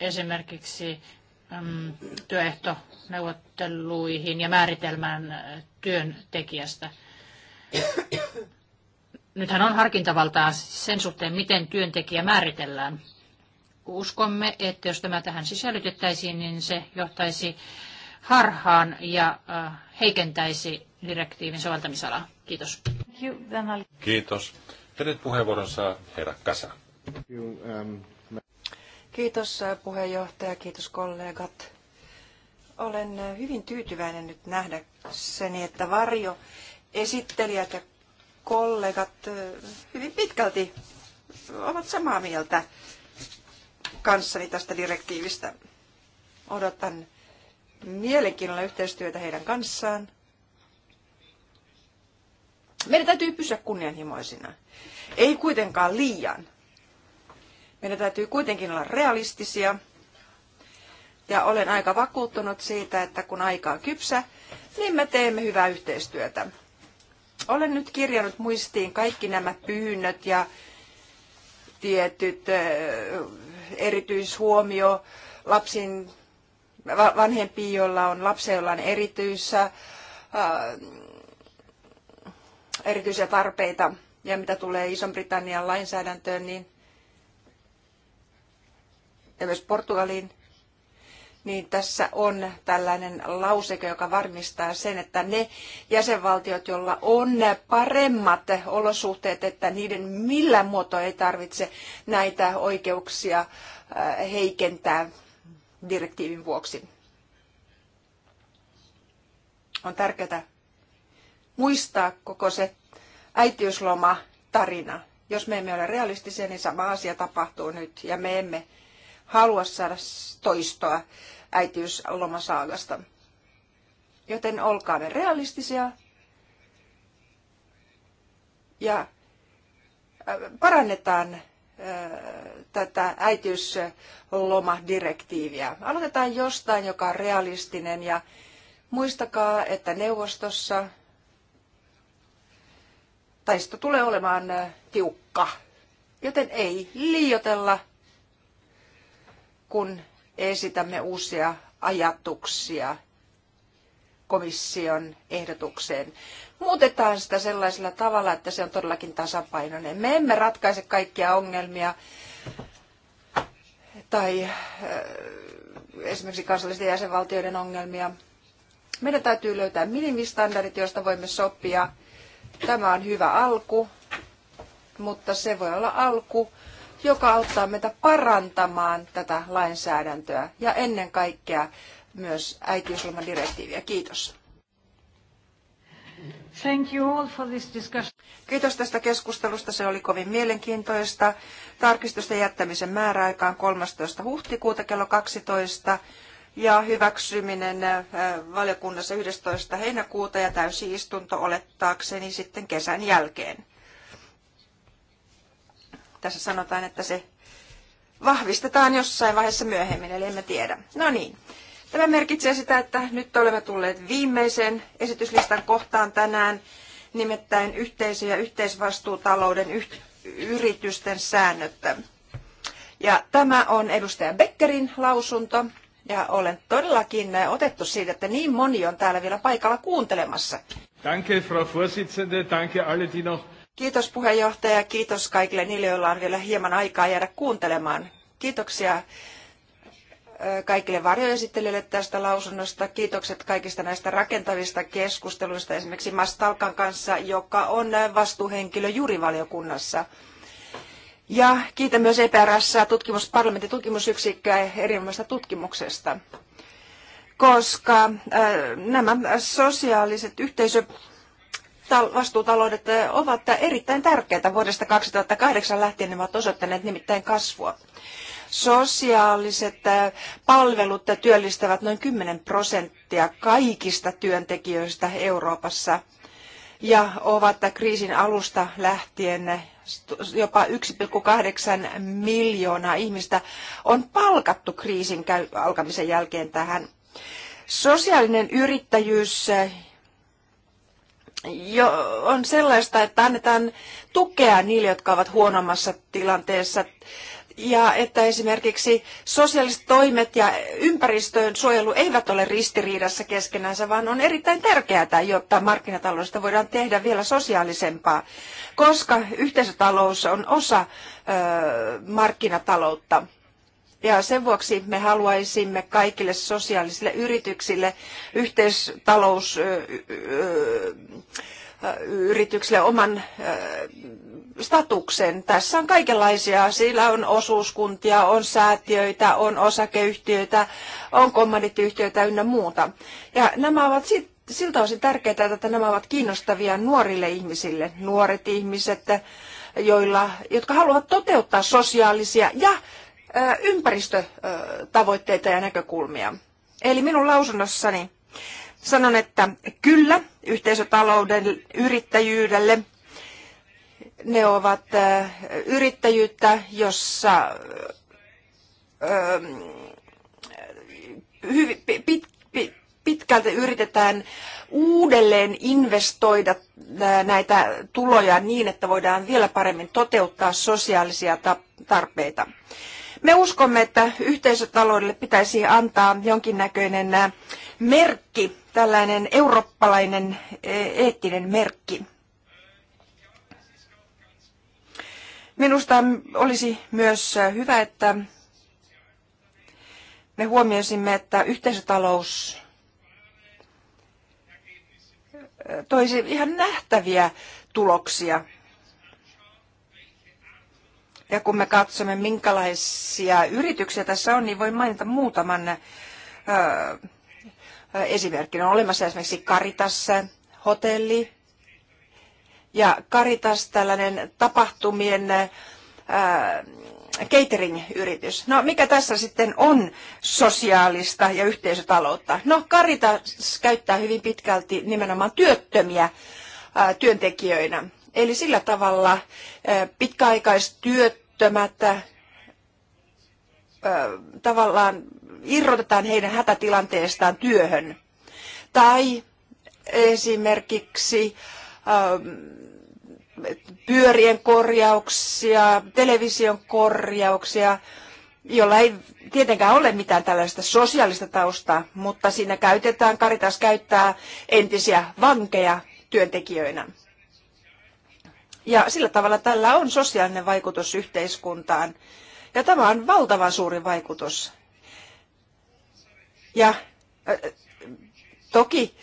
Esimerkiksi työehtoneuvotteluihin ja määritelmään äh, työntekijästä. Nythän on harkintavaltaa sen suhteen, miten työntekijä määritellään. Uskomme, että jos tämä tähän sisällytettäisiin, niin se johtaisi harhaan ja äh, heikentäisi direktiivin soveltamisalaa. Kiitos. Kiitos. Teidän puheenvuoron saa herra Kasa. Um, Kiitos puheenjohtaja, kiitos kollegat. Olen hyvin tyytyväinen nyt nähdäkseni, että varjo esittelijät ja kollegat hyvin pitkälti ovat samaa mieltä kanssani tästä direktiivistä. Odotan mielenkiinnolla yhteistyötä heidän kanssaan. Meidän täytyy pysyä kunnianhimoisina. Ei kuitenkaan liian. Meidän täytyy kuitenkin olla realistisia. Ja olen aika vakuuttunut siitä, että kun aika on kypsä, niin me teemme hyvää yhteistyötä. Olen nyt kirjannut muistiin kaikki nämä pyynnöt ja tietyt erityishuomio lapsin vanhempiin, joilla on lapsen, joilla on erityisä, erityisiä tarpeita. Ja mitä tulee Ison-Britannian lainsäädäntöön, niin ja myös Portugaliin, niin tässä on tällainen lauseke, joka varmistaa sen, että ne jäsenvaltiot, joilla on paremmat olosuhteet, että niiden millään muotoa ei tarvitse näitä oikeuksia äh, heikentää direktiivin vuoksi. On tärkeää muistaa koko se äitiysloma tarina. Jos me emme ole realistisia, niin sama asia tapahtuu nyt ja me emme halua saada toistoa äitiyslomasaagasta. Joten olkaamme realistisia ja äh, parannetaan äh, tätä äitiyslomadirektiiviä. Aloitetaan jostain, joka on realistinen ja muistakaa, että neuvostossa taisto tulee olemaan äh, tiukka, joten ei liiotella kun esitämme uusia ajatuksia komission ehdotukseen. Muutetaan sitä sellaisella tavalla, että se on todellakin tasapainoinen. Me emme ratkaise kaikkia ongelmia tai äh, esimerkiksi kansallisten jäsenvaltioiden ongelmia. Meidän täytyy löytää minimistandardit, joista voimme sopia. Tämä on hyvä alku, mutta se voi olla alku joka auttaa meitä parantamaan tätä lainsäädäntöä ja ennen kaikkea myös äitiyslomadirektiiviä. Kiitos. Thank you all for this discussion. Kiitos tästä keskustelusta, se oli kovin mielenkiintoista. Tarkistusten jättämisen määräaika on 13. huhtikuuta kello 12 ja hyväksyminen äh, valiokunnassa 11. heinäkuuta ja täysi istunto olettaakseni sitten kesän jälkeen. Tässä sanotaan, että se vahvistetaan jossain vaiheessa myöhemmin, eli emme tiedä. No niin. Tämä merkitsee sitä, että nyt olemme tulleet viimeiseen esityslistan kohtaan tänään, nimittäin yhteisö- ja yhteisvastuutalouden yh- yritysten säännöt. Ja tämä on edustaja Beckerin lausunto, ja olen todellakin otettu siitä, että niin moni on täällä vielä paikalla kuuntelemassa. Danke, Frau Vorsitzende, danke alle, die noch Kiitos puheenjohtaja ja kiitos kaikille niille, joilla on vielä hieman aikaa jäädä kuuntelemaan. Kiitoksia kaikille varjoesittelijöille tästä lausunnosta. Kiitokset kaikista näistä rakentavista keskusteluista esimerkiksi Mastalkan kanssa, joka on vastuuhenkilö jurivaliokunnassa. Ja kiitän myös EPRS tutkimus, parlamentin tutkimusyksikköä erinomaisesta tutkimuksesta koska nämä sosiaaliset yhteisöt, vastuutaloudet ovat erittäin tärkeitä. Vuodesta 2008 lähtien ne ovat osoittaneet nimittäin kasvua. Sosiaaliset palvelut työllistävät noin 10 prosenttia kaikista työntekijöistä Euroopassa ja ovat kriisin alusta lähtien jopa 1,8 miljoonaa ihmistä on palkattu kriisin alkamisen jälkeen tähän. Sosiaalinen yrittäjyys jo on sellaista, että annetaan tukea niille, jotka ovat huonommassa tilanteessa. Ja että esimerkiksi sosiaaliset toimet ja ympäristön suojelu eivät ole ristiriidassa keskenänsä, vaan on erittäin tärkeää, jotta markkinataloudesta voidaan tehdä vielä sosiaalisempaa, koska yhteisötalous on osa ö, markkinataloutta. Ja sen vuoksi me haluaisimme kaikille sosiaalisille yrityksille, yhteistalousyrityksille oman statuksen. Tässä on kaikenlaisia. Sillä on osuuskuntia, on säätiöitä, on osakeyhtiöitä, on kommandittiyhtiöitä ynnä muuta. Ja nämä ovat sit, siltä osin tärkeitä, että nämä ovat kiinnostavia nuorille ihmisille, nuoret ihmiset, joilla, jotka haluavat toteuttaa sosiaalisia ja ympäristötavoitteita ja näkökulmia. Eli minun lausunnossani sanon, että kyllä yhteisötalouden yrittäjyydelle ne ovat yrittäjyyttä, jossa pitkälti yritetään uudelleen investoida näitä tuloja niin, että voidaan vielä paremmin toteuttaa sosiaalisia tarpeita. Me uskomme, että yhteisötaloudelle pitäisi antaa jonkinnäköinen äh, merkki, tällainen eurooppalainen äh, eettinen merkki. Minusta olisi myös äh, hyvä, että me huomioisimme, että yhteisötalous toisi ihan nähtäviä tuloksia ja kun me katsomme, minkälaisia yrityksiä tässä on, niin voin mainita muutaman ö, esimerkin. On olemassa esimerkiksi Caritas, hotelli ja Caritas, tällainen tapahtumien ö, catering-yritys. No mikä tässä sitten on sosiaalista ja yhteisötaloutta? No Caritas käyttää hyvin pitkälti nimenomaan työttömiä työntekijöinä Eli sillä tavalla pitkäaikaistyöttömät tavallaan irrotetaan heidän hätätilanteestaan työhön. Tai esimerkiksi pyörien korjauksia, television korjauksia, jolla ei tietenkään ole mitään tällaista sosiaalista taustaa, mutta siinä käytetään, Karitas käyttää entisiä vankeja työntekijöinä. Ja sillä tavalla tällä on sosiaalinen vaikutus yhteiskuntaan. Ja tämä on valtavan suuri vaikutus. Ja äh, toki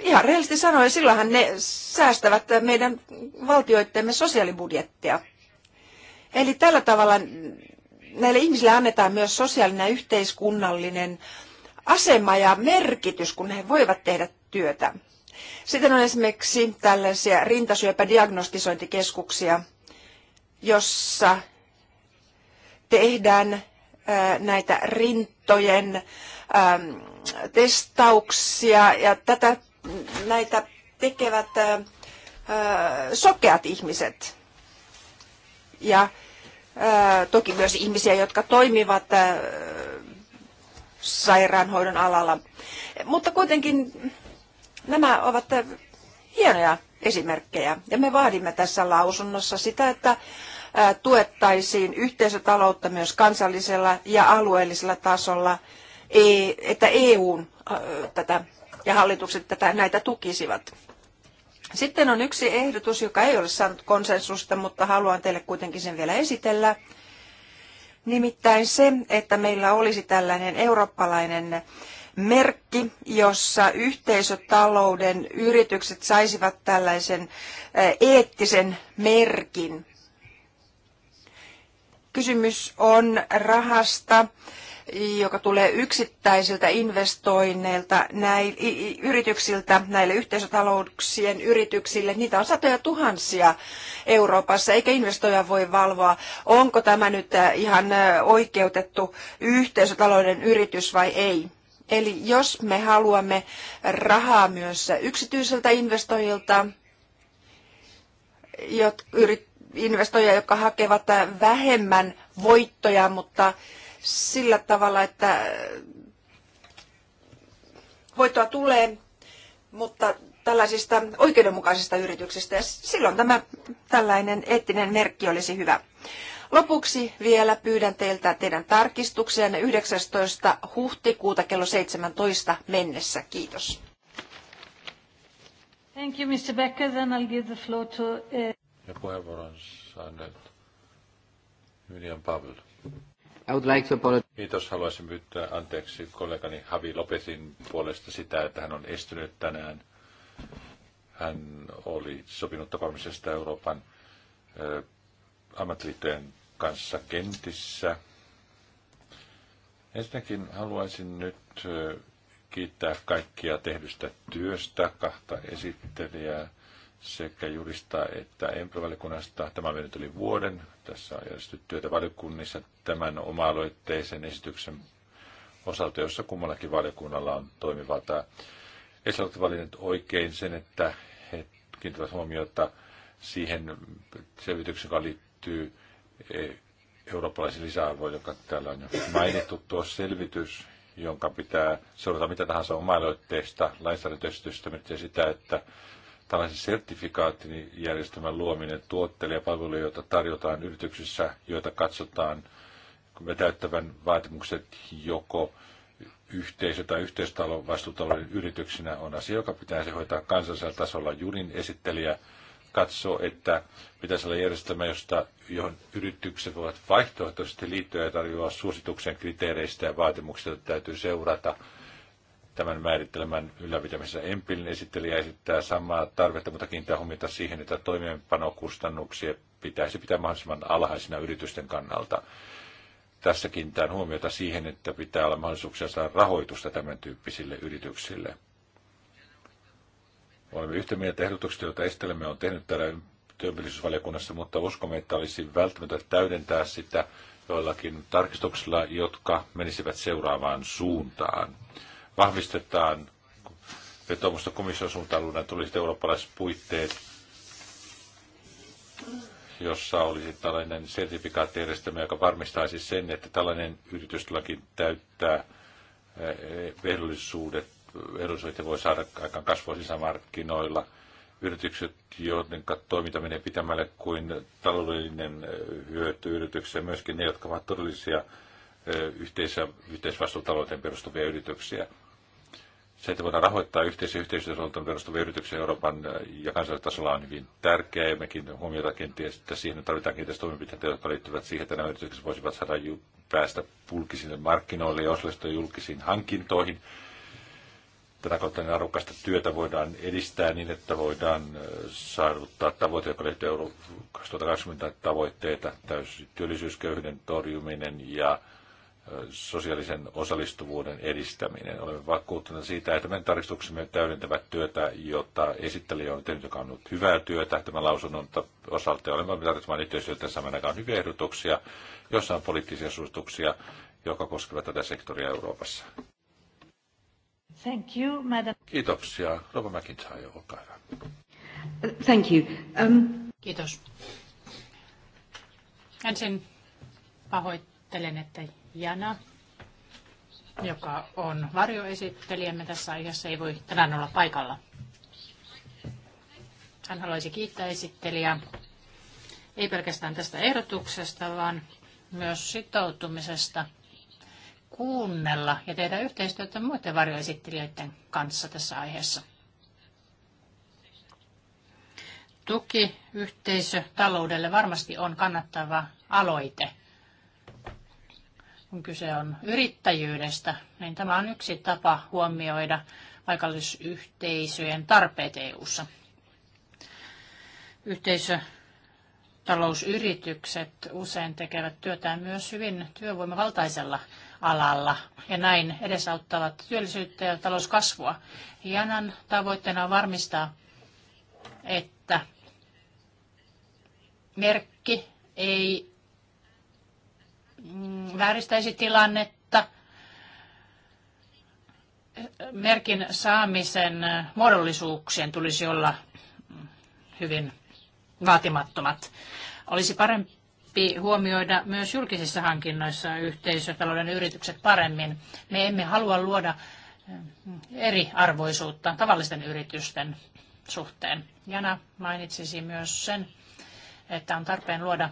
ihan rehellisesti sanoen, silloinhan ne säästävät meidän valtioittemme sosiaalibudjettia. Eli tällä tavalla näille ihmisille annetaan myös sosiaalinen ja yhteiskunnallinen asema ja merkitys, kun he voivat tehdä työtä. Sitten on esimerkiksi tällaisia rintasyöpädiagnostisointikeskuksia, jossa tehdään näitä rintojen testauksia ja tätä, näitä tekevät sokeat ihmiset. Ja toki myös ihmisiä, jotka toimivat sairaanhoidon alalla. Mutta kuitenkin Nämä ovat hienoja esimerkkejä ja me vaadimme tässä lausunnossa sitä, että tuettaisiin yhteisötaloutta myös kansallisella ja alueellisella tasolla, e, että EUn tätä ja hallitukset tätä, näitä tukisivat. Sitten on yksi ehdotus, joka ei ole saanut konsensusta, mutta haluan teille kuitenkin sen vielä esitellä. Nimittäin se, että meillä olisi tällainen eurooppalainen merkki, jossa yhteisötalouden yritykset saisivat tällaisen eettisen merkin. Kysymys on rahasta, joka tulee yksittäisiltä investoinneilta näil, yrityksiltä, näille yhteisötalouksien yrityksille. Niitä on satoja tuhansia Euroopassa, eikä investoija voi valvoa, onko tämä nyt ihan oikeutettu yhteisötalouden yritys vai ei. Eli jos me haluamme rahaa myös yksityiseltä investoijilta, investoijia, jotka hakevat vähemmän voittoja, mutta sillä tavalla, että voittoa tulee, mutta tällaisista oikeudenmukaisista yrityksistä. Ja silloin tämä tällainen eettinen merkki olisi hyvä. Lopuksi vielä pyydän teiltä teidän tarkistuksianne 19. huhtikuuta kello 17 mennessä. Kiitos. Thank you, Mr. Becker. Then I'll give the floor to... Uh... Ja puheenvuoron saa nyt Julian Pavel. I would like to apologize. Kiitos. Haluaisin pyytää anteeksi kollegani Havi Lopesin puolesta sitä, että hän on estynyt tänään. Hän oli sopinut tapaamisesta Euroopan eh, ammattiliittojen kanssa kentissä. Ensinnäkin haluaisin nyt kiittää kaikkia tehdystä työstä, kahta esittelijää sekä jurista että emprovalikunnasta. Tämä meni yli vuoden. Tässä on järjestetty työtä valiokunnissa tämän oma-aloitteisen esityksen osalta, jossa kummallakin valiokunnalla on toimivaltaa. Esillä olette valinneet oikein sen, että he kiinnittävät huomiota siihen selvitykseen, joka liittyy E, eurooppalaisen lisäarvoon, joka täällä on jo mainittu, tuo selvitys, jonka pitää seurata mitä tahansa omailoitteista, lainsäädäntöstystä, lainsäädäntöesitystä, sitä, että tällaisen sertifikaattijärjestelmän luominen tuotteille ja palveluille, joita tarjotaan yrityksissä, joita katsotaan me täyttävän vaatimukset joko yhteisö- tai yhteistalon vastuutalouden yrityksinä on asia, joka pitäisi hoitaa kansallisella tasolla. junin esittelijä katsoo, että pitäisi olla järjestelmä, josta, johon yritykset voivat vaihtoehtoisesti liittyä ja tarjoaa suosituksen kriteereistä ja vaatimuksista, että täytyy seurata tämän määrittelemän ylläpitämisessä. Empilin esittelijä esittää samaa tarvetta, mutta kiinnittää huomiota siihen, että toimeenpanokustannuksia pitäisi pitää mahdollisimman alhaisina yritysten kannalta. Tässä tämän huomiota siihen, että pitää olla mahdollisuuksia saada rahoitusta tämän tyyppisille yrityksille. Olemme yhtä mieltä ehdotuksista, joita esittelemme on tehnyt täällä työllisyysvaliokunnassa, mutta uskomme, että olisi välttämätöntä täydentää sitä joillakin tarkistuksilla, jotka menisivät seuraavaan suuntaan. Vahvistetaan vetoomusta komission suuntaan luodaan tuliset eurooppalaiset puitteet, jossa olisi tällainen sertifikaattijärjestelmä, joka varmistaisi sen, että tällainen yrityslaki täyttää eh, ehdollisuudet edullisuutta voi saada aikaan kasvua sisämarkkinoilla. Yritykset, joiden toiminta menee pitämälle kuin taloudellinen hyöty yrityksiä, myöskin ne, jotka ovat todellisia yhteisä, yhteisvastuutalouteen perustuvia yrityksiä. Se, että voidaan rahoittaa yhteisiä yhteisvastuutalouteen perustuvia yrityksiä Euroopan ja kansallisella tasolla on hyvin tärkeää. mekin huomiota kenties, että siihen tarvitaan kiinteistä toimenpiteitä, jotka liittyvät siihen, että nämä yritykset voisivat saada päästä julkisille markkinoille ja osallistua julkisiin hankintoihin. Tätä kautta niin arvokasta työtä voidaan edistää niin, että voidaan saavuttaa tavoite, joka liittyy Euro 2020 tavoitteita, täysi työllisyysköyhyyden torjuminen ja sosiaalisen osallistuvuuden edistäminen. Olemme vakuuttuneita siitä, että meidän tarkistuksemme täydentävät työtä, jota esittelijä on tehnyt, joka on ollut hyvää työtä tämän lausunnon osalta. Olemme tarvitsemaan yhteistyötä saman aikaan hyviä ehdotuksia, joissa on poliittisia suosituksia, jotka koskevat tätä sektoria Euroopassa. Thank you, madam. Kiitoksia. Rova McIntyre, olkaa hyvä. Thank you. Um... Kiitos. Ensin pahoittelen, että Jana, joka on varjoesittelijämme tässä aiheessa, ei voi tänään olla paikalla. Hän haluaisi kiittää esittelijää ei pelkästään tästä ehdotuksesta, vaan myös sitoutumisesta – kuunnella ja tehdä yhteistyötä muiden varjoesittelijöiden kanssa tässä aiheessa. Tuki yhteisö taloudelle varmasti on kannattava aloite. Kun kyse on yrittäjyydestä, niin tämä on yksi tapa huomioida paikallisyhteisöjen tarpeet EU-ssa. Yhteisötalousyritykset usein tekevät työtään myös hyvin työvoimavaltaisella alalla ja näin edesauttavat työllisyyttä ja talouskasvua. Janan tavoitteena on varmistaa, että merkki ei mm, vääristäisi tilannetta. Merkin saamisen muodollisuuksien tulisi olla hyvin vaatimattomat. Olisi parempi huomioida myös julkisissa hankinnoissa yhteisötalouden yritykset paremmin. Me emme halua luoda eh, eriarvoisuutta tavallisten yritysten suhteen. Jana mainitsisi myös sen, että on tarpeen luoda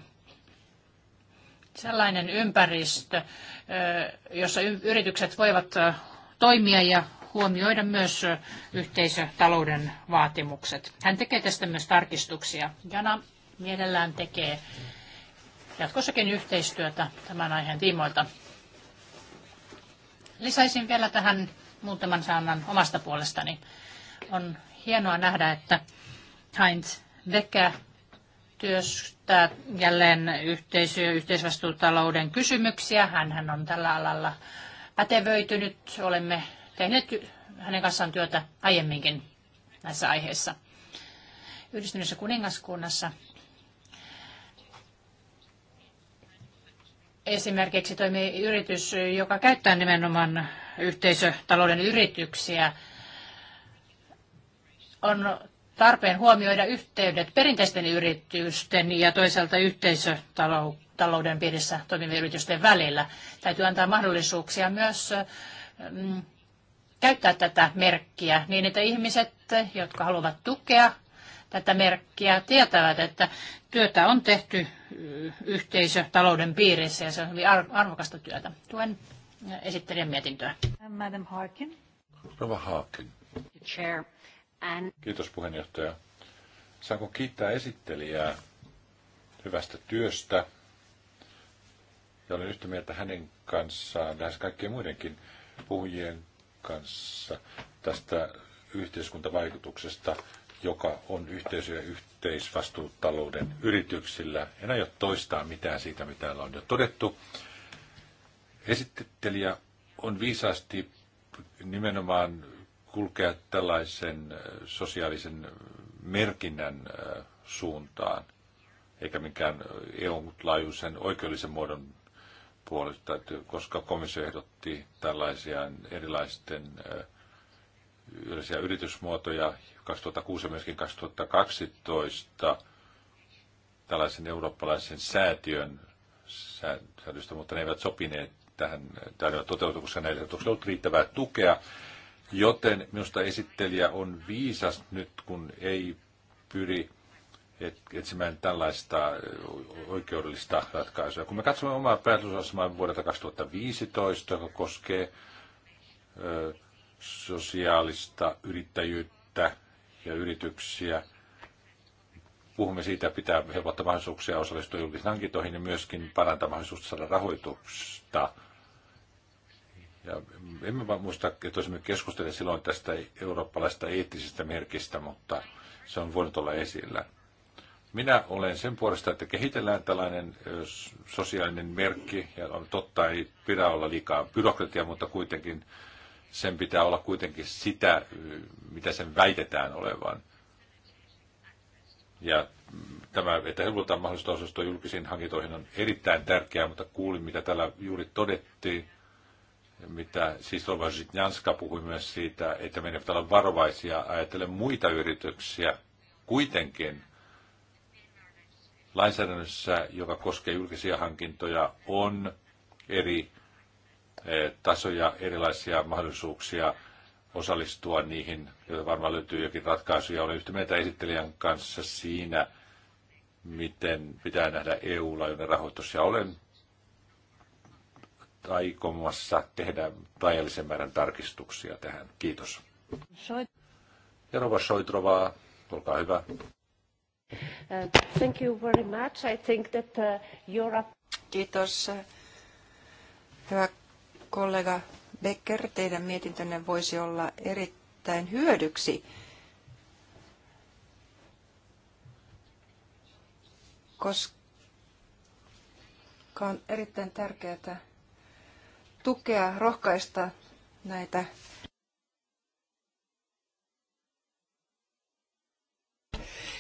sellainen ympäristö, eh, jossa yritykset voivat eh, toimia ja huomioida myös yhteisötalouden vaatimukset. Hän tekee tästä myös tarkistuksia. Jana mielellään tekee jatkossakin yhteistyötä tämän aiheen tiimoilta. Lisäisin vielä tähän muutaman sanan omasta puolestani. On hienoa nähdä, että Heinz Becker työstää jälleen yhteisö- ja yhteisvastuutalouden kysymyksiä. Hän on tällä alalla pätevöitynyt. Olemme tehneet hänen kanssaan työtä aiemminkin näissä aiheissa. Yhdistyneessä kuningaskunnassa esimerkiksi toimii yritys, joka käyttää nimenomaan yhteisötalouden yrityksiä, on tarpeen huomioida yhteydet perinteisten yritysten ja toisaalta yhteisötalouden piirissä toimivien yritysten välillä. Täytyy antaa mahdollisuuksia myös mm, käyttää tätä merkkiä niin, että ihmiset, jotka haluavat tukea tätä merkkiä tietävät, että työtä on tehty yhteisötalouden piirissä ja se on hyvin arvokasta työtä. Tuen esittelijän mietintöä. Madam Harkin. Rova Harkin. Chair. And... Kiitos puheenjohtaja. Saanko kiittää esittelijää hyvästä työstä ja olen yhtä mieltä hänen kanssaan, lähes kaikkien muidenkin puhujien kanssa tästä yhteiskuntavaikutuksesta, joka on yhteisö- ja yhteisvastuutalouden yrityksillä. En aio toistaa mitään siitä, mitä täällä on jo todettu. Esittelijä on viisaasti nimenomaan kulkea tällaisen äh, sosiaalisen äh, merkinnän äh, suuntaan, eikä minkään EU-laajuisen oikeudellisen muodon puolesta, koska komissio ehdotti tällaisia erilaisten yleisiä yritysmuotoja, 2006 ja myöskin 2012 tällaisen eurooppalaisen säätiön säädöstä, mutta ne eivät sopineet tähän, tähän toteutuksessa näille ei ollut riittävää tukea. Joten minusta esittelijä on viisas nyt, kun ei pyri etsimään tällaista oikeudellista ratkaisua. Kun me katsomme omaa päätösasemaa vuodelta 2015, joka koskee sosiaalista yrittäjyyttä ja yrityksiä. Puhumme siitä, pitää helpottaa mahdollisuuksia osallistua julkisiin hankintoihin ja myöskin parantaa mahdollisuutta saada rahoitusta. Ja emme vaan muista, että olisimme keskustelleet silloin tästä eurooppalaisesta eettisestä merkistä, mutta se on voinut olla esillä. Minä olen sen puolesta, että kehitellään tällainen sosiaalinen merkki, ja on totta, ei pidä olla liikaa byrokratiaa, mutta kuitenkin sen pitää olla kuitenkin sitä, mitä sen väitetään olevan. Ja tämä, että helpotetaan mahdollista osastoa julkisiin hankintoihin on erittäin tärkeää, mutta kuulin, mitä täällä juuri todettiin, mitä siis Janska puhui myös siitä, että meidän pitää olla varovaisia ajatellen muita yrityksiä kuitenkin lainsäädännössä, joka koskee julkisia hankintoja, on eri Eh, tasoja, erilaisia mahdollisuuksia osallistua niihin, joita varmaan löytyy jokin ratkaisu. Ja olen yhtä mieltä esittelijän kanssa siinä, miten pitää nähdä EU-laajuinen rahoitus. Ja olen aikomassa tehdä rajallisen määrän tarkistuksia tähän. Kiitos. Ja Rova Soitrovaa, olkaa hyvä. Uh, thank you very much. I think that uh, Europe... Kiitos. Hyvä kollega Becker, teidän mietintönne voisi olla erittäin hyödyksi koska on erittäin tärkeää tukea, rohkaista näitä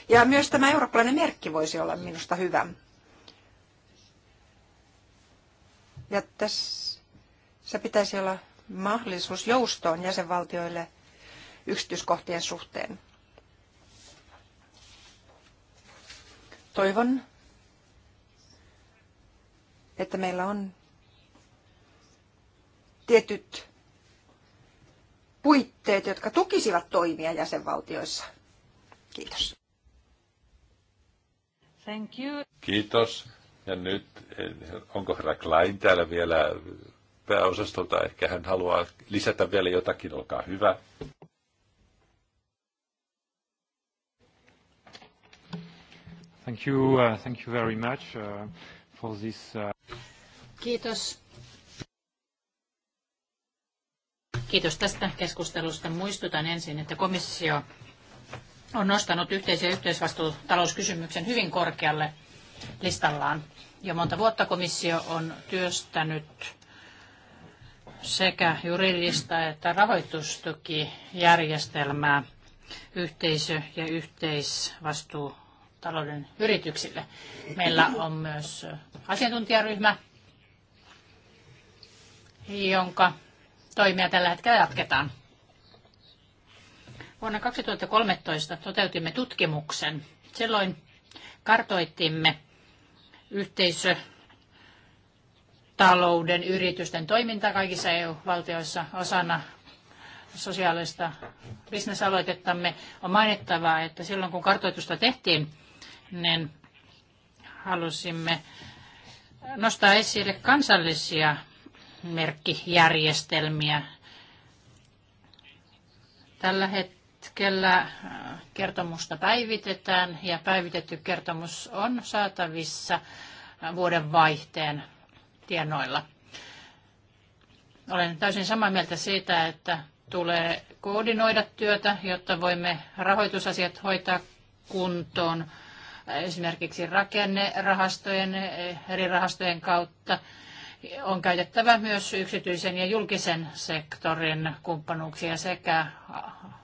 Ja myös tämä eurooppalainen merkki voisi olla minusta hyvä. Ja tässä se pitäisi olla mahdollisuus joustoon jäsenvaltioille yksityiskohtien suhteen. Toivon, että meillä on tietyt puitteet, jotka tukisivat toimia jäsenvaltioissa. Kiitos. Thank you. Kiitos. Ja nyt, onko herra Klein täällä vielä pääosastolta. Ehkä hän haluaa lisätä vielä jotakin, olkaa hyvä. Thank you, uh, thank you very much uh, for this. Uh... Kiitos. Kiitos tästä keskustelusta. Muistutan ensin, että komissio on nostanut yhteis- ja yhteisvastuutalouskysymyksen hyvin korkealle listallaan. Jo monta vuotta komissio on työstänyt sekä juridista että rahoitustukijärjestelmää yhteisö- ja yhteisvastuutalouden yrityksille. Meillä on myös asiantuntijaryhmä, jonka toimia tällä hetkellä jatketaan. Vuonna 2013 toteutimme tutkimuksen. Silloin kartoitimme yhteisö- talouden yritysten toiminta kaikissa EU-valtioissa osana sosiaalista bisnesaloitettamme. On mainittavaa, että silloin kun kartoitusta tehtiin, niin halusimme nostaa esille kansallisia merkkijärjestelmiä. Tällä hetkellä äh, kertomusta päivitetään ja päivitetty kertomus on saatavissa äh, vuoden vaihteen tienoilla. Olen täysin samaa mieltä siitä, että tulee koordinoida työtä, jotta voimme rahoitusasiat hoitaa kuntoon esimerkiksi rakennerahastojen, eri rahastojen kautta. On käytettävä myös yksityisen ja julkisen sektorin kumppanuuksia sekä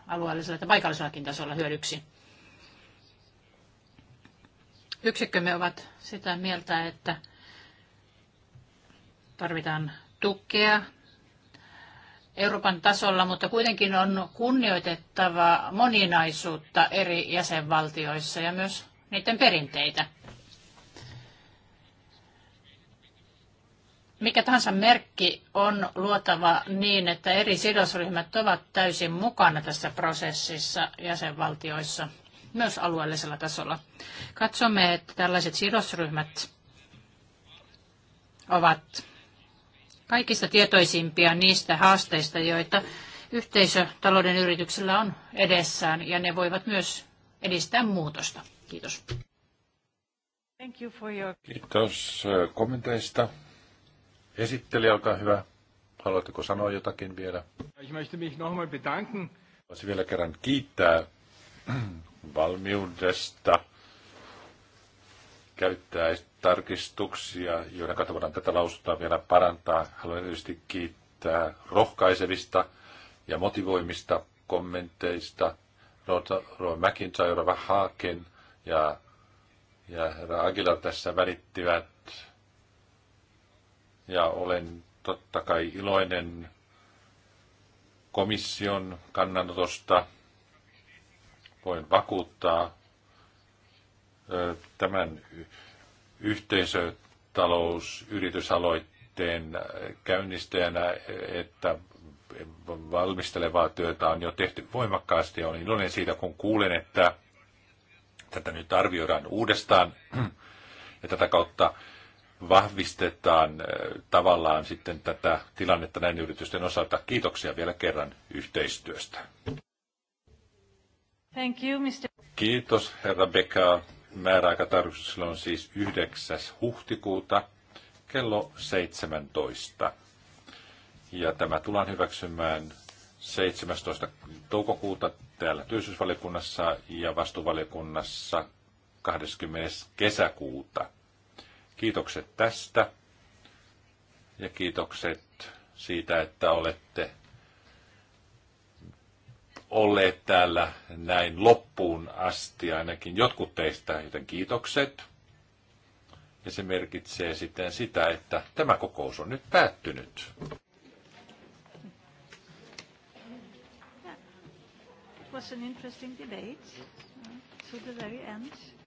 alueellisella että paikallisellakin tasolla hyödyksi. Yksikkömme ovat sitä mieltä, että Tarvitaan tukea Euroopan tasolla, mutta kuitenkin on kunnioitettava moninaisuutta eri jäsenvaltioissa ja myös niiden perinteitä. Mikä tahansa merkki on luotava niin, että eri sidosryhmät ovat täysin mukana tässä prosessissa jäsenvaltioissa, myös alueellisella tasolla. Katsomme, että tällaiset sidosryhmät ovat kaikista tietoisimpia niistä haasteista, joita yhteisötalouden yrityksillä on edessään, ja ne voivat myös edistää muutosta. Kiitos. Thank you for your... Kiitos kommenteista. Esittelijä, olkaa hyvä. Haluatteko sanoa jotakin vielä? Haluaisin Voisin vielä kerran kiittää valmiudesta käyttää tarkistuksia, joiden kautta voidaan tätä lausuntoa vielä parantaa. Haluan erityisesti kiittää rohkaisevista ja motivoimista kommenteista Roy McIntyre, Haaken ja, ja herra Aguilar tässä välittivät. Ja olen totta kai iloinen komission kannanotosta. Voin vakuuttaa tämän yhteisötalousyritysaloitteen käynnistäjänä, että valmistelevaa työtä on jo tehty voimakkaasti ja olen iloinen siitä, kun kuulen, että tätä nyt arvioidaan uudestaan ja tätä kautta vahvistetaan tavallaan sitten tätä tilannetta näin yritysten osalta. Kiitoksia vielä kerran yhteistyöstä. Thank you, Mr. Kiitos, herra Becker. Määräaikatarkistuksella on siis 9. huhtikuuta kello 17. Ja tämä tullaan hyväksymään 17. toukokuuta täällä työllisyysvaliokunnassa ja vastuuvaliokunnassa 20. kesäkuuta. Kiitokset tästä ja kiitokset siitä, että olette olleet täällä näin loppuun asti, ainakin jotkut teistä, joten kiitokset. Ja se merkitsee sitten sitä, että tämä kokous on nyt päättynyt. was an interesting debate uh, to the very end.